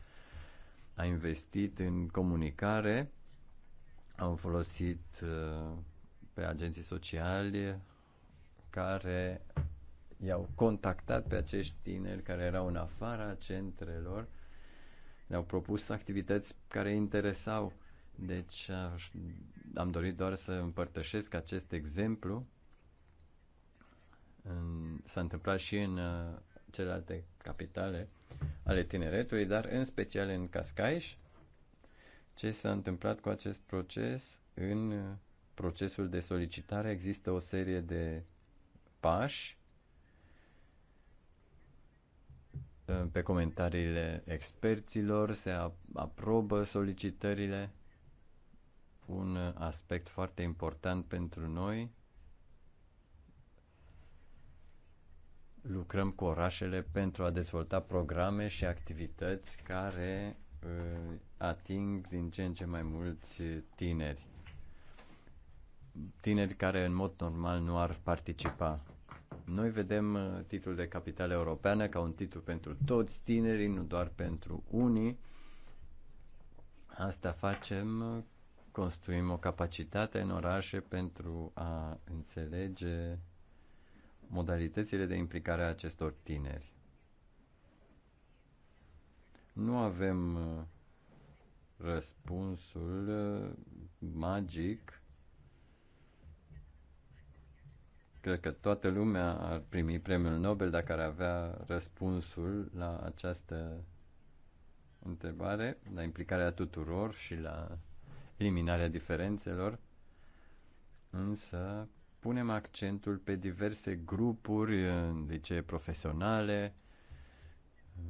a investit în comunicare, au folosit pe agenții sociali care i-au contactat pe acești tineri care erau în afara centrelor, le-au propus activități care interesau. Deci am dorit doar să împărtășesc acest exemplu. S-a întâmplat și în uh, celelalte capitale ale tineretului, dar în special în Cascais. Ce s-a întâmplat cu acest proces? În uh, procesul de solicitare există o serie de pași pe comentariile experților, se aprobă solicitările. Un aspect foarte important pentru noi. Lucrăm cu orașele pentru a dezvolta programe și activități care uh, ating din ce în ce mai mulți tineri. Tineri care în mod normal nu ar participa noi vedem uh, titlul de capitală europeană ca un titlu pentru toți tinerii, nu doar pentru unii. Asta facem, uh, construim o capacitate în orașe pentru a înțelege modalitățile de implicare a acestor tineri. Nu avem uh, răspunsul magic Cred că toată lumea ar primi premiul Nobel dacă ar avea răspunsul la această întrebare, la implicarea tuturor și la eliminarea diferențelor. Însă punem accentul pe diverse grupuri, licee profesionale,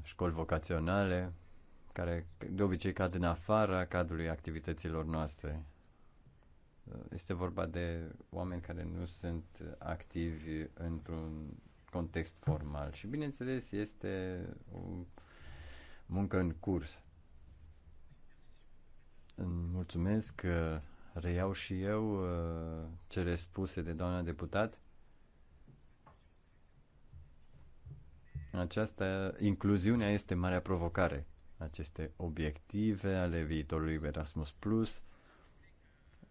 școli vocaționale, care de obicei cad în afara cadrului activităților noastre. Este vorba de oameni care nu sunt activi într-un context formal și, bineînțeles, este o muncă în curs. Îmi mulțumesc că reiau și eu uh, cele spuse de doamna deputat. Această incluziunea este marea provocare. Aceste obiective ale viitorului Erasmus Plus –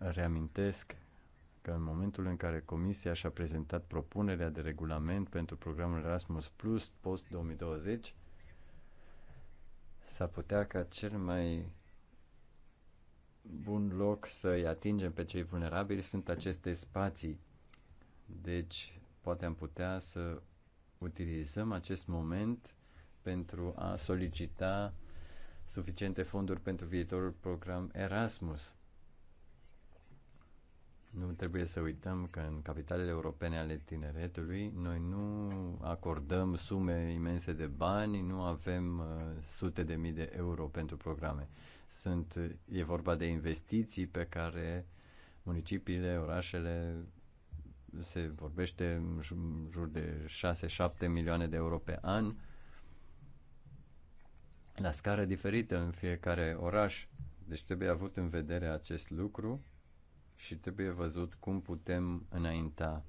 reamintesc că în momentul în care Comisia și-a prezentat propunerea de regulament pentru programul Erasmus Plus post-2020, s-ar putea ca cel mai bun loc să-i atingem pe cei vulnerabili sunt aceste spații. Deci, poate am putea să utilizăm acest moment pentru a solicita suficiente fonduri pentru viitorul program Erasmus nu trebuie să uităm că în capitalele europene ale tineretului noi nu acordăm sume imense de bani, nu avem uh, sute de mii de euro pentru programe. Sunt, uh, e vorba de investiții pe care municipiile, orașele se vorbește în jur de 6-7 milioane de euro pe an la scară diferită în fiecare oraș. Deci trebuie avut în vedere acest lucru și trebuie văzut cum putem înainta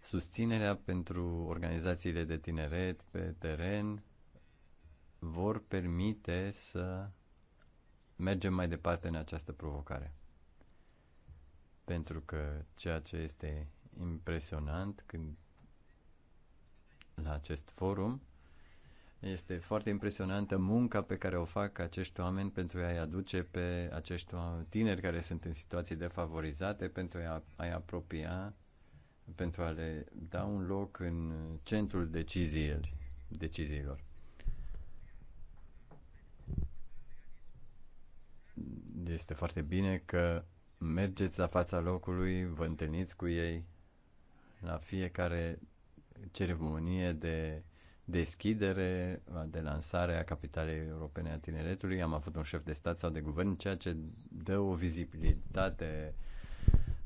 susținerea pentru organizațiile de tineret pe teren vor permite să mergem mai departe în această provocare. Pentru că ceea ce este impresionant când la acest forum este foarte impresionantă munca pe care o fac acești oameni pentru a-i aduce pe acești tineri care sunt în situații defavorizate, pentru a-i apropia, pentru a le da un loc în centrul deciziilor. deciziilor. Este foarte bine că mergeți la fața locului, vă întâlniți cu ei la fiecare ceremonie de deschidere, de lansare a capitalei europene a tineretului. Am avut un șef de stat sau de guvern, ceea ce dă o vizibilitate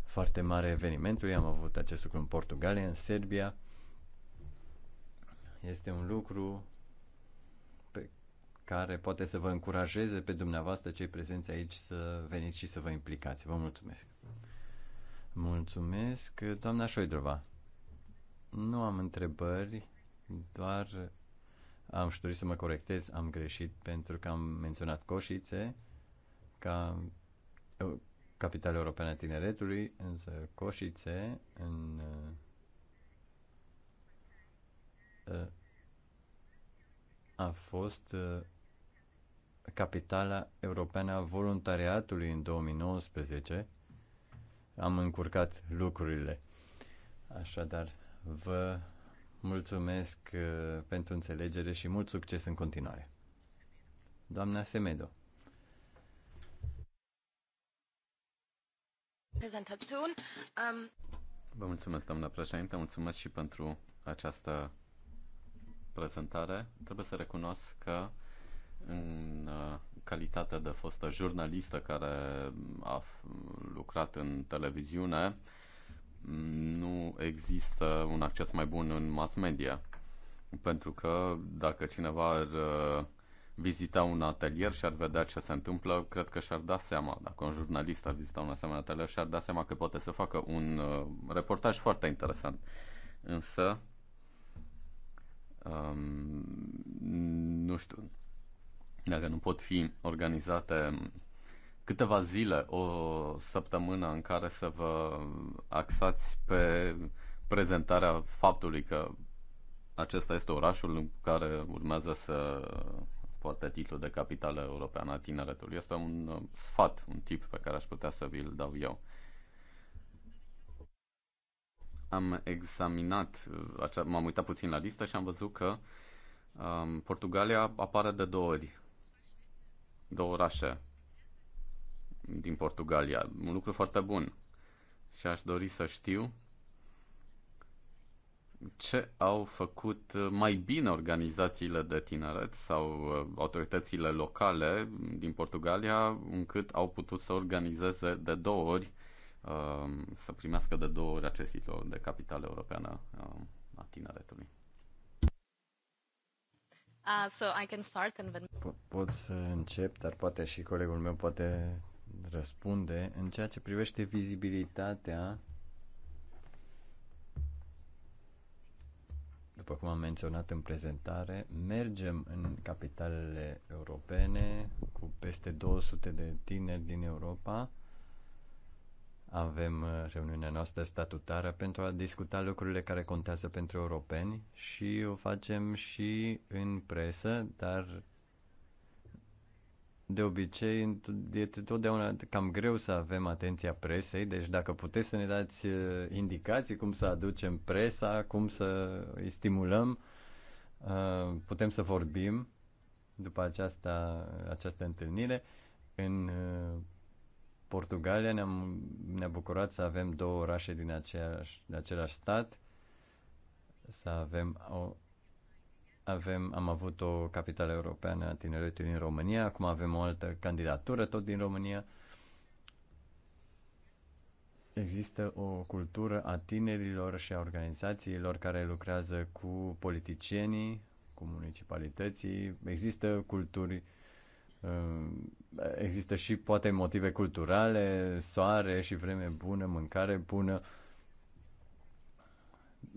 foarte mare evenimentului. Am avut acest lucru în Portugalia, în Serbia. Este un lucru pe care poate să vă încurajeze pe dumneavoastră cei prezenți aici să veniți și să vă implicați. Vă mulțumesc! Mulțumesc, doamna Șoidrova. Nu am întrebări doar am și dorit să mă corectez, am greșit pentru că am menționat Coșițe ca capitala europeană a tineretului, însă Coșițe în a fost capitala europeană a voluntariatului în 2019. Am încurcat lucrurile. Așadar, vă Mulțumesc uh, pentru înțelegere și mult succes în continuare. Doamna Semedo. Um, Vă mulțumesc, doamna președinte, mulțumesc și pentru această prezentare. Trebuie să recunosc că în uh, calitate de fostă jurnalistă care a lucrat în televiziune, nu există un acces mai bun în mass media. Pentru că dacă cineva ar uh, vizita un atelier și ar vedea ce se întâmplă, cred că și-ar da seama, dacă un jurnalist ar vizita un asemenea atelier, și-ar da seama că poate să facă un uh, reportaj foarte interesant. Însă, um, nu știu, dacă nu pot fi organizate câteva zile, o săptămână în care să vă axați pe prezentarea faptului că acesta este orașul în care urmează să poartă titlul de capitală europeană a tineretului. Este un uh, sfat, un tip pe care aș putea să vi-l dau eu. Am examinat, uh, m-am uitat puțin la listă și am văzut că um, Portugalia apare de două ori. Două orașe din Portugalia. Un lucru foarte bun. Și aș dori să știu ce au făcut uh, mai bine organizațiile de tineret sau uh, autoritățile locale din Portugalia încât au putut să organizeze de două ori uh, să primească de două ori acest titlu de capitală europeană a tineretului. Uh, so I can start and then... Po- pot să încep, dar poate și colegul meu poate răspunde în ceea ce privește vizibilitatea după cum am menționat în prezentare, mergem în capitalele europene cu peste 200 de tineri din Europa. Avem uh, reuniunea noastră statutară pentru a discuta lucrurile care contează pentru europeni și o facem și în presă, dar de obicei, este totdeauna cam greu să avem atenția presei, deci dacă puteți să ne dați uh, indicații cum să aducem presa, cum să îi stimulăm, uh, putem să vorbim după aceasta, această întâlnire. În uh, Portugalia ne-am, ne bucurat să avem două orașe din aceeași, de același stat, să avem o avem, am avut o capitală europeană a tineretului în România, acum avem o altă candidatură tot din România. Există o cultură a tinerilor și a organizațiilor care lucrează cu politicienii, cu municipalității. Există culturi, uh, există și poate motive culturale, soare și vreme bună, mâncare bună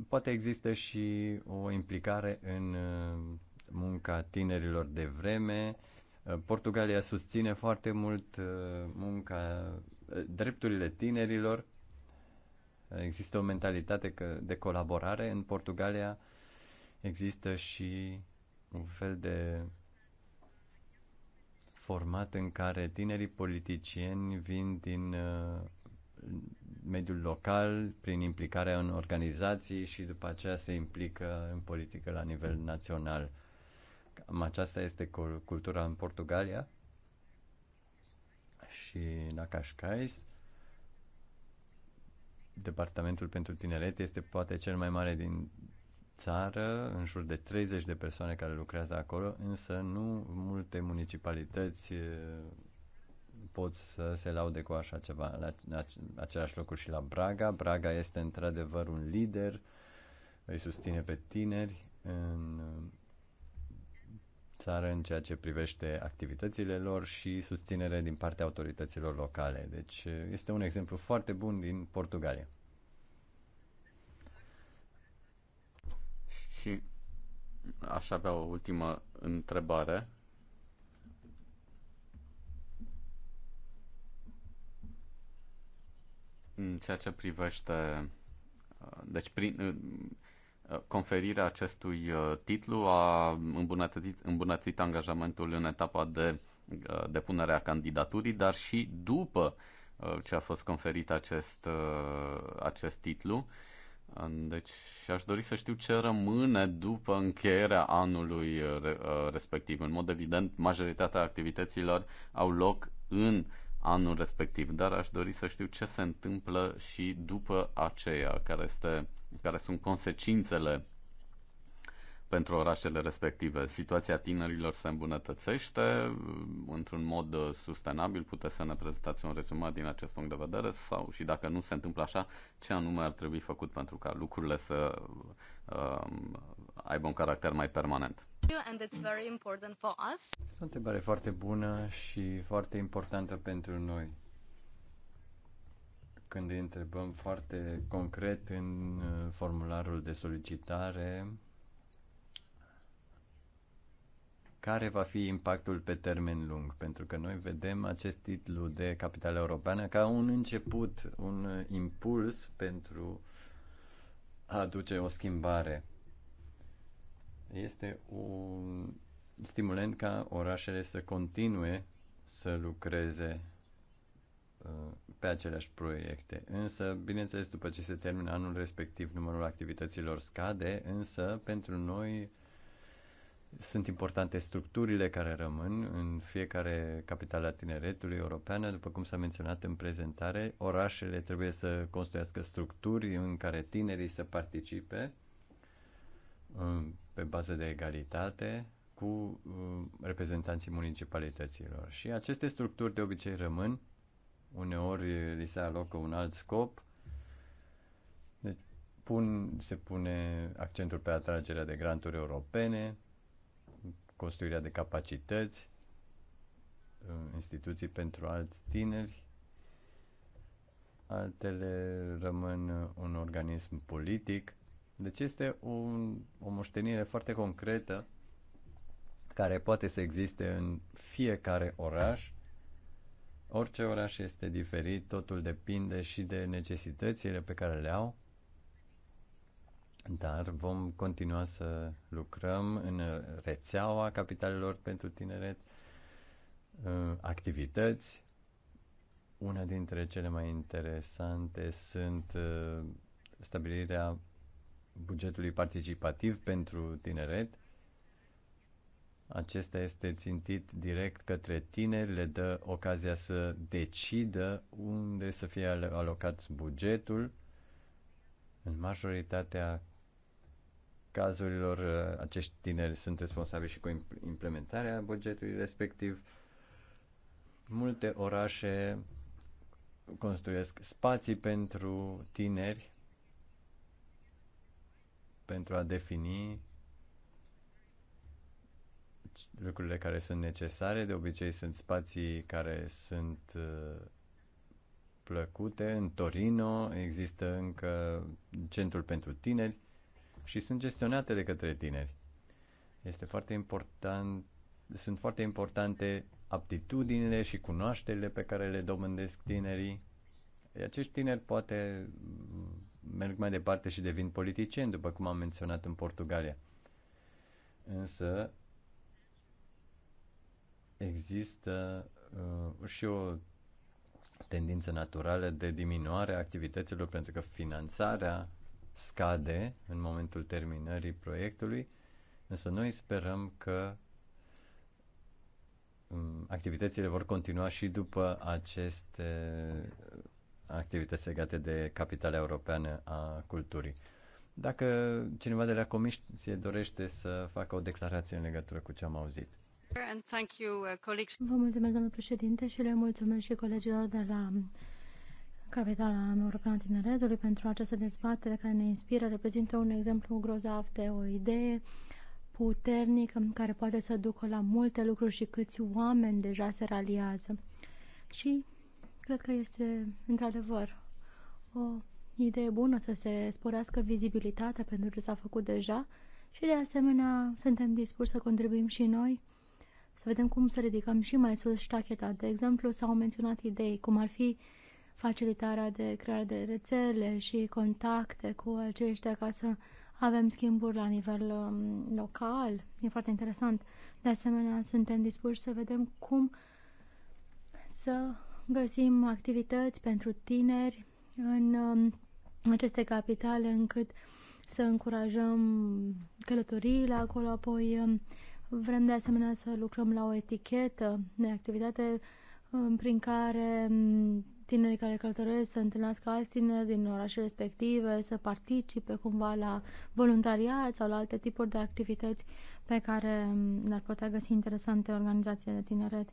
poate există și o implicare în uh, munca tinerilor de vreme. Uh, Portugalia susține foarte mult uh, munca, drepturile tinerilor. Există o mentalitate de colaborare în Portugalia. Există și un fel de format în care tinerii politicieni vin din mediul local, prin implicarea în organizații și după aceea se implică în politică la nivel național. Cam aceasta este cultura în Portugalia și la Cascais. Departamentul pentru tineret este poate cel mai mare din țară, în jur de 30 de persoane care lucrează acolo, însă nu multe municipalități pot să se laude cu așa ceva. La, la același lucru și la Braga. Braga este într-adevăr un lider, îi susține pe tineri în uh, țară în ceea ce privește activitățile lor și susținere din partea autorităților locale. Deci uh, este un exemplu foarte bun din Portugalia. Și aș avea o ultimă întrebare În ceea ce privește, uh, deci prin, uh, uh, conferirea acestui titlu a îmbunătățit, îmbunătățit angajamentul în etapa de depunere a candidaturii, dar și după ce a fost conferit acest, acest titlu. Deci aș dori să știu ce rămâne după încheierea anului respectiv. În mod evident, majoritatea activităților au loc în uh, anul respectiv, dar aș dori să știu ce se întâmplă și după aceea, care, este, care sunt consecințele pentru orașele respective. Situația tinerilor se îmbunătățește într-un mod uh, sustenabil. Puteți să ne prezentați un rezumat din acest punct de vedere sau și dacă nu se întâmplă așa, ce anume ar trebui făcut pentru ca lucrurile să uh, aibă un caracter mai permanent? And it's very important for us. Este o întrebare foarte bună și foarte importantă pentru noi. Când îi întrebăm foarte concret în uh, formularul de solicitare, care va fi impactul pe termen lung, pentru că noi vedem acest titlu de capitală europeană ca un început, un uh, impuls pentru a aduce o schimbare este un stimulent ca orașele să continue să lucreze uh, pe aceleași proiecte. Însă, bineînțeles, după ce se termină anul respectiv, numărul activităților scade, însă pentru noi sunt importante structurile care rămân în fiecare capitală a tineretului europeană. După cum s-a menționat în prezentare, orașele trebuie să construiască structuri în care tinerii să participe pe bază de egalitate cu uh, reprezentanții municipalităților. Și aceste structuri de obicei rămân, uneori li se alocă un alt scop, deci pun, se pune accentul pe atragerea de granturi europene, construirea de capacități, uh, instituții pentru alți tineri, altele rămân uh, un organism politic deci este un, o moștenire foarte concretă care poate să existe în fiecare oraș. Orice oraș este diferit, totul depinde și de necesitățile pe care le au. Dar vom continua să lucrăm în rețeaua capitalelor pentru tineret, ă, activități. Una dintre cele mai interesante sunt ă, stabilirea bugetului participativ pentru tineret. Acesta este țintit direct către tineri, le dă ocazia să decidă unde să fie alocat bugetul. În majoritatea cazurilor, uh, acești tineri sunt responsabili și cu implementarea bugetului respectiv. Multe orașe construiesc spații pentru tineri pentru a defini lucrurile care sunt necesare. De obicei sunt spații care sunt uh, plăcute. În Torino există încă centrul pentru tineri și sunt gestionate de către tineri. Este foarte important, sunt foarte importante aptitudinile și cunoașterile pe care le domândesc tinerii. Acești tineri poate merg mai departe și devin politicieni, după cum am menționat în Portugalia. Însă există uh, și o tendință naturală de diminuare a activităților pentru că finanțarea scade în momentul terminării proiectului, însă noi sperăm că um, activitățile vor continua și după aceste activități legate de capitala europeană a culturii. Dacă cineva de la comisie dorește să facă o declarație în legătură cu ce am auzit. Uh, Vă mulțumesc, domnule președinte, și le mulțumesc și colegilor de la Capitala Europeană Tineretului pentru această dezbatere care ne inspiră. Reprezintă un exemplu grozav de o idee puternică care poate să ducă la multe lucruri și câți oameni deja se raliază. Și Cred că este, într-adevăr, o idee bună să se sporească vizibilitatea pentru ce s-a făcut deja și, de asemenea, suntem dispuși să contribuim și noi să vedem cum să ridicăm și mai sus ștacheta. De exemplu, s-au menționat idei, cum ar fi facilitarea de creare de rețele și contacte cu aceștia ca să avem schimburi la nivel um, local. E foarte interesant. De asemenea, suntem dispuși să vedem cum să găsim activități pentru tineri în um, aceste capitale încât să încurajăm călătoriile acolo, apoi um, vrem de asemenea să lucrăm la o etichetă de activitate um, prin care tinerii care călătoresc să întâlnească alți tineri din orașele respective, să participe cumva la voluntariat sau la alte tipuri de activități pe care le-ar putea găsi interesante organizațiile de tineret.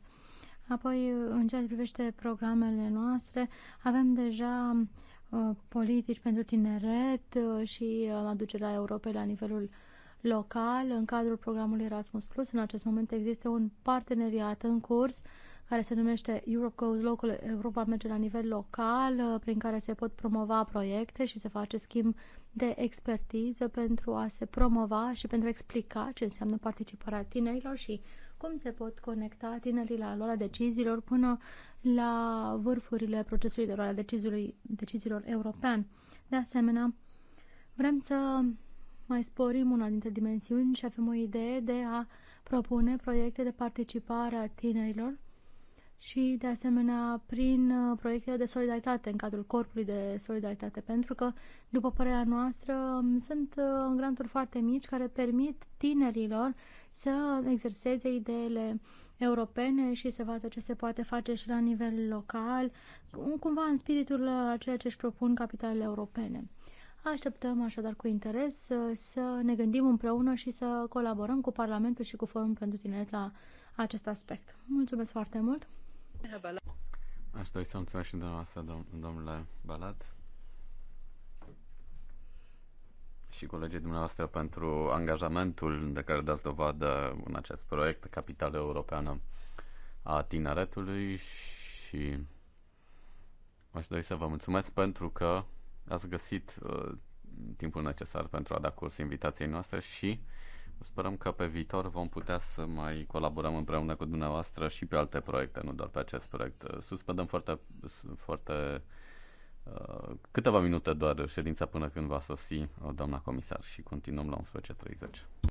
Apoi, în ceea ce privește programele noastre, avem deja uh, politici pentru tineret uh, și uh, aducerea Europei la nivelul local în cadrul programului Erasmus+. Plus. În acest moment există un parteneriat în curs care se numește Europe Goes Local, Europa merge la nivel local, prin care se pot promova proiecte și se face schimb de expertiză pentru a se promova și pentru a explica ce înseamnă participarea tinerilor și cum se pot conecta tinerii la luarea deciziilor până la vârfurile procesului de luare deciziilor, deciziilor european. De asemenea, vrem să mai sporim una dintre dimensiuni și avem o idee de a propune proiecte de participare a tinerilor și, de asemenea, prin uh, proiectele de solidaritate în cadrul Corpului de Solidaritate, pentru că, după părerea noastră, sunt uh, granturi foarte mici care permit tinerilor să exerseze ideile europene și să vadă ce se poate face și la nivel local, cumva în spiritul uh, a ceea ce își propun capitalele europene. Așteptăm așadar cu interes să, să ne gândim împreună și să colaborăm cu Parlamentul și cu Forumul pentru Tineret la acest aspect. Mulțumesc foarte mult! Aș dori să mulțumesc și dumneavoastră, domnule Balat, și colegii dumneavoastră pentru angajamentul de care dați dovadă în acest proiect, Capitală Europeană a Tineretului și aș dori să vă mulțumesc pentru că ați găsit uh, timpul necesar pentru a da curs invitației noastre și Sperăm că pe viitor vom putea să mai colaborăm împreună cu dumneavoastră și pe alte proiecte, nu doar pe acest proiect. Suspendăm foarte, foarte uh, câteva minute doar ședința până când va sosi uh, doamna comisar și continuăm la 11.30.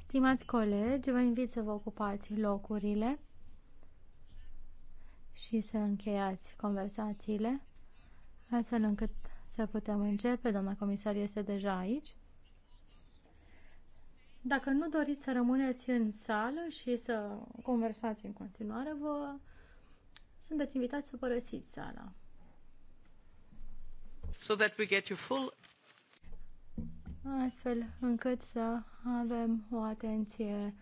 Stimați colegi, vă invit să vă ocupați locurile și să încheiați conversațiile, astfel încât să putem începe. Doamna comisar este deja aici. Dacă nu doriți să rămâneți în sală și să conversați în continuare, vă sunteți invitați să părăsiți sala. So that we get you full astfel încât să avem o atenție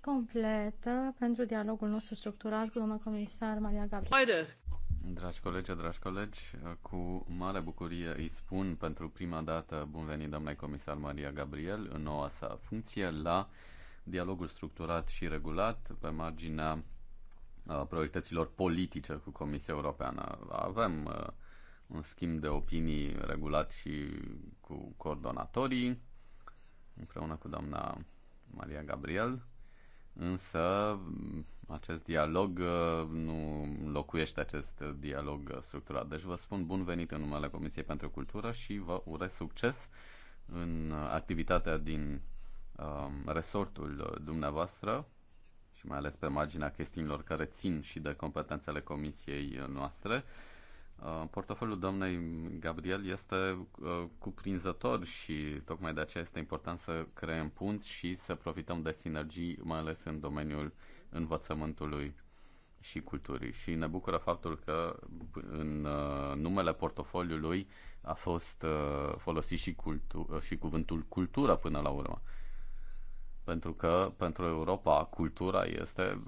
completă pentru dialogul nostru structurat cu domnul comisar Maria Gabriel. Dragi colegi, dragi colegi, cu mare bucurie îi spun pentru prima dată bun venit domnului comisar Maria Gabriel în noua sa funcție la dialogul structurat și regulat pe marginea uh, priorităților politice cu Comisia Europeană. Avem uh, un schimb de opinii regulat și cu coordonatorii, împreună cu doamna Maria Gabriel, însă acest dialog uh, nu locuiește acest dialog structurat. Deci vă spun bun venit în numele Comisiei pentru Cultură și vă urez succes în activitatea din um, resortul dumneavoastră și mai ales pe marginea chestiunilor care țin și de competențele comisiei noastre. Uh, portofoliul doamnei Gabriel este uh, cuprinzător și tocmai de aceea este important să creăm punți și să profităm de sinergii, mai ales în domeniul învățământului și culturii. Și ne bucură faptul că în uh, numele portofoliului a fost folosit și, cultu- și cuvântul cultură până la urmă. Pentru că pentru Europa cultura este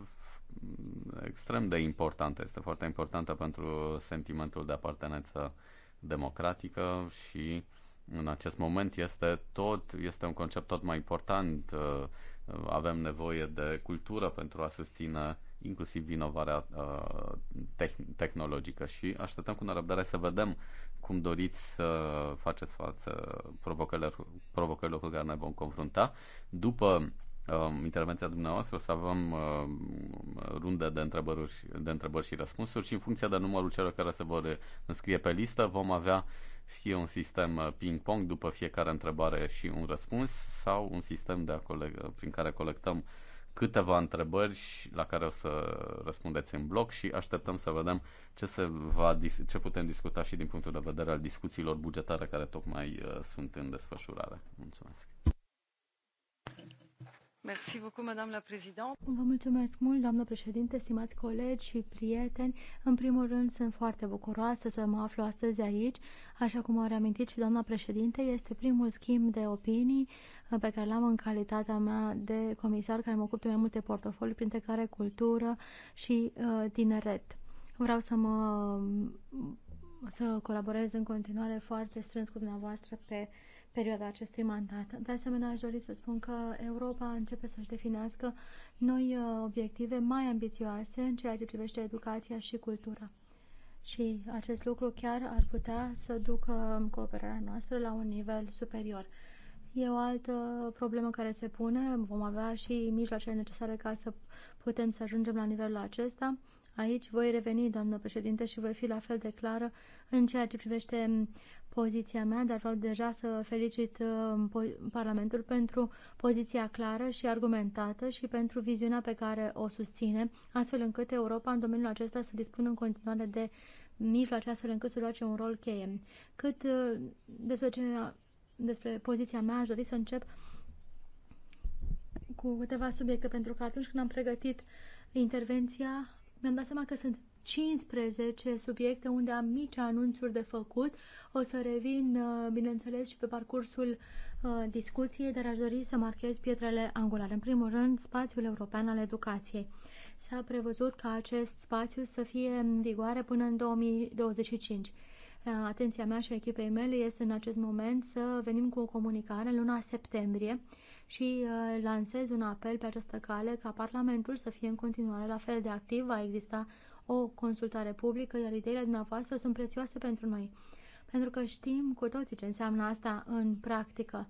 extrem de importantă, este foarte importantă pentru sentimentul de apartenență democratică și în acest moment este tot, este un concept tot mai important. Avem nevoie de cultură pentru a susține inclusiv inovarea uh, tehnologică și așteptăm cu nerăbdare să vedem cum doriți să faceți față provocărilor, provocărilor cu care ne vom confrunta. După Um, intervenția dumneavoastră, o să avem um, runde de întrebări, de întrebări și răspunsuri și în funcție de numărul celor care se vor înscrie pe listă vom avea fie un sistem uh, ping-pong după fiecare întrebare și un răspuns sau un sistem de coleg- prin care colectăm câteva întrebări la care o să răspundeți în bloc și așteptăm să vedem ce, se va, ce putem discuta și din punctul de vedere al discuțiilor bugetare care tocmai uh, sunt în desfășurare. Mulțumesc! Vă mulțumesc mult, doamnă președinte, stimați colegi și prieteni. În primul rând, sunt foarte bucuroasă să mă aflu astăzi aici. Așa cum a reamintit și doamna președinte, este primul schimb de opinii uh, pe care l-am în calitatea mea de comisar care mă ocup de mai multe portofolii, printre care cultură și uh, tineret. Vreau să mă să colaborez în continuare foarte strâns cu dumneavoastră pe uh, perioada acestui mandat. De asemenea, aș dori să spun că Europa începe să-și definească noi uh, obiective mai ambițioase în ceea ce privește educația și cultura. Și acest lucru chiar ar putea să ducă um, cooperarea noastră la un nivel superior. E o altă problemă care se pune, vom avea și mijloacele necesare ca să putem să ajungem la nivelul acesta Aici voi reveni, doamnă președinte, și voi fi la fel de clară în ceea ce privește poziția mea, dar vreau deja să felicit Parlamentul pentru poziția clară și argumentată și pentru viziunea pe care o susține, astfel încât Europa în domeniul acesta să dispună în continuare de mijloace astfel încât să joace un rol cheie. Cât uh, despre, ce, despre poziția mea, aș dori să încep cu câteva subiecte, pentru că atunci când am pregătit intervenția, mi-am dat seama că sunt 15 subiecte unde am mici anunțuri de făcut. O să revin, uh, bineînțeles, și pe parcursul uh, discuției, dar aș dori să marchez pietrele angulare. În primul rând, spațiul european al educației. S-a prevăzut ca acest spațiu să fie în vigoare până în 2025. Uh, atenția mea și echipei mele este în acest moment să venim cu o comunicare în luna septembrie și uh, lansez un apel pe această cale ca Parlamentul să fie în continuare la fel de activ. Va exista o consultare publică, iar ideile dumneavoastră sunt prețioase pentru noi. Pentru că știm cu toții ce înseamnă asta în practică.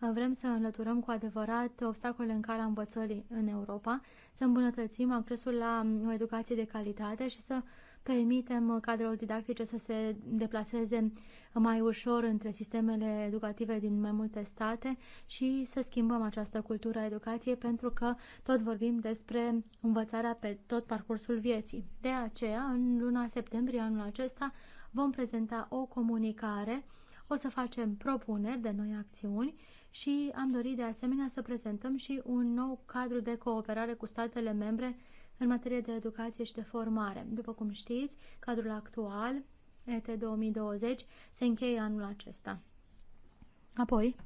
Uh, vrem să înlăturăm cu adevărat obstacole în calea învățării în Europa, să îmbunătățim accesul la um, o educație de calitate și să permitem cadrelor didactice să se deplaseze mai ușor între sistemele educative din mai multe state și să schimbăm această cultură a educației pentru că tot vorbim despre învățarea pe tot parcursul vieții. De aceea, în luna septembrie anul acesta, vom prezenta o comunicare, o să facem propuneri de noi acțiuni și am dorit de asemenea să prezentăm și un nou cadru de cooperare cu statele membre în materie de educație și de formare. După cum știți, cadrul actual, ET 2020, se încheie anul acesta. Apoi,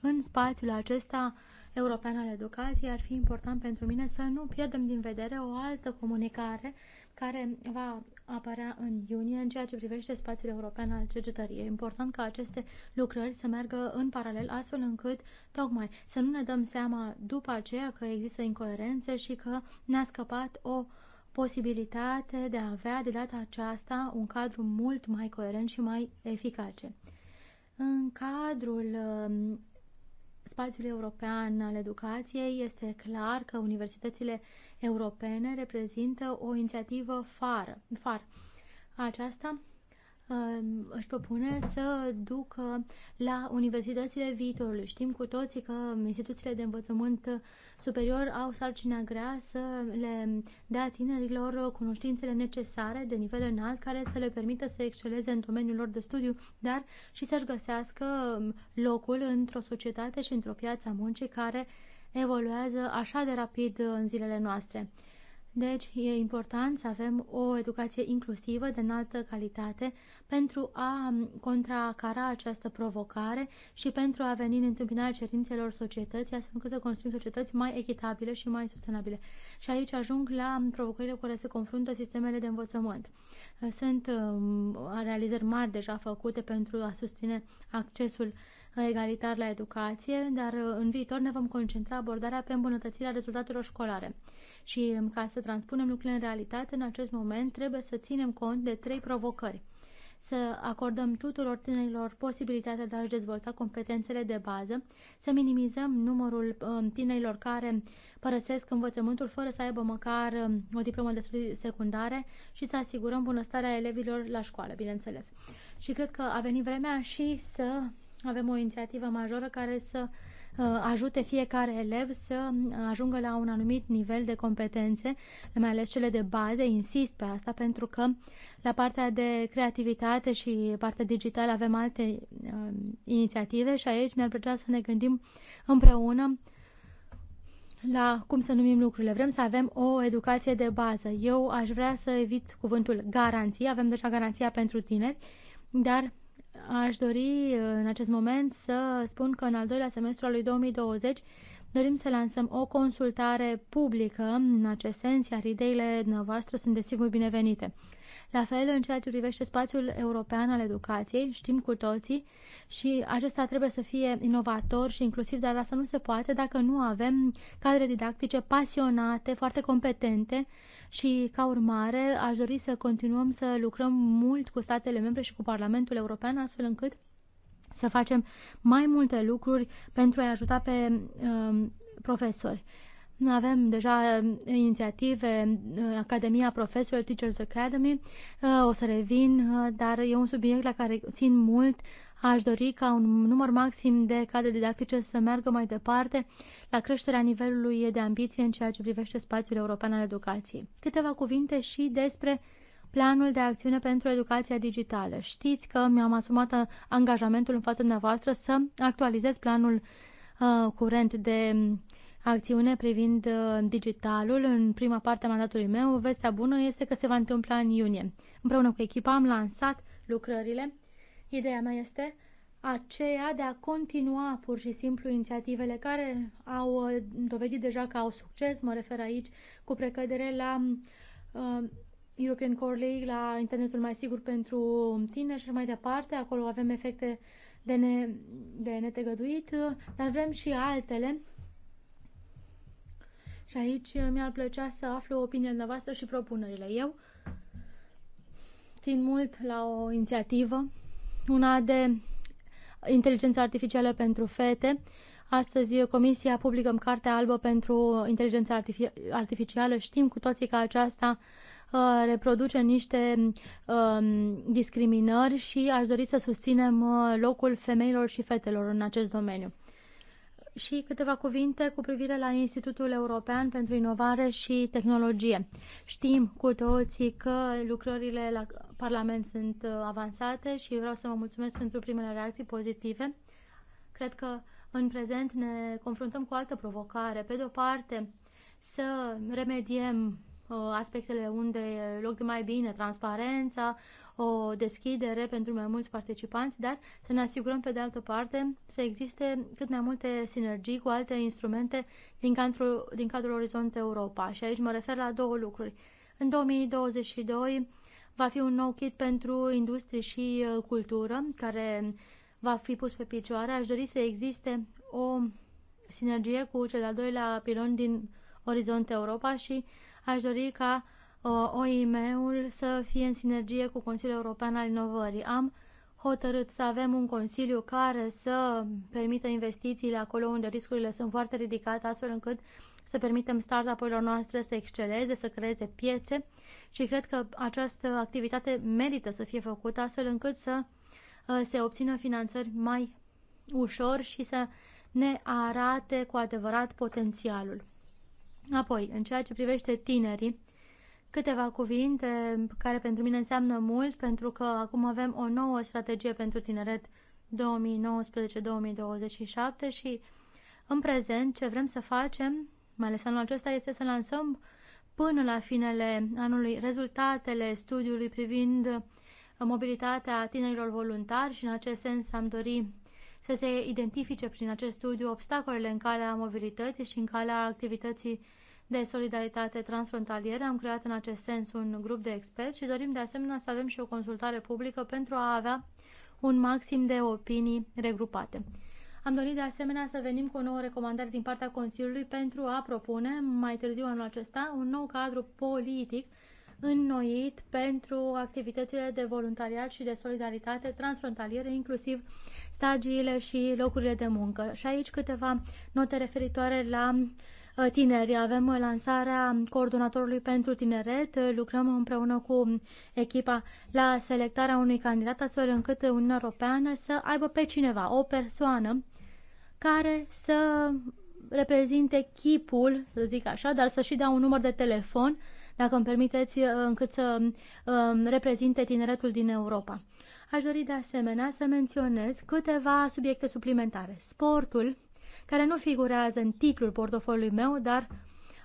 în spațiul acesta european al educației, ar fi important pentru mine să nu pierdem din vedere o altă comunicare care va apărea în iunie în ceea ce privește spațiul european al cercetării. E important ca aceste lucrări să meargă în paralel astfel încât tocmai să nu ne dăm seama după aceea că există incoerențe și că ne-a scăpat o posibilitate de a avea de data aceasta un cadru mult mai coerent și mai eficace. În cadrul um, spațiul european al educației, este clar că universitățile europene reprezintă o inițiativă fară, far. Aceasta Um, își propune să ducă la universitățile viitorului. Știm cu toții că instituțiile de învățământ superior au sarcina grea să le dea tinerilor cunoștințele necesare de nivel înalt care să le permită să exceleze în domeniul lor de studiu, dar și să-și găsească um, locul într-o societate și într-o piață a muncii care evoluează așa de rapid uh, în zilele noastre. Deci e important să avem o educație inclusivă de înaltă calitate pentru a contracara această provocare și pentru a veni în întâmpinarea cerințelor societății, astfel încât să construim societăți mai echitabile și mai sustenabile. Și aici ajung la provocările cu care se confruntă sistemele de învățământ. Sunt um, realizări mari deja făcute pentru a susține accesul egalitar la educație, dar uh, în viitor ne vom concentra abordarea pe îmbunătățirea rezultatelor școlare. Și um, ca să transpunem lucrurile în realitate, în acest moment trebuie să ținem cont de trei provocări. Să acordăm tuturor tinerilor posibilitatea de a-și dezvolta competențele de bază, să minimizăm numărul um, tinerilor care părăsesc învățământul fără să aibă măcar um, o diplomă de studii secundare și să asigurăm bunăstarea elevilor la școală, bineînțeles. Și cred că a venit vremea și să avem o inițiativă majoră care să uh, Uh, ajute fiecare elev să uh, ajungă la un anumit nivel de competențe, mai ales cele de bază. Insist pe asta pentru că la partea de creativitate și partea digitală avem alte uh, inițiative și aici mi-ar plăcea să ne gândim împreună la cum să numim lucrurile. Vrem să avem o educație de bază. Eu aș vrea să evit cuvântul garanție, avem deja garanția pentru tineri, dar Aș dori în acest moment să spun că în al doilea semestru al lui 2020 dorim să lansăm o consultare publică în acest sens, iar ideile noastre sunt desigur binevenite. La fel, în ceea ce privește spațiul european al educației, știm cu toții și acesta trebuie să fie inovator și inclusiv, dar asta nu se poate dacă nu avem cadre didactice pasionate, foarte competente și, ca urmare, aș dori să continuăm să lucrăm mult cu statele membre și cu Parlamentul European, astfel încât să facem mai multe lucruri pentru a ajuta pe uh, profesori. Avem deja um, inițiative, uh, Academia Professional Teachers Academy, uh, o să revin, uh, dar e un subiect la care țin mult. Aș dori ca un număr maxim de cadre didactice să meargă mai departe la creșterea nivelului de ambiție în ceea ce privește spațiul european al educației. Câteva cuvinte și despre planul de acțiune pentru educația digitală. Știți că mi-am asumat angajamentul în fața dumneavoastră să actualizez planul uh, curent de um, acțiune privind uh, digitalul în prima parte a mandatului meu. Vestea bună este că se va întâmpla în iunie. Împreună cu echipa am lansat lucrările. Ideea mea este aceea de a continua pur și simplu inițiativele care au uh, dovedit deja că au succes. Mă refer aici cu precădere la uh, European Core League, la internetul mai sigur pentru tineri și mai departe. Acolo avem efecte de, ne, de netegăduit, uh, dar vrem și altele și aici uh, mi-ar plăcea să aflu opiniile dumneavoastră și propunerile. Eu țin mult la o inițiativă, una de inteligență artificială pentru fete. Astăzi Comisia publică Cartea Albă pentru Inteligența Artific Artificială. Știm cu toții că aceasta uh, reproduce niște um, discriminări și aș dori să susținem uh, locul femeilor și fetelor în acest domeniu și câteva cuvinte cu privire la Institutul European pentru Inovare și Tehnologie. Știm cu toții că lucrările la Parlament sunt uh, avansate și vreau să vă mulțumesc pentru primele reacții pozitive. Cred că în prezent ne confruntăm cu o altă provocare. Pe de o parte, să remediem uh, aspectele unde e loc de mai bine, transparența, o deschidere pentru mai mulți participanți, dar să ne asigurăm pe de altă parte să existe cât mai multe sinergii cu alte instrumente din cadrul, din cadrul Orizont Europa. Și aici mă refer la două lucruri. În 2022 va fi un nou kit pentru industrie și uh, cultură care va fi pus pe picioare. Aș dori să existe o sinergie cu cel de-al doilea pilon din Orizont Europa și aș dori ca Uh, OIM-ul să fie în sinergie cu Consiliul European al Inovării. Am hotărât să avem un consiliu care să permită investițiile acolo unde riscurile sunt foarte ridicate, astfel încât să permitem startup-urilor noastre să exceleze, să creeze piețe și cred că această activitate merită să fie făcută astfel încât să uh, se obțină finanțări mai ușor și să ne arate cu adevărat potențialul. Apoi, în ceea ce privește tinerii, câteva cuvinte care pentru mine înseamnă mult, pentru că acum avem o nouă strategie pentru tineret 2019-2027 și în prezent ce vrem să facem, mai ales anul acesta, este să lansăm până la finele anului rezultatele studiului privind mobilitatea tinerilor voluntari și în acest sens am dori să se identifice prin acest studiu obstacolele în calea mobilității și în calea activității de solidaritate transfrontalieră. Am creat în acest sens un grup de experți și dorim de asemenea să avem și o consultare publică pentru a avea un maxim de opinii regrupate. Am dorit de asemenea să venim cu o nouă recomandare din partea Consiliului pentru a propune mai târziu anul acesta un nou cadru politic înnoit pentru activitățile de voluntariat și de solidaritate transfrontaliere, inclusiv stagiile și locurile de muncă. Și aici câteva note referitoare la uh, Uh, tineri. Avem lansarea coordonatorului pentru tineret, uh, lucrăm împreună cu echipa la selectarea unui candidat, astfel încât Uniunea Europeană să aibă pe cineva, o persoană care să reprezinte chipul, să zic așa, dar să și dea un număr de telefon, dacă îmi permiteți, uh, încât să reprezinte tineretul din Europa. Aș dori de asemenea să menționez câteva subiecte suplimentare. Sportul, care nu figurează în titlul portofoliului meu, dar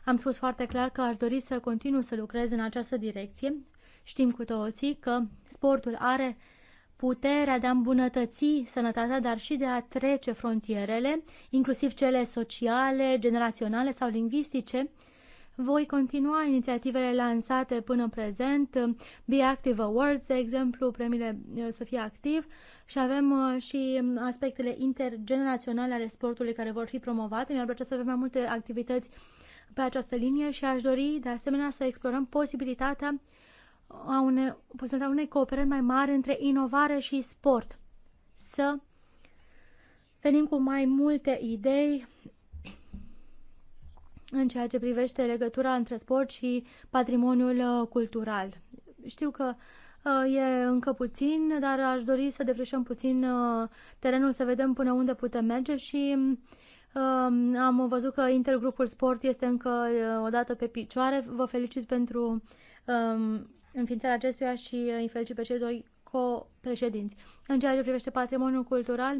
am spus foarte clar că aș dori să continu să lucrez în această direcție. Știm cu toții că sportul are puterea de a îmbunătăți sănătatea, dar și de a trece frontierele, inclusiv cele sociale, generaționale sau lingvistice, voi continua inițiativele lansate până prezent, Be Active Awards, de exemplu, premiile uh, să fie activ și avem uh, și aspectele intergeneraționale ale sportului care vor fi promovate. Mi-ar plăcea să avem mai multe activități pe această linie și aș dori de asemenea să explorăm posibilitatea a unei, posibilitatea unei cooperări mai mari între inovare și sport. Să venim cu mai multe idei în ceea ce privește legătura între sport și patrimoniul uh, cultural. Știu că uh, e încă puțin, dar aș dori să defrișăm puțin uh, terenul, să vedem până unde putem merge și um, am văzut că intergrupul sport este încă o dată pe picioare. Vă felicit pentru um, înființarea acestuia și îi felicit pe cei doi co-președinți. În ceea ce privește patrimoniul cultural,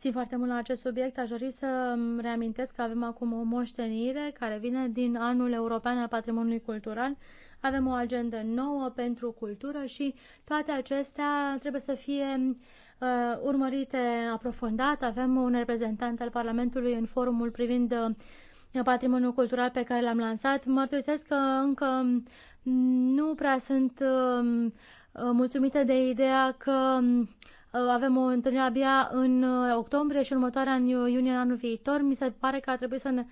țin foarte mult la acest subiect. Aș dori să reamintesc că avem acum o moștenire care vine din anul european al patrimoniului cultural. Avem o agendă nouă pentru cultură și toate acestea trebuie să fie uh, urmărite aprofundat. Avem un reprezentant al Parlamentului în forumul privind uh, patrimoniul cultural pe care l-am lansat. Mărturisesc că încă nu prea sunt uh, mulțumită de ideea că Uh, avem o întâlnire abia în uh, octombrie și următoarea în iunie anul viitor. Mi se pare că ar trebui să ne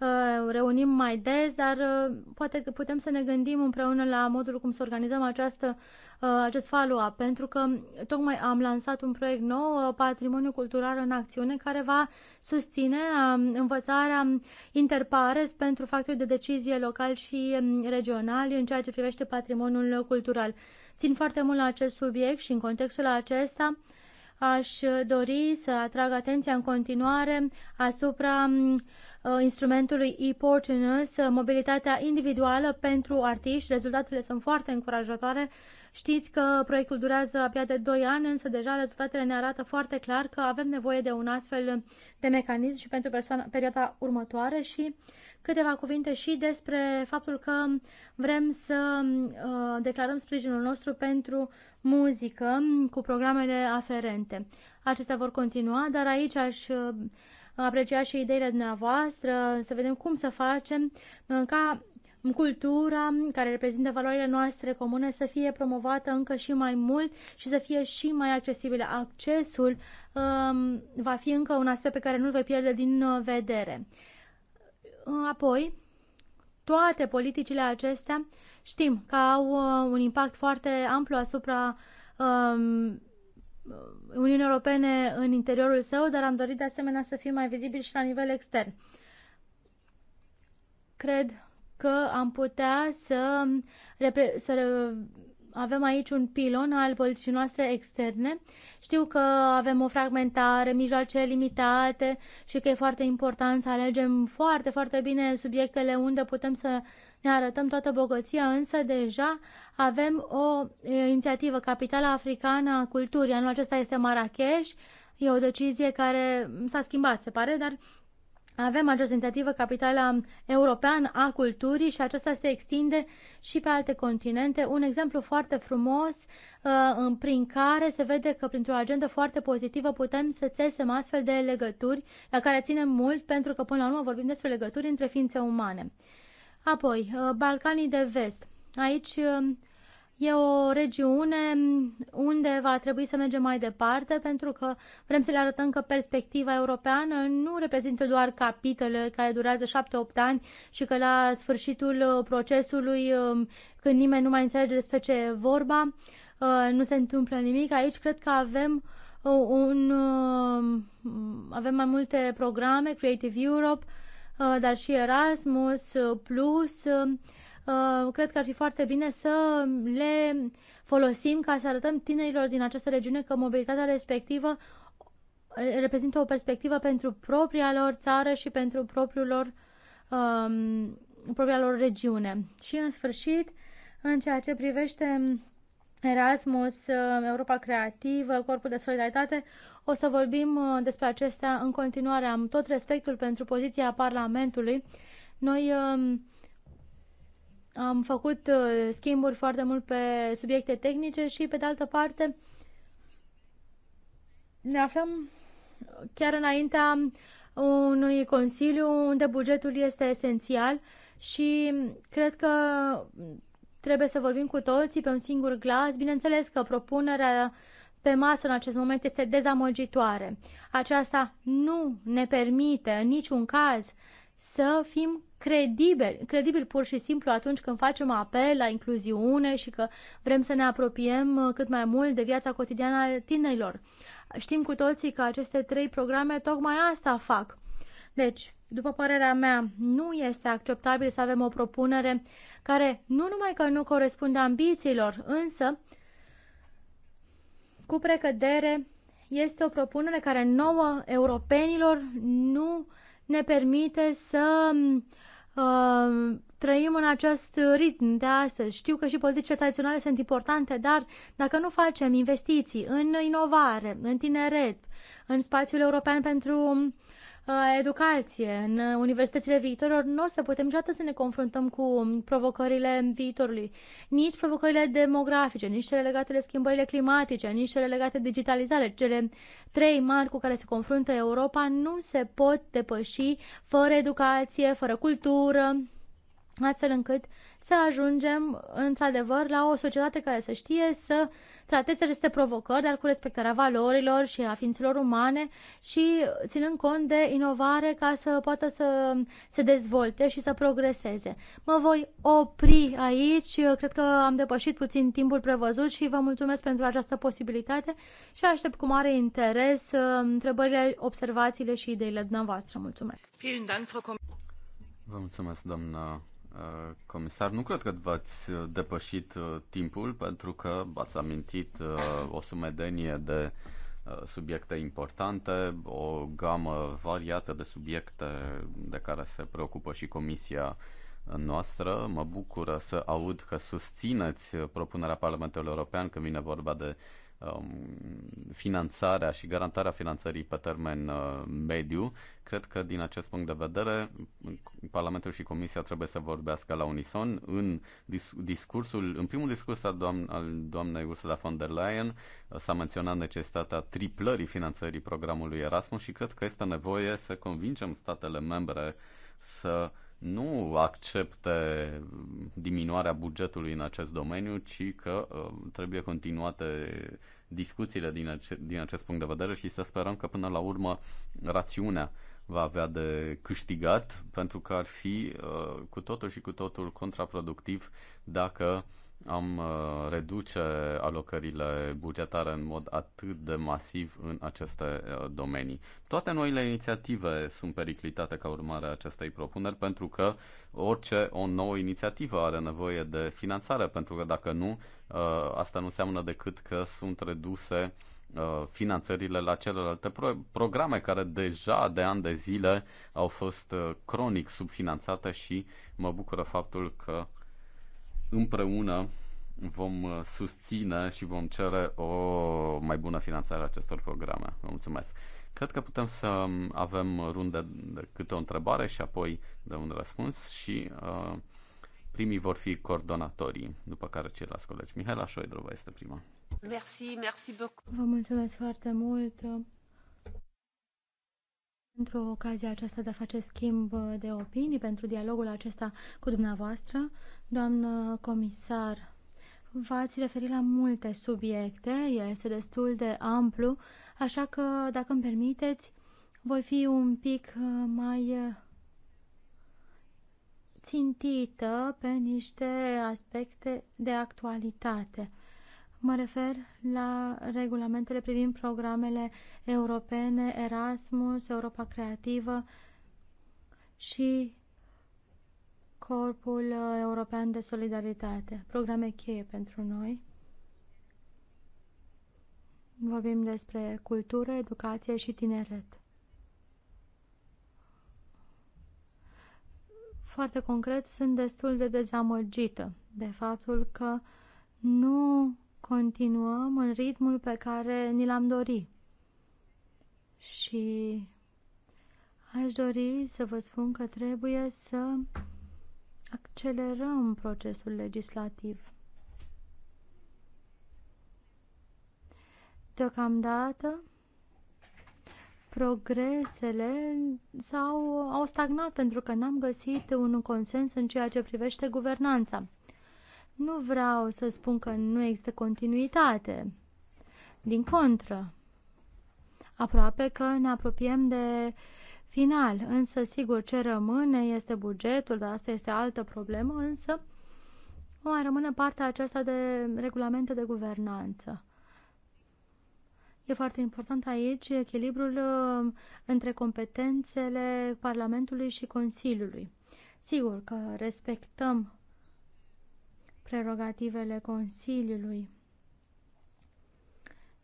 uh, reunim mai des, dar poate că putem să ne gândim împreună la modul cum să organizăm această Uh, acest follow-up, pentru că tocmai am lansat un proiect nou, uh, Patrimoniu Cultural în Acțiune, care va susține um, învățarea interpares pentru factorii de decizie local și um, regionali în ceea ce privește patrimoniul cultural. Țin foarte mult la acest subiect și în contextul acesta aș dori să atrag atenția în continuare asupra um, Uh, instrumentului e-Portunus, uh, mobilitatea individuală pentru artiști. Rezultatele sunt foarte încurajatoare. Știți că proiectul durează abia de 2 ani, însă deja rezultatele ne arată foarte clar că avem nevoie de un astfel de mecanism și pentru persoana, perioada următoare și câteva cuvinte și despre faptul că vrem să uh, declarăm sprijinul nostru pentru muzică cu programele aferente. Acestea vor continua, dar aici aș uh, apreciat și ideile dumneavoastră, să vedem cum să facem uh, ca cultura care reprezintă valorile noastre comune să fie promovată încă și mai mult și să fie și mai accesibilă. Accesul um, va fi încă un aspect pe care nu-l voi pierde din uh, vedere. Uh, apoi, toate politicile acestea știm că au un impact foarte amplu asupra um, Uniunii Europene în interiorul său, dar am dorit de asemenea să fie mai vizibil și la nivel extern. Cred că am putea să, să avem aici un pilon al politicii noastre externe. Știu că avem o fragmentare, mijloace limitate și că e foarte important să alegem foarte, foarte bine subiectele unde putem să ne arătăm toată bogăția, însă deja avem o inițiativă, Capitala Africană a Culturii. Anul acesta este Marrakesh, e o decizie care s-a schimbat, se pare, dar avem această inițiativă Capitala Europeană a Culturii și aceasta se extinde și pe alte continente. Un exemplu foarte frumos uh, prin care se vede că printr-o agendă foarte pozitivă putem să țesem astfel de legături la care ținem mult pentru că până la urmă vorbim despre legături între ființe umane. Apoi, uh, Balcanii de Vest. Aici um, e o regiune unde va trebui să mergem mai departe pentru că vrem să le arătăm că perspectiva europeană nu reprezintă doar capitole care durează 7-8 ani și că la sfârșitul uh, procesului, um, când nimeni nu mai înțelege despre ce e vorba, uh, nu se întâmplă nimic. Aici cred că avem un, avem mai multe programe, Creative Europe, Uh, dar și Erasmus uh, Plus. Uh, cred că ar fi foarte bine să le folosim ca să arătăm tinerilor din această regiune că mobilitatea respectivă reprezintă o perspectivă pentru propria lor țară și pentru propriul lor, um, propria lor regiune. Și în sfârșit, în ceea ce privește Erasmus, Europa Creativă, Corpul de Solidaritate, o să vorbim uh, despre acestea în continuare. Am tot respectul pentru poziția Parlamentului. Noi um, am făcut uh, schimburi foarte mult pe subiecte tehnice și, pe de altă parte, ne aflăm chiar înaintea unui consiliu unde bugetul este esențial și cred că trebuie să vorbim cu toții pe un singur glas. Bineînțeles că propunerea pe masă în acest moment este dezamăgitoare. Aceasta nu ne permite în niciun caz să fim credibili, credibili pur și simplu atunci când facem apel la incluziune și că vrem să ne apropiem cât mai mult de viața cotidiană a tinerilor. Știm cu toții că aceste trei programe tocmai asta fac. Deci, după părerea mea, nu este acceptabil să avem o propunere care nu numai că nu corespunde ambițiilor, însă cu precădere este o propunere care nouă europenilor nu ne permite să uh, trăim în acest ritm de astăzi. Știu că și politicile tradiționale sunt importante, dar dacă nu facem investiții în inovare, în tineret, în spațiul european pentru educație, în universitățile viitorilor, nu o să putem niciodată să ne confruntăm cu provocările viitorului. Nici provocările demografice, nici cele legate de schimbările climatice, nici cele legate de digitalizare, cele trei mari cu care se confruntă Europa, nu se pot depăși fără educație, fără cultură, astfel încât să ajungem într-adevăr la o societate care să știe să uh, trateze aceste provocări, dar cu respectarea valorilor și a ființelor umane și ținând cont de inovare ca să poată să se dezvolte și să progreseze. Mă voi opri aici, cred că am depășit puțin timpul prevăzut și vă mulțumesc pentru această posibilitate și aștept cu mare interes uh, întrebările, observațiile și ideile dumneavoastră. Mulțumesc! Vă mulțumesc, doamnă Uh, comisar, nu cred că v-ați uh, depășit uh, timpul pentru că ați amintit o sumedenie de subiecte importante, o gamă variată de subiecte de care se preocupă și comisia noastră. Mă bucură să aud că susțineți propunerea Parlamentului European când vine vorba de uh, Um, finanțarea și garantarea finanțării pe termen uh, mediu. Cred că din acest punct de vedere Parlamentul și Comisia trebuie să vorbească la unison în discursul, în primul discurs al, doamn, al doamnei Ursula von der Leyen uh, s-a menționat necesitatea triplării finanțării programului Erasmus și cred că este nevoie să convingem statele membre să nu accepte diminuarea bugetului în acest domeniu, ci că uh, trebuie continuate discuțiile din, ace- din acest punct de vedere și să sperăm că până la urmă rațiunea va avea de câștigat, pentru că ar fi uh, cu totul și cu totul contraproductiv dacă uh, am uh, reduce alocările bugetare în mod atât de masiv în aceste uh, domenii. Toate noile inițiative sunt periclitate ca urmare a acestei propuneri pentru că orice o nouă inițiativă are nevoie de finanțare, pentru că dacă nu, uh, asta nu înseamnă decât că sunt reduse finanțările la celelalte pro- programe care deja de ani de zile au fost cronic subfinanțate și mă bucură faptul că împreună vom uh, susține și vom cere o mai bună finanțare a acestor programe. Vă mulțumesc. Cred că putem să um, avem runde de câte o întrebare și apoi de un răspuns și uh, primii vor fi coordonatorii, după care ceilalți colegi. Mihaela Șoidrova este prima. Merci, merci beaucoup. Vă mulțumesc foarte mult uh, pentru ocazia aceasta de a face schimb uh, de opinii, pentru dialogul acesta cu dumneavoastră. Doamnă comisar, v-ați referit la multe subiecte, este destul de amplu, așa că, dacă îmi permiteți, voi fi un pic uh, mai uh, țintită pe niște aspecte de actualitate. Mă refer la regulamentele privind programele europene, Erasmus, Europa Creativă și Corpul uh, European de Solidaritate, programe cheie pentru noi. Vorbim despre cultură, educație și tineret. Foarte concret, sunt destul de dezamăgită de faptul că nu continuăm în ritmul pe care ni l-am dorit. Și aș dori să vă spun că trebuie să accelerăm procesul legislativ. Deocamdată, progresele s-au au stagnat pentru că n-am găsit un consens în ceea ce privește guvernanța. Nu vreau să spun că nu există continuitate. Din contră, aproape că ne apropiem de uh, final. Însă, sigur, ce rămâne este bugetul, dar asta este altă problemă, însă mai rămâne partea aceasta de regulamente de guvernanță. E foarte important aici echilibrul uh, între competențele Parlamentului și Consiliului. Sigur că respectăm prerogativele Consiliului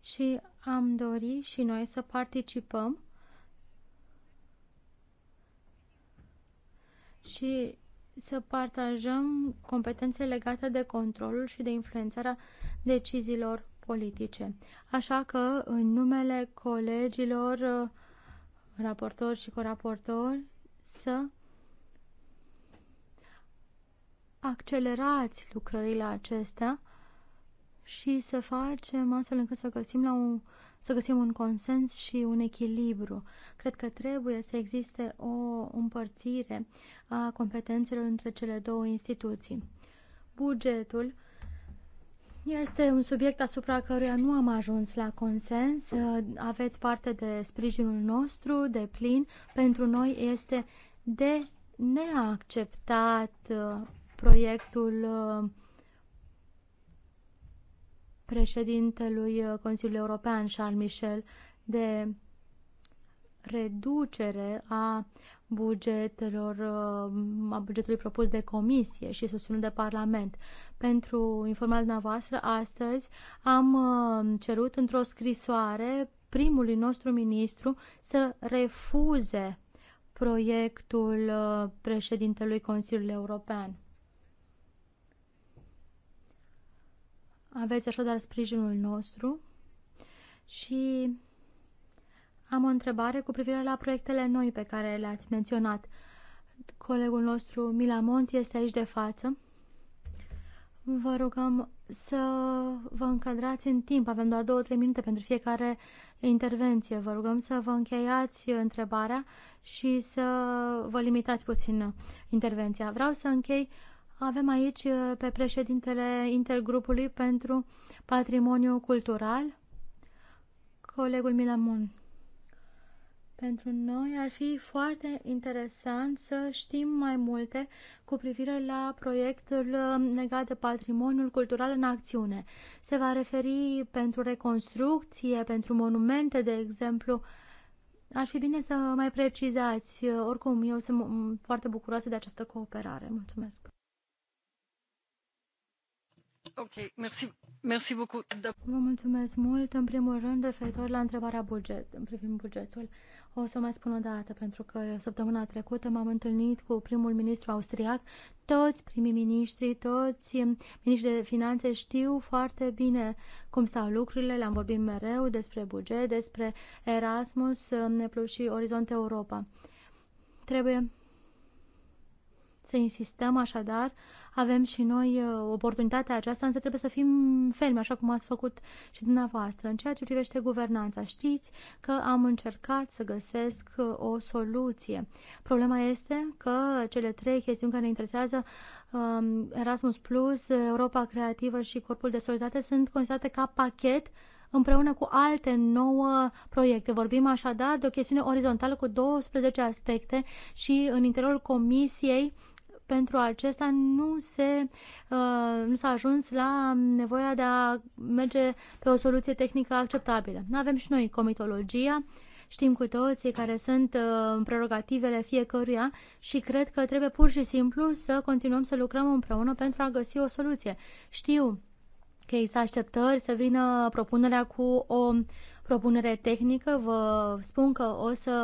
și am dori și noi să participăm și să partajăm competențe legate de controlul și de influențarea deciziilor politice. Așa că, în numele colegilor raportori și coraportori, să accelerați lucrările acestea și să facem astfel încât să găsim la un să găsim un consens și un echilibru. Cred că trebuie să existe o împărțire a competențelor între cele două instituții. Bugetul este un subiect asupra căruia nu am ajuns la consens. Aveți parte de sprijinul nostru, de plin. Pentru noi este de neacceptat uh, proiectul uh, președintelui uh, Consiliului European, Charles Michel, de reducere a bugetelor, uh, a bugetului propus de comisie și susținut de Parlament. Pentru informarea dumneavoastră, astăzi am uh, cerut într-o scrisoare primului nostru ministru să refuze proiectul președintelui Consiliului European. Aveți așadar sprijinul nostru și am o întrebare cu privire la proiectele noi pe care le-ați menționat. Colegul nostru Mila Monti este aici de față. Vă rugăm să vă încadrați în timp. Avem doar două-trei minute pentru fiecare intervenție. Vă rugăm să vă încheiați întrebarea și să vă limitați puțin intervenția. Vreau să închei avem aici uh, pe președintele intergrupului pentru patrimoniu cultural, colegul Milamon. Pentru noi ar fi foarte interesant să știm mai multe cu privire la proiectul uh, legat de patrimoniul cultural în acțiune. Se va referi pentru reconstrucție, pentru monumente, de exemplu. Ar fi bine să mai precizați. Oricum, eu sunt foarte bucuroasă de această cooperare. Mulțumesc! Da. Vă mulțumesc mult. În primul rând, referitor la întrebarea buget, privind bugetul, o să mai spun o dată, pentru că săptămâna trecută m-am întâlnit cu primul ministru austriac. Toți primii miniștri, toți miniștri de finanțe știu foarte bine cum stau lucrurile. Le-am vorbit mereu despre buget, despre Erasmus Plus și Orizont Europa. Trebuie să insistăm așadar avem și noi uh, oportunitatea aceasta, însă trebuie să fim fermi, așa cum ați făcut și dumneavoastră. În ceea ce privește guvernanța, știți că am încercat să găsesc uh, o soluție. Problema este că cele trei chestiuni care ne interesează um, Erasmus Plus, Europa Creativă și Corpul de Solidaritate sunt considerate ca pachet împreună cu alte nouă proiecte. Vorbim așadar de o chestiune orizontală cu 12 aspecte și în interiorul comisiei pentru acesta nu, se, uh, nu s-a ajuns la nevoia de a merge pe o soluție tehnică acceptabilă. Avem și noi comitologia, știm cu toții care sunt uh, prerogativele fiecăruia și cred că trebuie pur și simplu să continuăm să lucrăm împreună pentru a găsi o soluție. Știu că există așteptări să vină propunerea cu o propunere tehnică. Vă spun că o să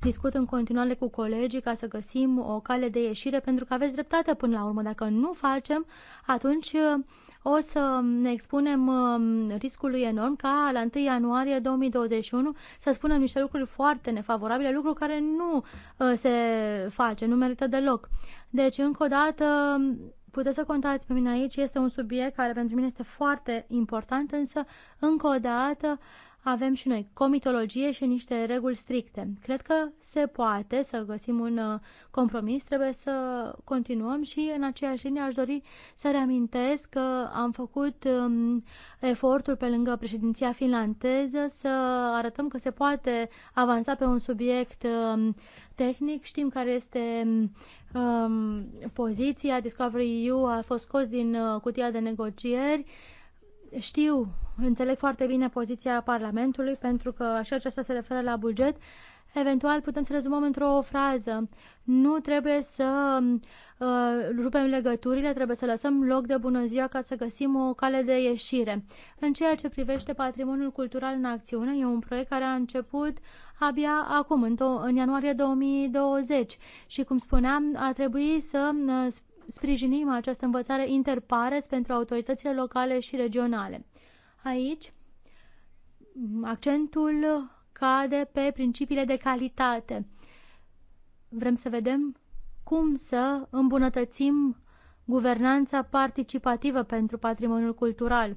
discut în continuare cu colegii ca să găsim o cale de ieșire, pentru că aveți dreptate până la urmă. Dacă nu facem, atunci uh, o să ne expunem um, riscului enorm ca la 1 ianuarie 2021 să spunem niște lucruri foarte nefavorabile, lucruri care nu uh, se face, nu merită deloc. Deci, încă o dată, puteți să contați pe mine aici, este un subiect care pentru mine este foarte important, însă, încă o dată, avem și noi comitologie și niște reguli stricte. Cred că se poate să găsim un uh, compromis, trebuie să continuăm și în aceeași linie aș dori să reamintesc că am făcut um, efortul pe lângă președinția finlandeză să arătăm că se poate avansa pe un subiect um, tehnic. Știm care este um, poziția. Discovery EU a fost scos din uh, cutia de negocieri. Știu, înțeleg foarte bine poziția Parlamentului, pentru că așa aceasta se referă la buget. Eventual putem să rezumăm într-o frază. Nu trebuie să uh, rupem legăturile, trebuie să lăsăm loc de bună ziua ca să găsim o cale de ieșire. În ceea ce privește patrimoniul cultural în acțiune, e un proiect care a început abia acum, în, în ianuarie 2020 și, cum spuneam, a trebuit să uh, sprijinim această învățare interpares pentru autoritățile locale și regionale. Aici, accentul cade pe principiile de calitate. Vrem să vedem cum să îmbunătățim guvernanța participativă pentru patrimoniul cultural.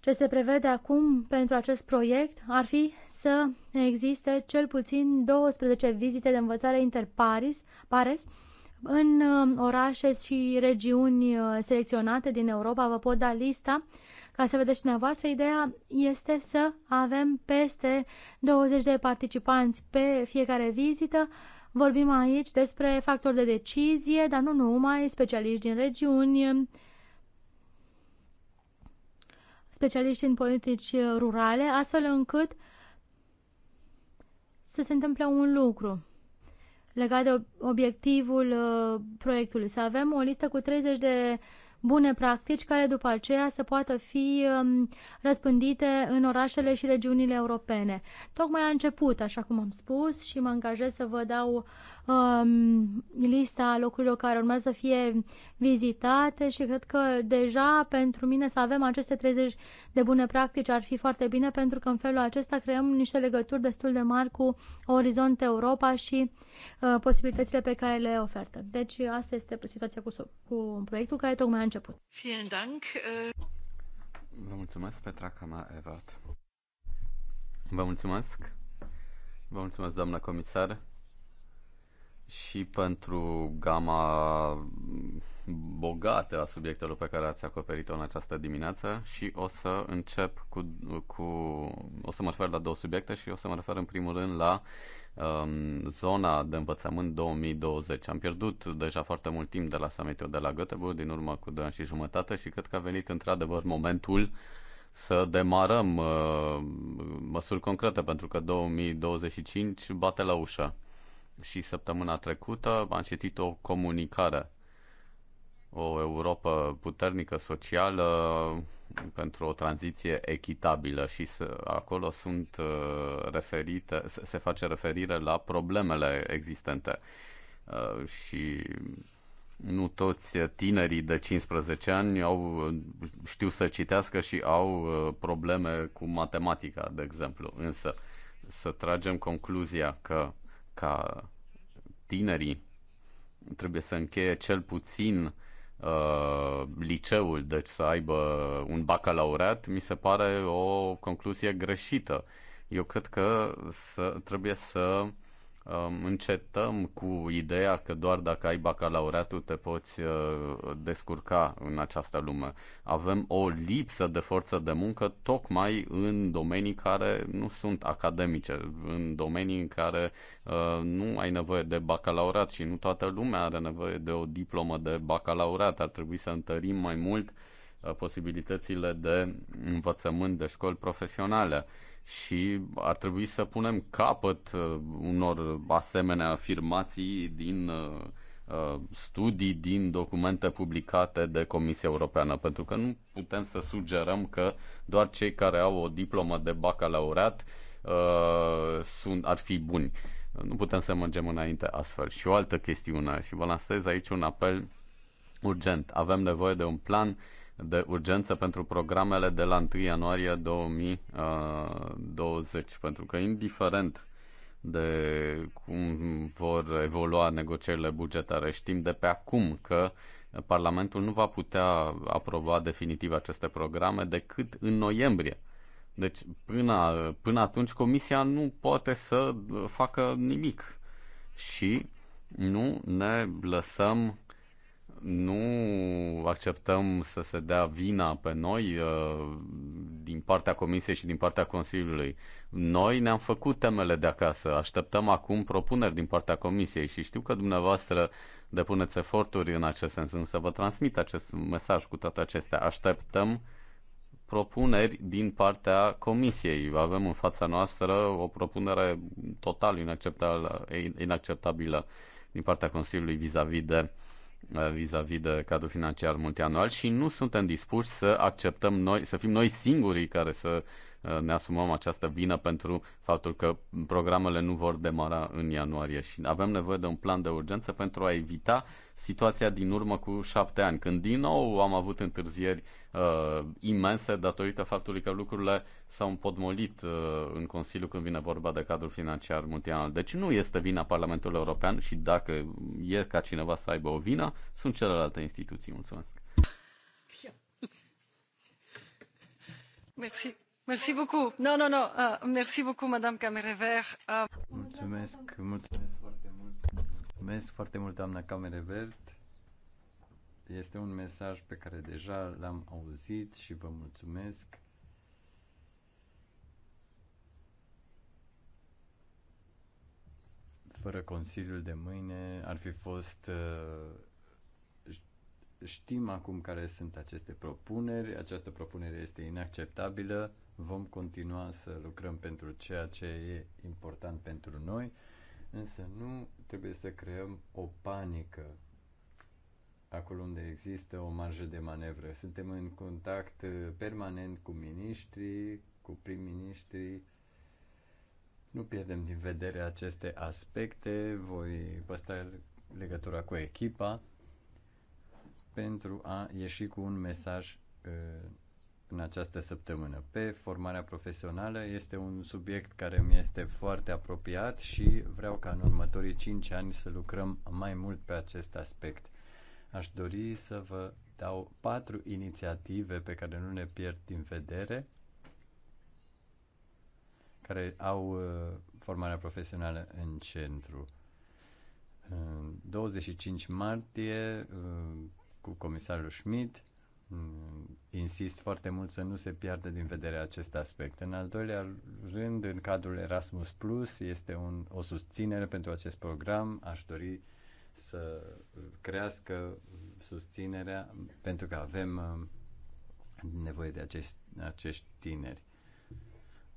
Ce se prevede acum pentru acest proiect ar fi să existe cel puțin 12 vizite de învățare interpares, pares, în uh, orașe și regiuni uh, selecționate din Europa vă pot da lista ca să vedeți dumneavoastră. Ideea este să avem peste 20 de participanți pe fiecare vizită. Vorbim aici despre factori de decizie, dar nu numai, specialiști din regiuni, specialiști în politici rurale, astfel încât să se întâmple un lucru legat de obiectivul uh, proiectului, să avem o listă cu 30 de bune practici care după aceea să poată fi um, răspândite în orașele și regiunile europene. Tocmai a început, așa cum am spus, și mă angajez să vă dau um, lista locurilor care urmează să fie vizitate și cred că deja pentru mine să avem aceste 30 de bune practici ar fi foarte bine pentru că în felul acesta creăm niște legături destul de mari cu Orizont Europa și uh, posibilitățile pe care le ofertă. Deci asta este situația cu, cu proiectul care tocmai a început. Vielen Dank. Uh. Vă mulțumesc, Petra Cama Evert. Vă mulțumesc. Vă mulțumesc, doamna comisară și pentru gama bogată a subiectelor pe care ați acoperit-o în această dimineață și o să încep cu, cu... o să mă refer la două subiecte și o să mă refer în primul rând la um, zona de învățământ 2020. Am pierdut deja foarte mult timp de la summitul de la Göteborg, din urmă cu 2 ani și jumătate și cred că a venit într-adevăr momentul să demarăm uh, măsuri concrete, pentru că 2025 bate la ușă și săptămâna trecută am citit o comunicare o Europa puternică, socială, pentru o tranziție echitabilă și să, acolo sunt uh, referite, se face referire la problemele existente uh, și nu toți tinerii de 15 ani au, știu să citească și au uh, probleme cu matematica, de exemplu. Însă, să tragem concluzia că ca tinerii trebuie să încheie cel puțin uh, liceul, deci să aibă un bacalaureat, mi se pare o concluzie greșită. Eu cred că să, trebuie să Um, încetăm cu ideea că doar dacă ai bacalaureatul te poți uh, descurca în această lume. Avem o lipsă de forță de muncă tocmai în domenii care nu sunt academice, în domenii în care uh, nu ai nevoie de bacalaureat și nu toată lumea are nevoie de o diplomă de bacalaureat. Ar trebui să întărim mai mult uh, posibilitățile de învățământ de școli profesionale și ar trebui să punem capăt uh, unor asemenea afirmații din uh, uh, studii, din documente publicate de Comisia Europeană, pentru că nu putem să sugerăm că doar cei care au o diplomă de bacalaureat sunt, ar fi buni. Nu putem să mergem înainte astfel. Și o altă chestiune, și vă lansez aici un apel urgent. Avem nevoie de un plan uh, de urgență pentru programele de la 1 ianuarie 2020, uh, pentru că indiferent de cum vor evolua negocierile bugetare, știm de pe acum că Parlamentul nu va putea aproba definitiv aceste programe decât în noiembrie. Deci până, până atunci Comisia nu poate să facă nimic și nu ne lăsăm nu acceptăm să se dea vina pe noi uh, din partea Comisiei și din partea Consiliului. Noi ne-am făcut temele de acasă, așteptăm acum propuneri din partea Comisiei și știu că dumneavoastră depuneți eforturi în acest sens, însă vă transmit acest mesaj cu toate acestea. Așteptăm propuneri din partea Comisiei. Avem în fața noastră o propunere total inacceptabilă din partea Consiliului vis-a-vis -vis de Uh, vis-a-vis -vis de cadrul financiar multianual și nu suntem dispuși să acceptăm noi, să fim noi singurii care să uh, ne asumăm această vină pentru faptul că programele nu vor demara în ianuarie și avem nevoie de un plan de urgență pentru a evita uh, situația din urmă cu șapte ani, când din nou am avut întârzieri uh, imense datorită faptului că lucrurile s-au împodmolit uh, în Consiliu când vine vorba de cadrul financiar multianual. Deci nu este vina Parlamentului European și dacă e ca cineva să aibă o vină, sunt celelalte instituții. Mulțumesc! Merci. Merci beaucoup. Non, non, non. Uh, merci beaucoup, Madame Camerevert. Uh... Mulțumesc, mulțumesc. Mulțumesc foarte mult, doamna Vert. Este un mesaj pe care deja l-am auzit și vă mulțumesc. Fără Consiliul de mâine ar fi fost uh, Știm acum care sunt aceste propuneri, această propunere este inacceptabilă, vom continua să lucrăm pentru ceea ce e important pentru noi Însă nu trebuie să creăm o panică acolo unde există o marjă de manevră. Suntem în contact uh, permanent cu miniștrii, cu prim-miniștrii. Nu pierdem din vedere aceste aspecte. Voi păstra legătura cu echipa pentru a ieși cu un mesaj uh, în această săptămână. Pe formarea profesională este un subiect care mi este foarte apropiat și vreau ca în următorii 5 ani să lucrăm mai mult pe acest aspect. Aș dori să vă dau patru inițiative pe care nu le pierd din vedere, care au uh, formarea profesională în centru. 25 martie uh, cu comisarul Schmidt, Mm, insist foarte mult să nu se piardă din vedere acest aspect. În al doilea rând, în cadrul Erasmus Plus este un, o susținere pentru acest program. Aș dori să crească susținerea pentru că avem uh, nevoie de acești, acești tineri.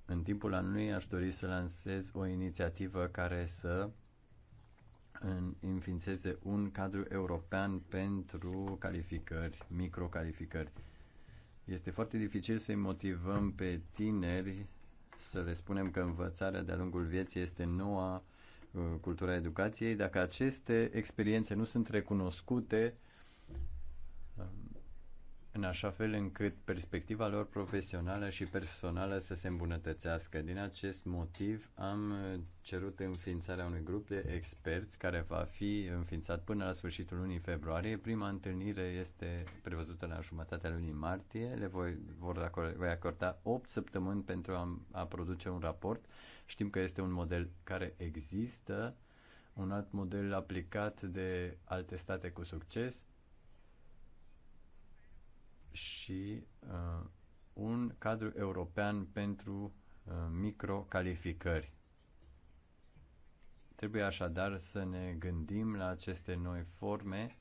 În timpul anului aș dori să lansez o inițiativă care să uh, în înființeze un cadru european pentru calificări, microcalificări. Este foarte dificil să-i motivăm pe tineri să le spunem că învățarea de-a lungul vieții este noua uh, cultura educației. Dacă aceste experiențe nu sunt recunoscute, um, în așa fel încât perspectiva lor profesională și personală să se îmbunătățească. Din acest motiv am cerut înființarea unui grup de experți care va fi înființat până la sfârșitul lunii februarie. Prima întâlnire este prevăzută la jumătatea lunii martie. Le voi, vor acorda, voi acorda 8 săptămâni pentru a, a produce un raport. Știm că este un model care există, un alt model aplicat de alte state cu succes și uh, un cadru european pentru uh, microcalificări. Trebuie așadar să ne gândim la aceste noi forme,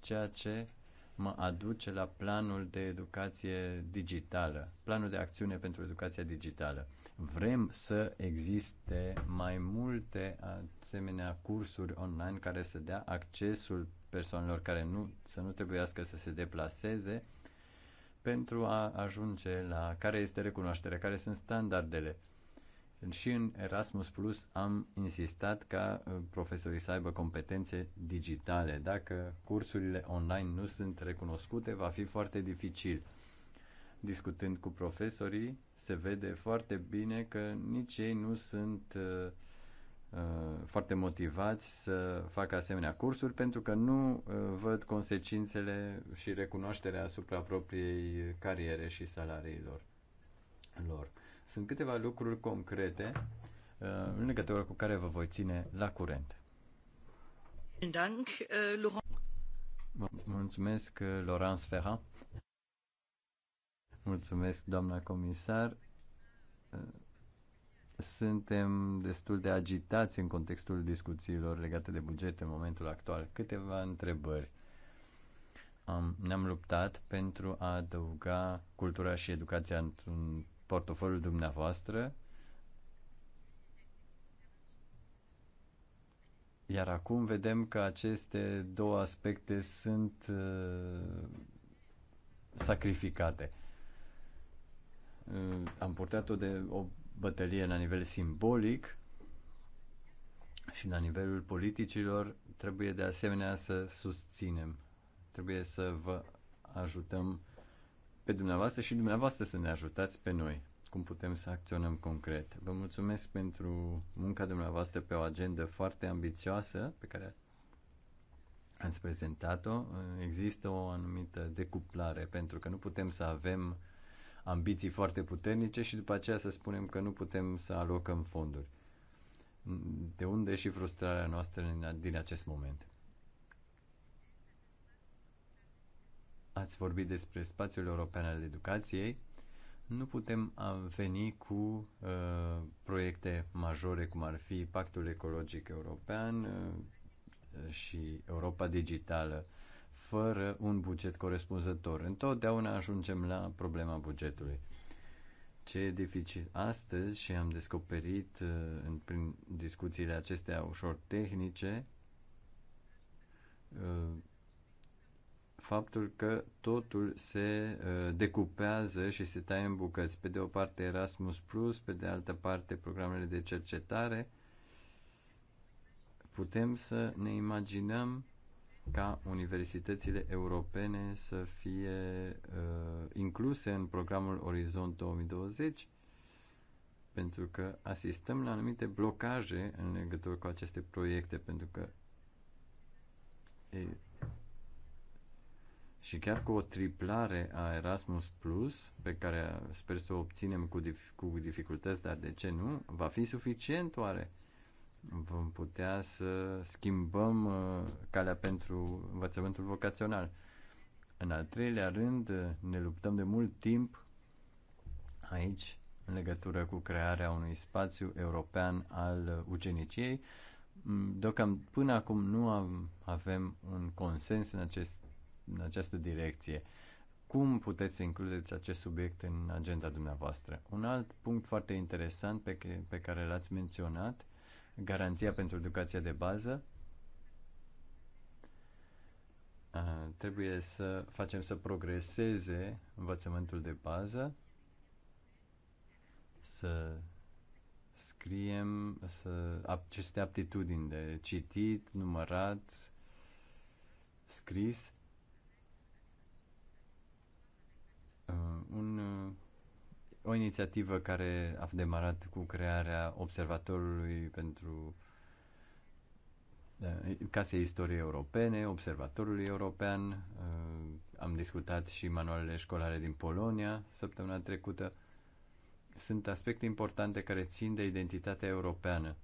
ceea ce mă aduce la planul de educație digitală, planul de acțiune pentru educația digitală. Vrem să existe mai multe asemenea cursuri online care să dea accesul persoanelor care nu, să nu trebuiască să se deplaseze pentru a ajunge la care este recunoașterea, care sunt standardele. Și în Erasmus Plus am insistat ca uh, profesorii să aibă competențe digitale. Dacă cursurile online nu sunt recunoscute, va fi foarte dificil. Discutând cu profesorii, se vede foarte bine că nici ei nu sunt uh, Uh, foarte motivați să facă asemenea cursuri pentru că nu uh, văd consecințele și recunoașterea asupra propriei cariere și salariilor lor. Sunt câteva lucruri concrete uh, în legătură cu care vă voi ține la curent. Mulțumesc, Laurence Ferrand. Mulțumesc, doamna comisar suntem destul de agitați în contextul discuțiilor legate de buget în momentul actual. Câteva întrebări. Am, ne-am luptat pentru a adăuga cultura și educația într-un portofoliu dumneavoastră, iar acum vedem că aceste două aspecte sunt uh, sacrificate uh, am purtat o, de, o bătălie la nivel simbolic și la nivelul politicilor trebuie de asemenea să susținem. Trebuie să vă ajutăm pe dumneavoastră și dumneavoastră să ne ajutați pe noi cum putem să acționăm concret. Vă mulțumesc pentru munca dumneavoastră pe o agendă foarte ambițioasă pe care ați prezentat-o. Există o anumită decuplare pentru că nu putem să avem ambiții foarte puternice și după aceea să spunem că nu putem să alocăm fonduri. De unde și frustrarea noastră din acest moment? Ați vorbit despre spațiul european al educației. Nu putem veni cu uh, proiecte majore cum ar fi Pactul Ecologic European uh, și Europa Digitală fără un buget corespunzător. Întotdeauna ajungem la problema bugetului. Ce e dificil astăzi și am descoperit uh, în, prin discuțiile acestea ușor tehnice, uh, faptul că totul se uh, decupează și se taie în bucăți. Pe de o parte Erasmus Plus, pe de altă parte programele de cercetare. Putem să ne imaginăm ca universitățile europene să fie uh, incluse în programul Orizont 2020 pentru că asistăm la anumite blocaje în legătură cu aceste proiecte pentru că e, și chiar cu o triplare a Erasmus Plus, pe care sper să o obținem cu, dif- cu dificultăți, dar de ce nu, va fi suficient oare? Uh, vom putea să schimbăm uh, calea pentru învățământul vocațional. În al treilea rând, uh, ne luptăm de mult timp aici în legătură cu crearea unui spațiu european al uh, uceniciei. Mm, deocam până acum nu am, avem un consens în, acest, în această direcție. Cum puteți să includeți acest subiect în agenda dumneavoastră? Un alt punct foarte interesant pe, pe care l-ați menționat uh, garanția pentru educația de bază. Trebuie să facem să progreseze învățământul de bază, să scriem să, aceste aptitudini de citit, numărat, scris. Un o inițiativă care a demarat cu crearea observatorului pentru da, Casei Istoriei Europene, Observatorului European, uh, am discutat și manualele școlare din Polonia săptămâna trecută. Sunt aspecte importante care țin de identitatea europeană.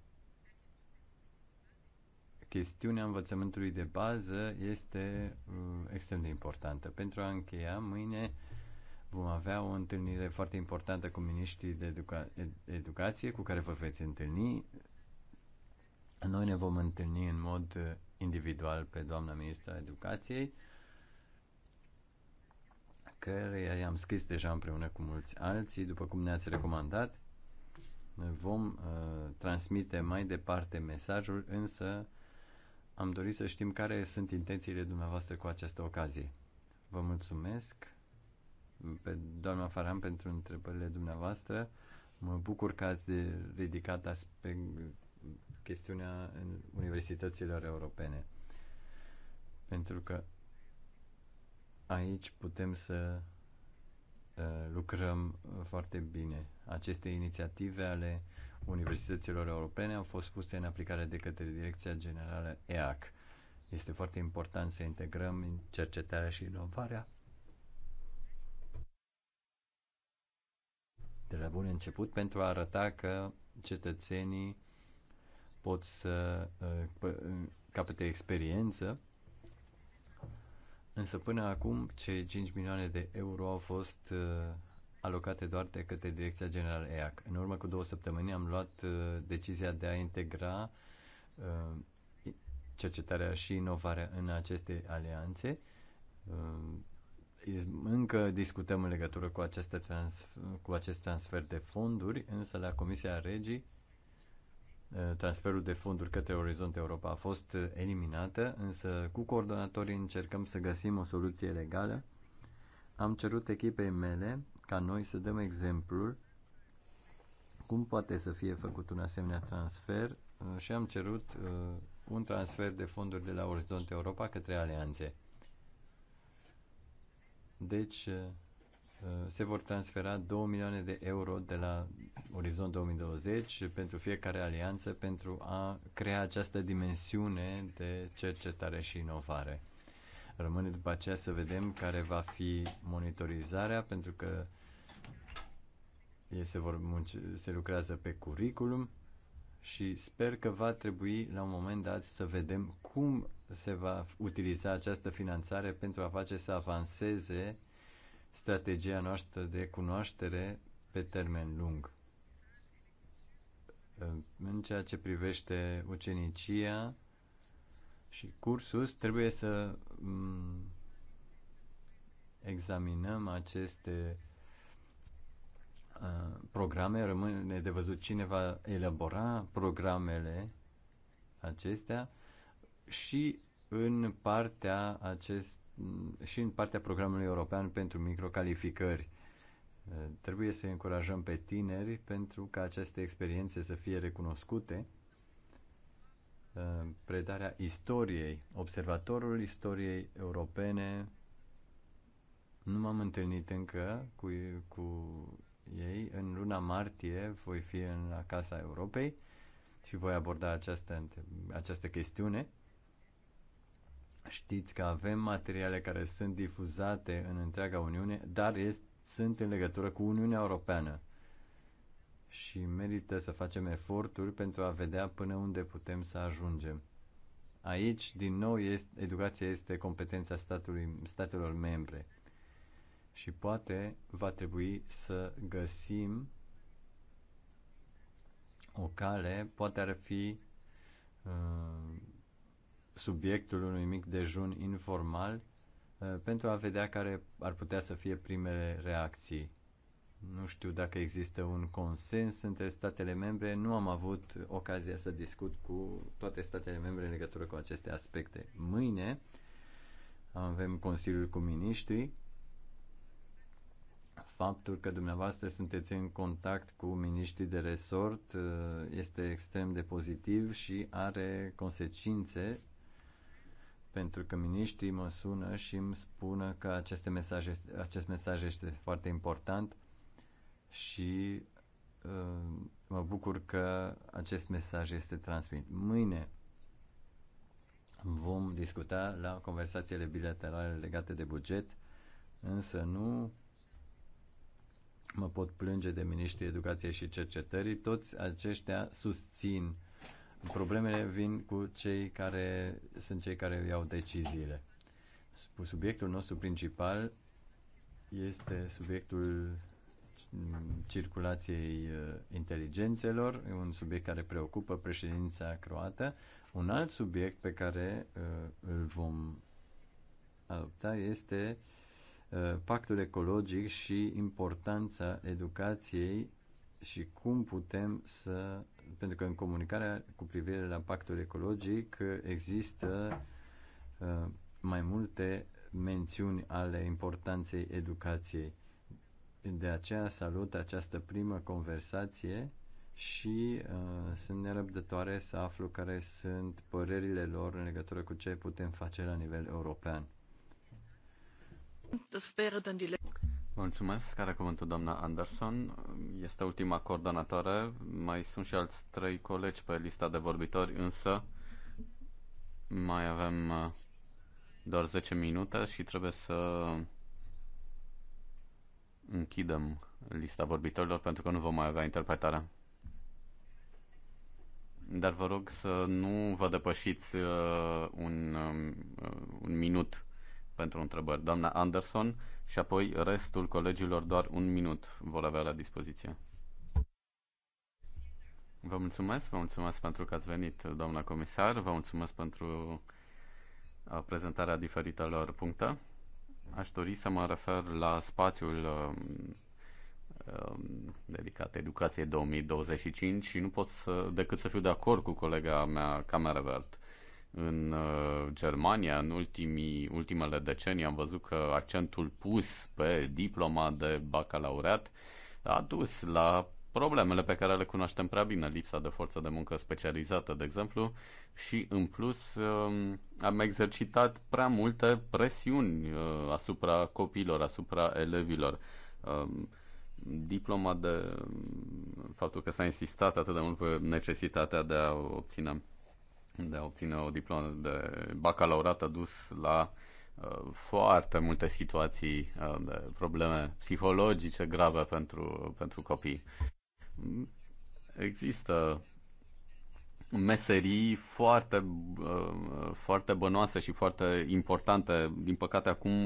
Chestiunea învățământului de bază este uh, extrem de importantă. Pentru a încheia, mâine Vom avea o întâlnire foarte importantă cu miniștrii de educa- educație cu care vă veți întâlni. Noi ne vom întâlni în mod uh, individual pe doamna ministra educației, care i-am scris deja împreună cu mulți alții, după cum ne-ați recomandat. Vom uh, transmite mai departe mesajul, însă am dorit să știm care sunt intențiile dumneavoastră cu această ocazie. Vă mulțumesc! pe doamna Faram pentru întrebările dumneavoastră. Mă bucur că ați ridicat aspect, chestiunea universităților europene. Pentru că aici putem să uh, lucrăm foarte bine. Aceste inițiative ale universităților europene au fost puse în aplicare de către Direcția Generală EAC. Este foarte important să integrăm cercetarea și inovarea de la bun început pentru a arăta că cetățenii pot să uh, capete experiență. Însă până acum, cei 5 milioane de euro au fost uh, alocate doar de către Direcția Generală EAC. În urmă cu două săptămâni am luat uh, decizia de a integra cercetarea și inovarea în aceste alianțe încă discutăm în legătură cu, aceste trans, cu acest transfer de fonduri, însă la Comisia Regii ă, transferul de fonduri către Orizont Europa a fost eliminată, însă cu coordonatorii încercăm să găsim o soluție legală. Am cerut echipei mele ca noi să dăm exemplul cum poate să fie făcut un asemenea transfer ă, și am cerut ă, un transfer de fonduri de la Orizont Europa către alianțe. Deci uh, se vor transfera 2 milioane de euro de la Orizont 2020 pentru fiecare alianță pentru a crea această dimensiune de cercetare și inovare. Rămâne după aceea să vedem care va fi monitorizarea pentru că se, vor munce, se lucrează pe curriculum și sper că va trebui la un moment dat să vedem cum se va utiliza această finanțare pentru a face să avanseze strategia noastră de cunoaștere pe termen lung. În ceea ce privește ucenicia și cursus, trebuie să mm, examinăm aceste programe, rămâne de văzut cine va elabora programele acestea și în partea acest, și în partea programului european pentru microcalificări. Trebuie să încurajăm pe tineri pentru ca aceste experiențe să fie recunoscute. Predarea istoriei, observatorul istoriei europene. Nu m-am întâlnit încă cu, cu ei. În luna martie voi fi în Casa Europei și voi aborda această, această chestiune. Știți că avem materiale care sunt difuzate în întreaga Uniune, dar este, sunt în legătură cu Uniunea Europeană și merită să facem eforturi pentru a vedea până unde putem să ajungem. Aici, din nou, este, educația este competența statului, statelor membre și poate va trebui să găsim o cale, poate ar fi uh, subiectul unui mic dejun informal uh, pentru a vedea care ar putea să fie primele reacții. Nu știu dacă există un consens între statele membre, nu am avut ocazia să discut cu toate statele membre în legătură cu aceste aspecte. Mâine avem Consiliul cu Ministrii faptul că dumneavoastră sunteți în contact cu miniștrii de resort uh, este extrem de pozitiv și are consecințe pentru că miniștrii mă sună și îmi spună că aceste mesaje, acest mesaj este foarte important și uh, mă bucur că acest mesaj este transmis. Mâine vom discuta la conversațiile bilaterale legate de buget, însă nu mă pot plânge de Ministrii Educației și Cercetării, toți aceștia susțin. Problemele vin cu cei care sunt cei care iau deciziile. Subiectul nostru principal este subiectul mm, circulației uh, inteligențelor, un subiect care preocupă președința croată. Un alt subiect pe care uh, îl vom adopta este uh, Uh, pactul ecologic și importanța educației și cum putem să. Pentru că în comunicarea cu privire la pactul ecologic există uh, mai multe mențiuni ale importanței educației. De aceea salut această primă conversație și uh, sunt nerăbdătoare să aflu care sunt părerile lor în legătură cu ce putem face la nivel european. Mulțumesc. Care cuvântul doamna Anderson? Este ultima coordonatoare. Mai sunt și alți trei colegi pe lista de vorbitori, însă mai avem uh, doar 10 minute și trebuie să închidem lista vorbitorilor pentru că nu vom mai avea interpretarea. Dar vă rog să nu vă depășiți uh, un, um, uh, un minut pentru întrebări. Doamna Anderson și apoi restul colegilor doar un minut vor avea la dispoziție. Vă mulțumesc, vă mulțumesc pentru că ați venit, doamna comisar, vă mulțumesc pentru uh, prezentarea diferitelor puncte. Aș dori să mă refer la spațiul um, um, dedicat educației 2025 și nu pot să, decât să fiu de acord cu colega mea, Camera Verde în uh, Germania, în ultimii, ultimele decenii, am văzut că accentul pus pe diploma de bacalaureat a dus la problemele pe care le cunoaștem prea bine, lipsa de forță de muncă specializată, de exemplu, și în plus um, am exercitat prea multe presiuni uh, asupra copiilor, asupra elevilor. Um, diploma de faptul că s-a insistat atât de mult pe necesitatea de a obține de a obține o diplomă de bacalaurat a dus la uh, foarte multe situații uh, de probleme psihologice grave pentru, pentru copii. Există meserii foarte, uh, foarte bănoase și foarte importante. Din păcate, acum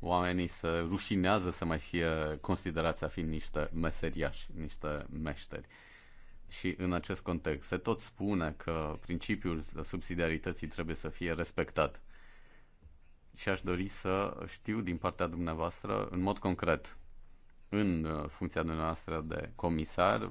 oamenii se rușinează să mai fie considerați a fi niște meseriași, niște meșteri și în acest context. Se tot spune că principiul subsidiarității trebuie să fie respectat. Și aș dori să știu din partea dumneavoastră, în mod concret, în uh, funcția dumneavoastră de comisar,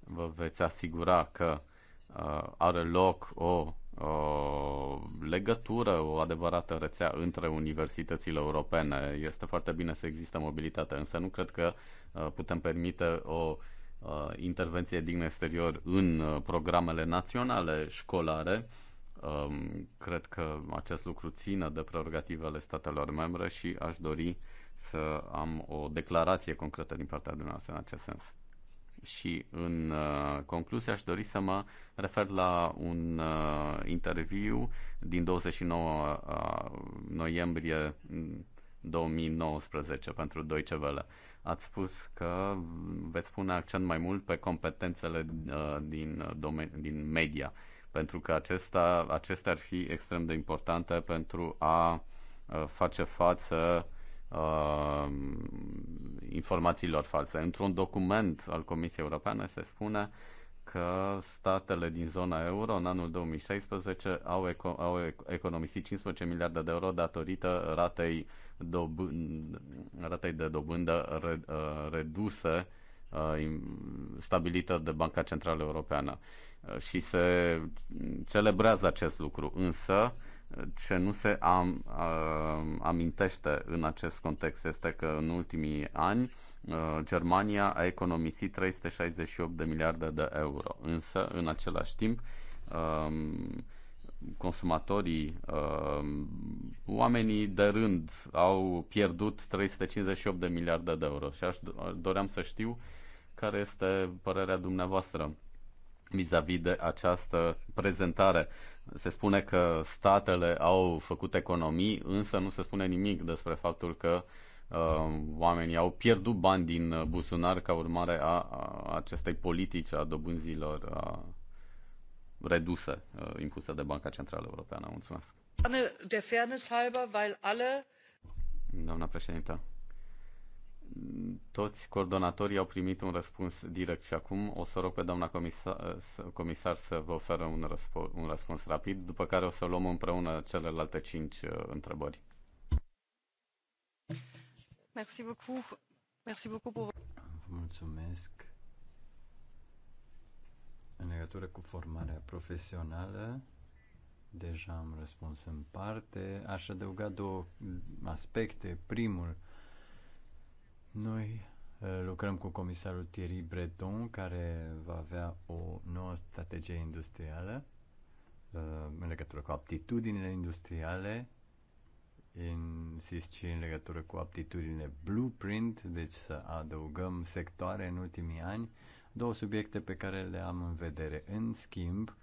vă veți asigura că uh, are loc o o legătură, o adevărată rețea între universitățile europene. Este foarte bine să există mobilitate, însă nu cred că uh, putem permite o Uh, intervenție din exterior în uh, programele naționale școlare. Um, cred că acest lucru ține de prerogativele statelor membre și aș dori să am o declarație concretă din partea dumneavoastră în acest sens. Și în uh, concluzie aș dori să mă refer la un interviu din 29 noiembrie 2019 mm, pentru Deutsche Welle Ați spus că veți pune accent mai mult pe competențele uh, din, uh, din media, pentru că acesta, acestea ar fi extrem de importante pentru a uh, face față informațiilor false. Într-un document al Comisiei Europene se spune că statele din zona euro în anul 2016 au, eco- au economisit 15 miliarde de euro datorită ratei rata de dobândă uh, redusă uh, stabilită de Banca Centrală Europeană. Uh, și se celebrează acest lucru, însă ce nu se am, amintește în acest context este că în ultimii ani Germania a economisit 368 de miliarde de euro, însă în același timp um, consumatorii, uh, oamenii de rând au pierdut 358 de miliarde de euro și aș doream să știu care este părerea dumneavoastră vis-a-vis -vis de această prezentare. Se spune că statele au făcut economii, însă nu se spune nimic despre faptul că uh, oamenii au pierdut bani din buzunar ca urmare a, a acestei politici a dobânzilor, a reduse uh, impuse de Banca Centrală Europeană. Mulțumesc. De fairness halber, weil alle... Doamna președintă, toți coordonatorii au primit un răspuns direct și acum o să rog pe doamna comisar, uh, comisar să vă oferă un, răspo- un răspuns rapid, după care o să luăm împreună celelalte cinci uh, întrebări. Merci beaucoup. Merci beaucoup pour... Mulțumesc în legătură cu formarea profesională, deja am răspuns în parte. Aș adăuga două aspecte. Primul, noi eh, lucrăm cu comisarul Thierry Breton, care va avea o nouă strategie industrială eh, în legătură cu aptitudinile industriale, insist și în legătură cu aptitudinile blueprint, deci să adăugăm sectoare în ultimii ani două subiecte pe care le am în vedere. În schimb,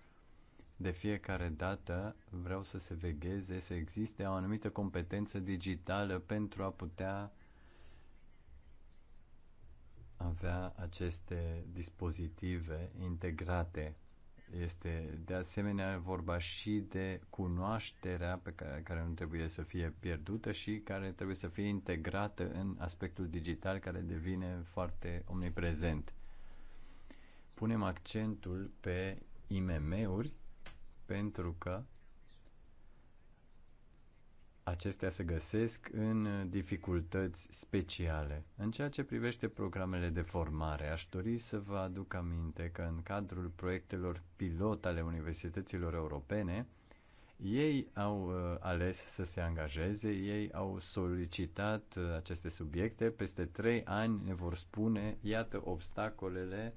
de fiecare dată vreau să se vegheze, să existe o anumită competență digitală pentru a putea avea aceste dispozitive integrate. Este de asemenea vorba și de cunoașterea pe care, care nu trebuie să fie pierdută și care trebuie să fie integrată în aspectul digital care devine foarte omniprezent punem accentul pe IMM-uri pentru că acestea se găsesc în dificultăți speciale. În ceea ce privește programele de formare, aș dori să vă aduc aminte că în cadrul proiectelor pilot ale universităților europene, ei au uh, ales să se angajeze, ei au solicitat uh, aceste subiecte, peste trei ani ne vor spune, iată obstacolele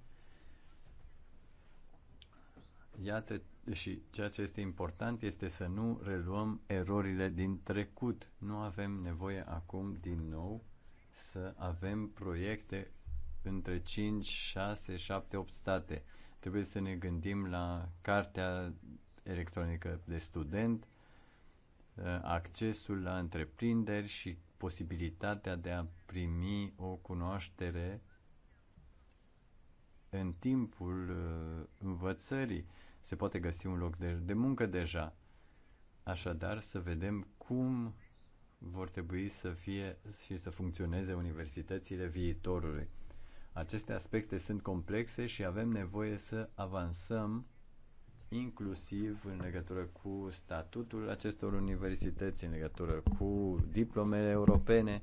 Iată și ceea ce este important este să nu reluăm erorile din trecut. Nu avem nevoie acum din nou să avem proiecte între 5, 6, 7, 8 state. Trebuie să ne gândim la cartea electronică de student, accesul la întreprinderi și posibilitatea de a primi o cunoaștere în timpul uh, învățării se poate găsi un loc de, de muncă deja. Așadar, să vedem cum vor trebui să fie și să funcționeze universitățile viitorului. Aceste aspecte sunt complexe și avem nevoie să avansăm inclusiv în legătură cu statutul acestor universități, în legătură cu diplomele europene.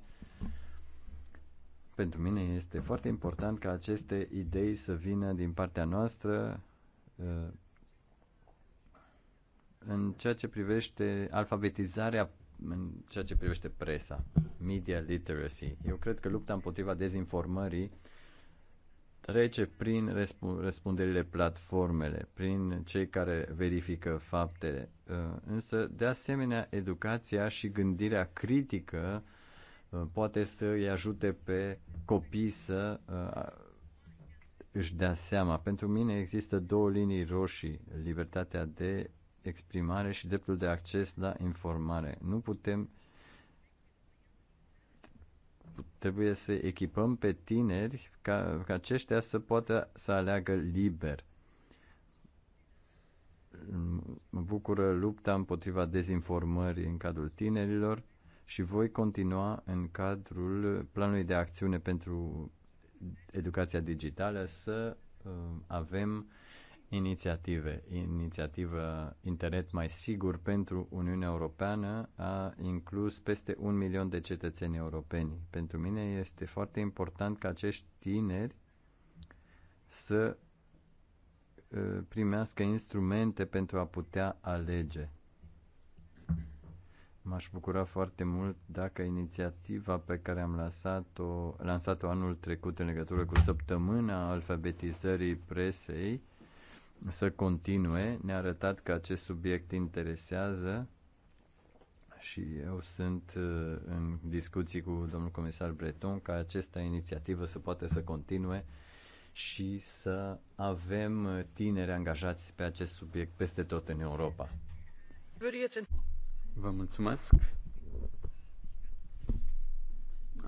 Pentru mine este foarte important ca aceste idei să vină din partea noastră în ceea ce privește alfabetizarea în ceea ce privește presa, media literacy. Eu cred că lupta împotriva dezinformării trece prin răsp- răspunderile platformele, prin cei care verifică faptele. Uh, însă, de asemenea, educația și gândirea critică uh, poate să îi ajute pe copii să uh, își dea seama. Pentru mine există două linii roșii, libertatea de exprimare și dreptul de acces la informare. Nu putem trebuie să echipăm pe tineri ca, ca aceștia să poată să aleagă liber. Mă bucură lupta împotriva dezinformării în cadrul tinerilor și voi continua în cadrul planului de acțiune pentru educația digitală să uh, avem inițiative. inițiativă Internet mai sigur pentru Uniunea Europeană a inclus peste un milion de cetățeni europeni. Pentru mine este foarte important ca acești tineri să uh, primească instrumente pentru a putea alege. M-aș bucura foarte mult dacă inițiativa pe care am lansat-o, lansat-o anul trecut în legătură cu săptămâna alfabetizării presei să continue. Ne-a arătat că acest subiect interesează și eu sunt uh, în discuții cu domnul comisar Breton ca această inițiativă să poată să continue și să avem uh, tineri angajați pe acest subiect peste tot în Europa. Vă mulțumesc.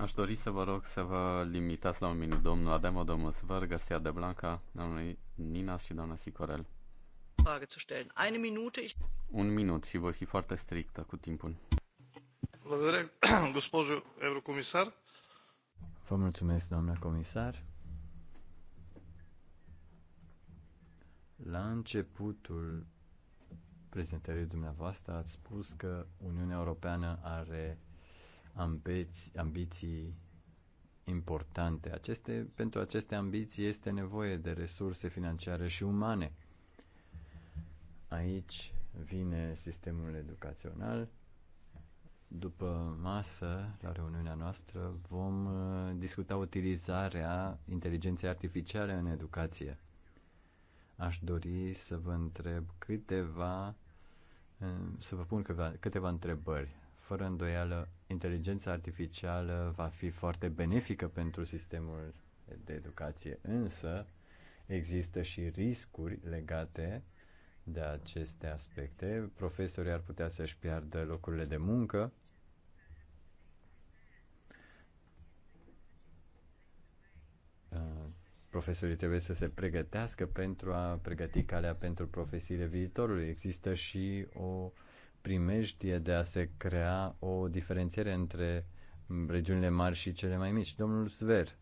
Aș dori să vă rog să vă limitați la un minut. Domnul Ademo, domnul Svăr, Garcia de Blanca, domnul Nina și doamna Sicorel. Un minut și voi fi foarte strictă cu timpul. Vă mulțumesc, doamna comisar. La începutul prezentării dumneavoastră ați spus că Uniunea Europeană are ambiții, ambiții importante. Aceste, pentru aceste ambiții este nevoie de resurse financiare și umane. Aici vine sistemul educațional. După masă, la reuniunea noastră, vom uh, discuta utilizarea inteligenței artificiale în educație. Aș dori să vă întreb câteva, uh, să vă pun câteva, câteva întrebări. Fără îndoială, inteligența artificială va fi foarte benefică pentru sistemul de educație, însă există și riscuri legate de aceste aspecte. Profesorii ar putea să-și piardă locurile de muncă, uh, profesorii trebuie să se pregătească pentru a pregăti calea pentru profesiile viitorului. Există și o primejdie de a se crea o diferențiere între regiunile mari și cele mai mici. Domnul Sver.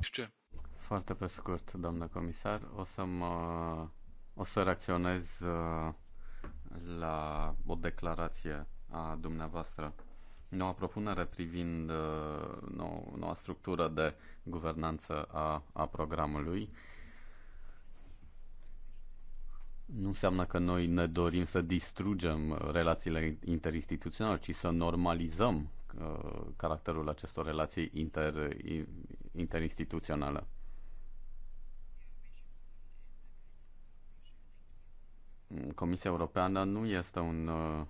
Ce? Foarte pe scurt, doamnă comisar, o să mă o să reacționez uh, la o declarație a dumneavoastră. Noua propunere privind uh, noua structură de guvernanță a, a programului nu înseamnă că noi ne dorim să distrugem relațiile interinstituționale, ci să normalizăm uh, caracterul acestor relații inter, interinstituționale. Comisia Europeană nu este un, uh,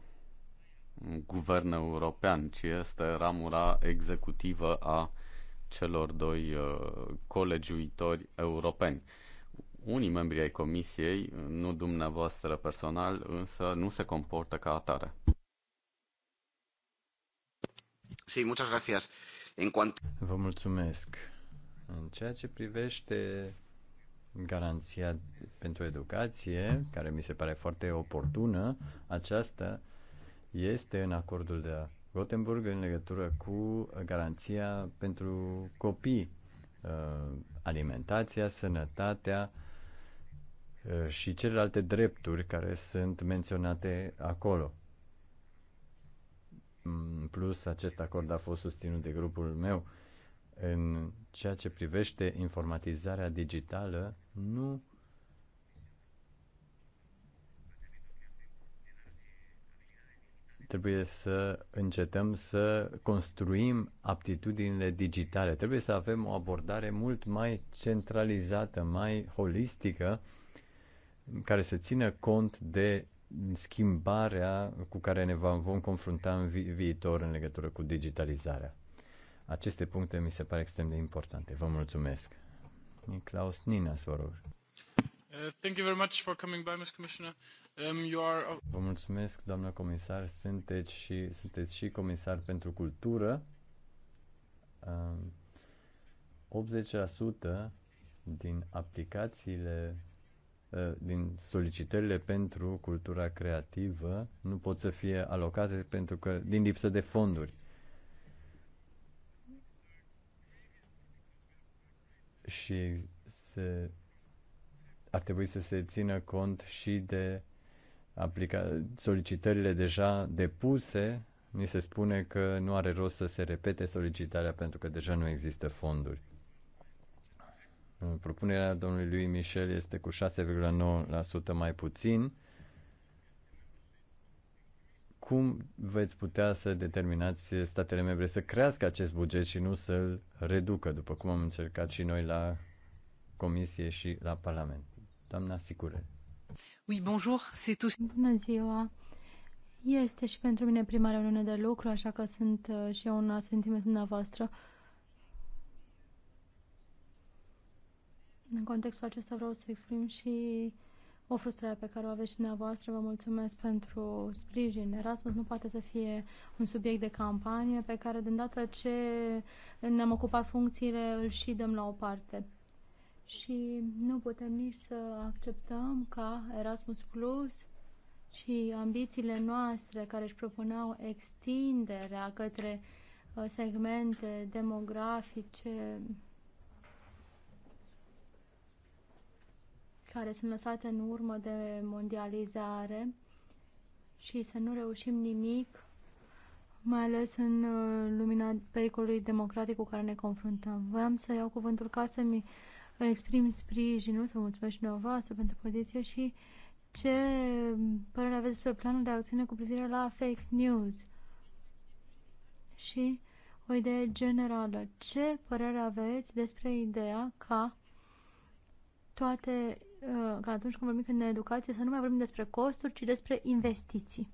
un guvern european, ci este ramura executivă a celor doi uh, colegiuitori europeni unii membri ai comisiei, nu dumneavoastră personal, însă nu se comportă ca atare. Sí, muchas gracias. En cuanto... Vă mulțumesc. În ceea ce privește garanția pentru educație, care mi se pare foarte oportună, aceasta este în acordul de Gothenburg în legătură cu garanția pentru copii, uh, alimentația, sănătatea, Eh, și celelalte drepturi care sunt menționate acolo. Mm, plus, acest acord a fost susținut de grupul meu. În ceea ce privește informatizarea digitală, nu trebuie să încetăm să construim aptitudinile digitale. Trebuie să avem o abordare mult mai centralizată, mai holistică care să țină cont de schimbarea cu care ne vom confrunta în vi- viitor în legătură cu digitalizarea. Aceste puncte mi se pare extrem de importante. Vă mulțumesc. Klaus Nina vă rog. Uh, thank you very much for coming by, Commissioner. Um, you are... Vă mulțumesc, doamnă comisar. Sunteți și, sunteți și comisar pentru cultură. Um, 80% din aplicațiile Uh, din solicitările pentru cultura creativă nu pot să fie alocate pentru că din lipsă de fonduri. Și se, ar trebui să se țină cont și de aplica- solicitările deja depuse. Ni se spune că nu are rost să se repete solicitarea pentru că deja nu există fonduri. Propunerea domnului lui Michel este cu 6,9% mai puțin. Cum veți putea să determinați statele membre să crească acest buget și nu să-l reducă, după cum am încercat și noi la Comisie și la Parlament? Doamna Sicure. Oui, bonjour, c'est tout. Bună ziua! Este și pentru mine prima reuniune de lucru, așa că sunt uh, și eu un asentiment dumneavoastră. În contextul acesta vreau să exprim și o frustrare pe care o aveți și dumneavoastră. Vă mulțumesc pentru sprijin. Erasmus nu poate să fie un subiect de campanie pe care, de îndată ce ne-am ocupat funcțiile, îl și dăm la o parte. Și nu putem nici să acceptăm ca Erasmus Plus și ambițiile noastre care își propuneau extinderea către uh, segmente demografice care sunt lăsate în urmă de mondializare și să nu reușim nimic, mai ales în uh, lumina pericolului democratic cu care ne confruntăm. Vreau să iau cuvântul ca să-mi exprim sprijinul, să mulțumesc și dumneavoastră pentru poziție și ce părere aveți despre planul de acțiune cu privire la fake news și o idee generală. Ce părere aveți despre ideea ca toate Uh, ca atunci când vorbim în educație să nu mai vorbim despre costuri, ci despre investiții.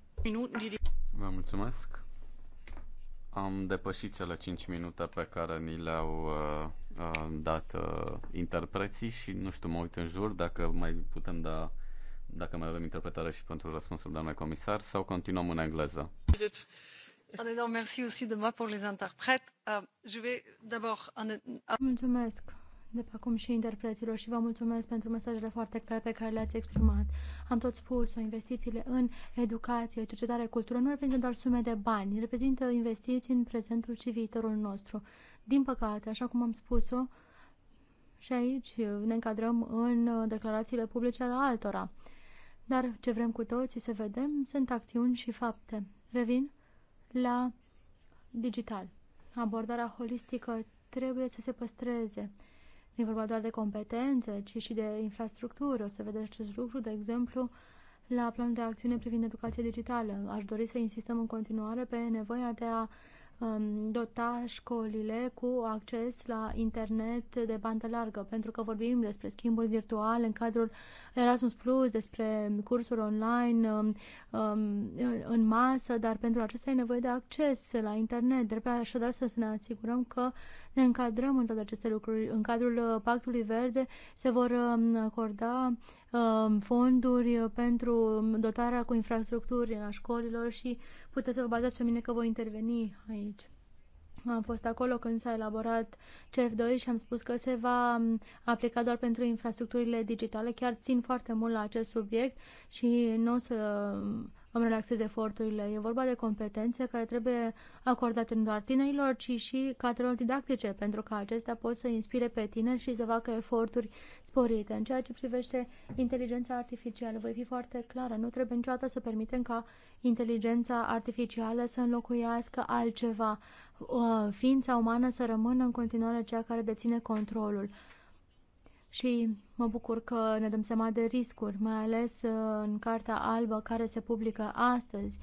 Vă mulțumesc. Am depășit cele 5 minute pe care ni le-au uh, uh, dat uh, interpreții și nu știu, mă uit în jur dacă mai putem da dacă mai avem interpretare și pentru răspunsul doamnei comisar sau continuăm în engleză. Mulțumesc de pe acum și interpreților și vă mulțumesc pentru mesajele foarte clare pe care le-ați exprimat. Am tot spus, o investițiile în educație, cercetare, cultură nu reprezintă doar sume de bani, reprezintă investiții în prezentul și viitorul nostru. Din păcate, așa cum am spus-o, și aici ne încadrăm în declarațiile publice ale altora. Dar ce vrem cu toții să vedem sunt acțiuni și fapte. Revin la digital. Abordarea holistică trebuie să se păstreze. Nu e vorba doar de competențe, ci și de infrastructură. O să vedeți acest lucru, de exemplu, la planul de acțiune privind educația digitală. Aș dori să insistăm în continuare pe nevoia de a um, dota școlile cu acces la internet de bandă largă, pentru că vorbim despre schimburi virtuale în cadrul Erasmus Plus, despre cursuri online um, um în masă, dar pentru acesta e nevoie de acces la internet. Trebuie așadar să ne asigurăm că ne încadrăm în toate aceste lucruri. În cadrul uh, Pactului Verde se vor um, acorda Um, fonduri pentru dotarea cu infrastructuri a școlilor și puteți să vă bazați pe mine că voi interveni aici. Am fost acolo când s-a elaborat CF2 și am spus că se va um, aplica doar pentru infrastructurile digitale. Chiar țin foarte mult la acest subiect și nu o să um, îmi relaxez eforturile. E vorba de competențe care trebuie acordate nu doar tinerilor, ci și cadrelor didactice, pentru că acestea pot să inspire pe tineri și să facă eforturi sporite. În ceea ce privește inteligența artificială, voi fi foarte clară, nu trebuie niciodată să permitem ca inteligența artificială să înlocuiască altceva. Uh, ființa umană să rămână în continuare cea care deține controlul și mă bucur că ne dăm seama de riscuri, mai ales uh, în Carta Albă care se publică astăzi.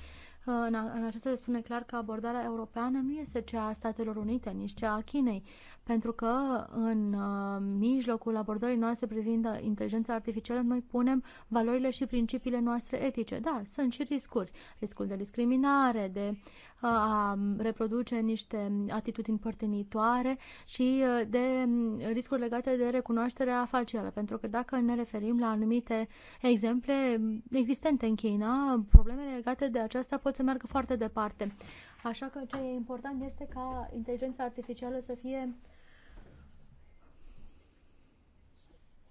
Uh, în aceasta se spune clar că abordarea europeană nu este cea a Statelor Unite, nici cea a Chinei pentru că în uh, mijlocul abordării noastre privind uh, inteligența artificială noi punem valorile și principiile noastre etice. Da, sunt și riscuri. Riscul de discriminare, de uh, a reproduce niște atitudini părtinitoare și de mm, riscuri legate de recunoașterea facială. Pentru că dacă ne referim la anumite exemple existente în China, problemele legate de aceasta pot să meargă foarte departe. Așa că ce e important este ca inteligența artificială să fie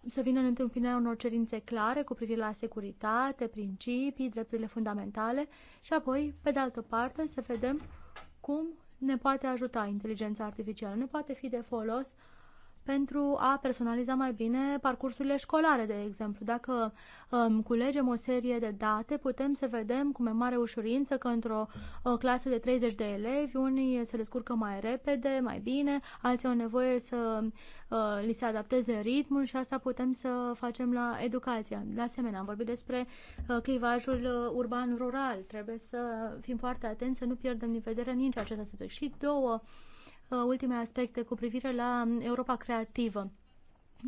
să vină în întâmpinarea unor cerințe clare cu privire la securitate, principii, drepturile fundamentale și apoi, pe de altă parte, să vedem cum ne poate ajuta inteligența artificială. Ne poate fi de folos uh, pentru a personaliza mai bine parcursurile școlare, de exemplu. Dacă um, culegem o serie de date, putem să vedem cu mai mare ușurință că într-o uh, clasă de 30 de elevi, unii se descurcă mai repede, mai bine, alții au nevoie să uh, li se adapteze ritmul și asta putem să facem la educația. De asemenea, am vorbit despre uh, clivajul uh, urban-rural. Trebuie să fim foarte atenți să nu pierdem din vedere nici acest aspect. Și două uh, Uh, ultime aspecte cu privire la Europa creativă.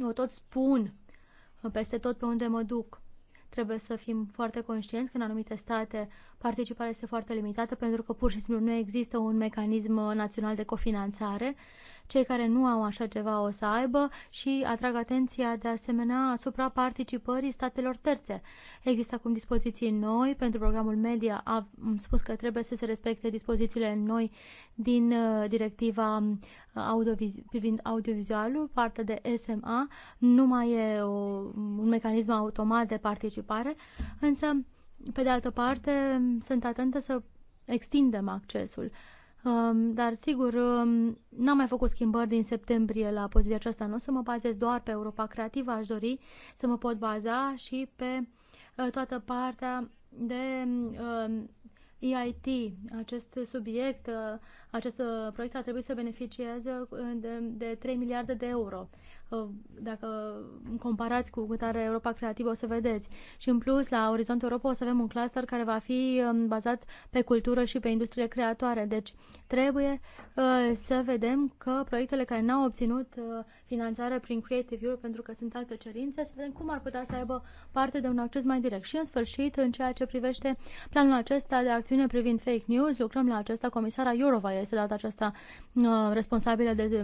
Eu tot spun uh, peste tot pe unde mă duc. Trebuie să fim foarte conștienți că în anumite state participarea este foarte limitată pentru că pur și simplu nu există un mecanism uh, național de cofinanțare cei care nu au așa ceva o să aibă și atrag atenția de asemenea asupra participării statelor terțe. Există acum dispoziții noi pentru programul media. Am spus că trebuie să se respecte dispozițiile noi din uh, directiva uh, audioviz- privind audiovizualul, partea de SMA. Nu mai e o, un mecanism automat de participare, însă pe de altă parte, sunt atentă să extindem accesul. Um, dar, sigur, um, n-am mai făcut schimbări din septembrie la poziția aceasta. Nu o să mă bazez doar pe Europa Creativă, aș dori să mă pot baza și pe uh, toată partea de um, EIT, acest subiect, uh, acest uh, proiect a trebuit să beneficieze de, de 3 miliarde de euro. Ă, dacă comparați cu are Europa Creativă, o să vedeți. Și în plus, la Orizont Europa o să avem un cluster care va fi ă, bazat pe cultură și pe industrie creatoare. Deci trebuie ă, să vedem că proiectele care n-au obținut finanțare prin Creative Europe pentru că sunt alte cerințe, să vedem cum ar putea să aibă parte de un acces mai direct. Și în sfârșit, în ceea ce privește planul acesta de acțiune privind fake news, lucrăm la acesta. Comisara Iurova este data aceasta responsabilă de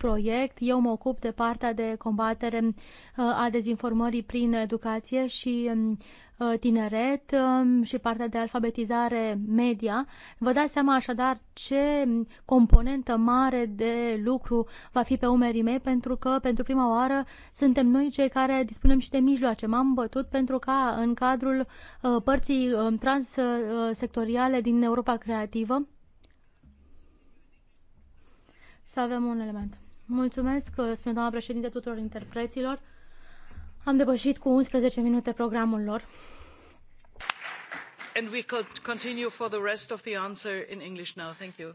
proiect. Eu mă ocup de partea de combatere uh, a dezinformării prin educație și um, uh, tineret um, și partea de alfabetizare media. Vă dați seama așadar ce componentă mare de lucru va fi pe umerii mei pentru că pentru prima oară suntem noi cei care dispunem și de mijloace. M-am bătut pentru ca în cadrul uh, părții um, transsectoriale din Europa Creativă să avem un element. Mulțumesc, uh, spune doamna președinte, tuturor interpreților. Am depășit cu 11 minute programul lor. And we could continue for the rest of the answer in English now. Thank you.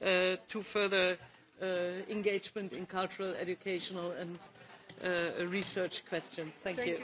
Uh, to further uh, engagement in cultural, educational and uh, research questions. Thank, you.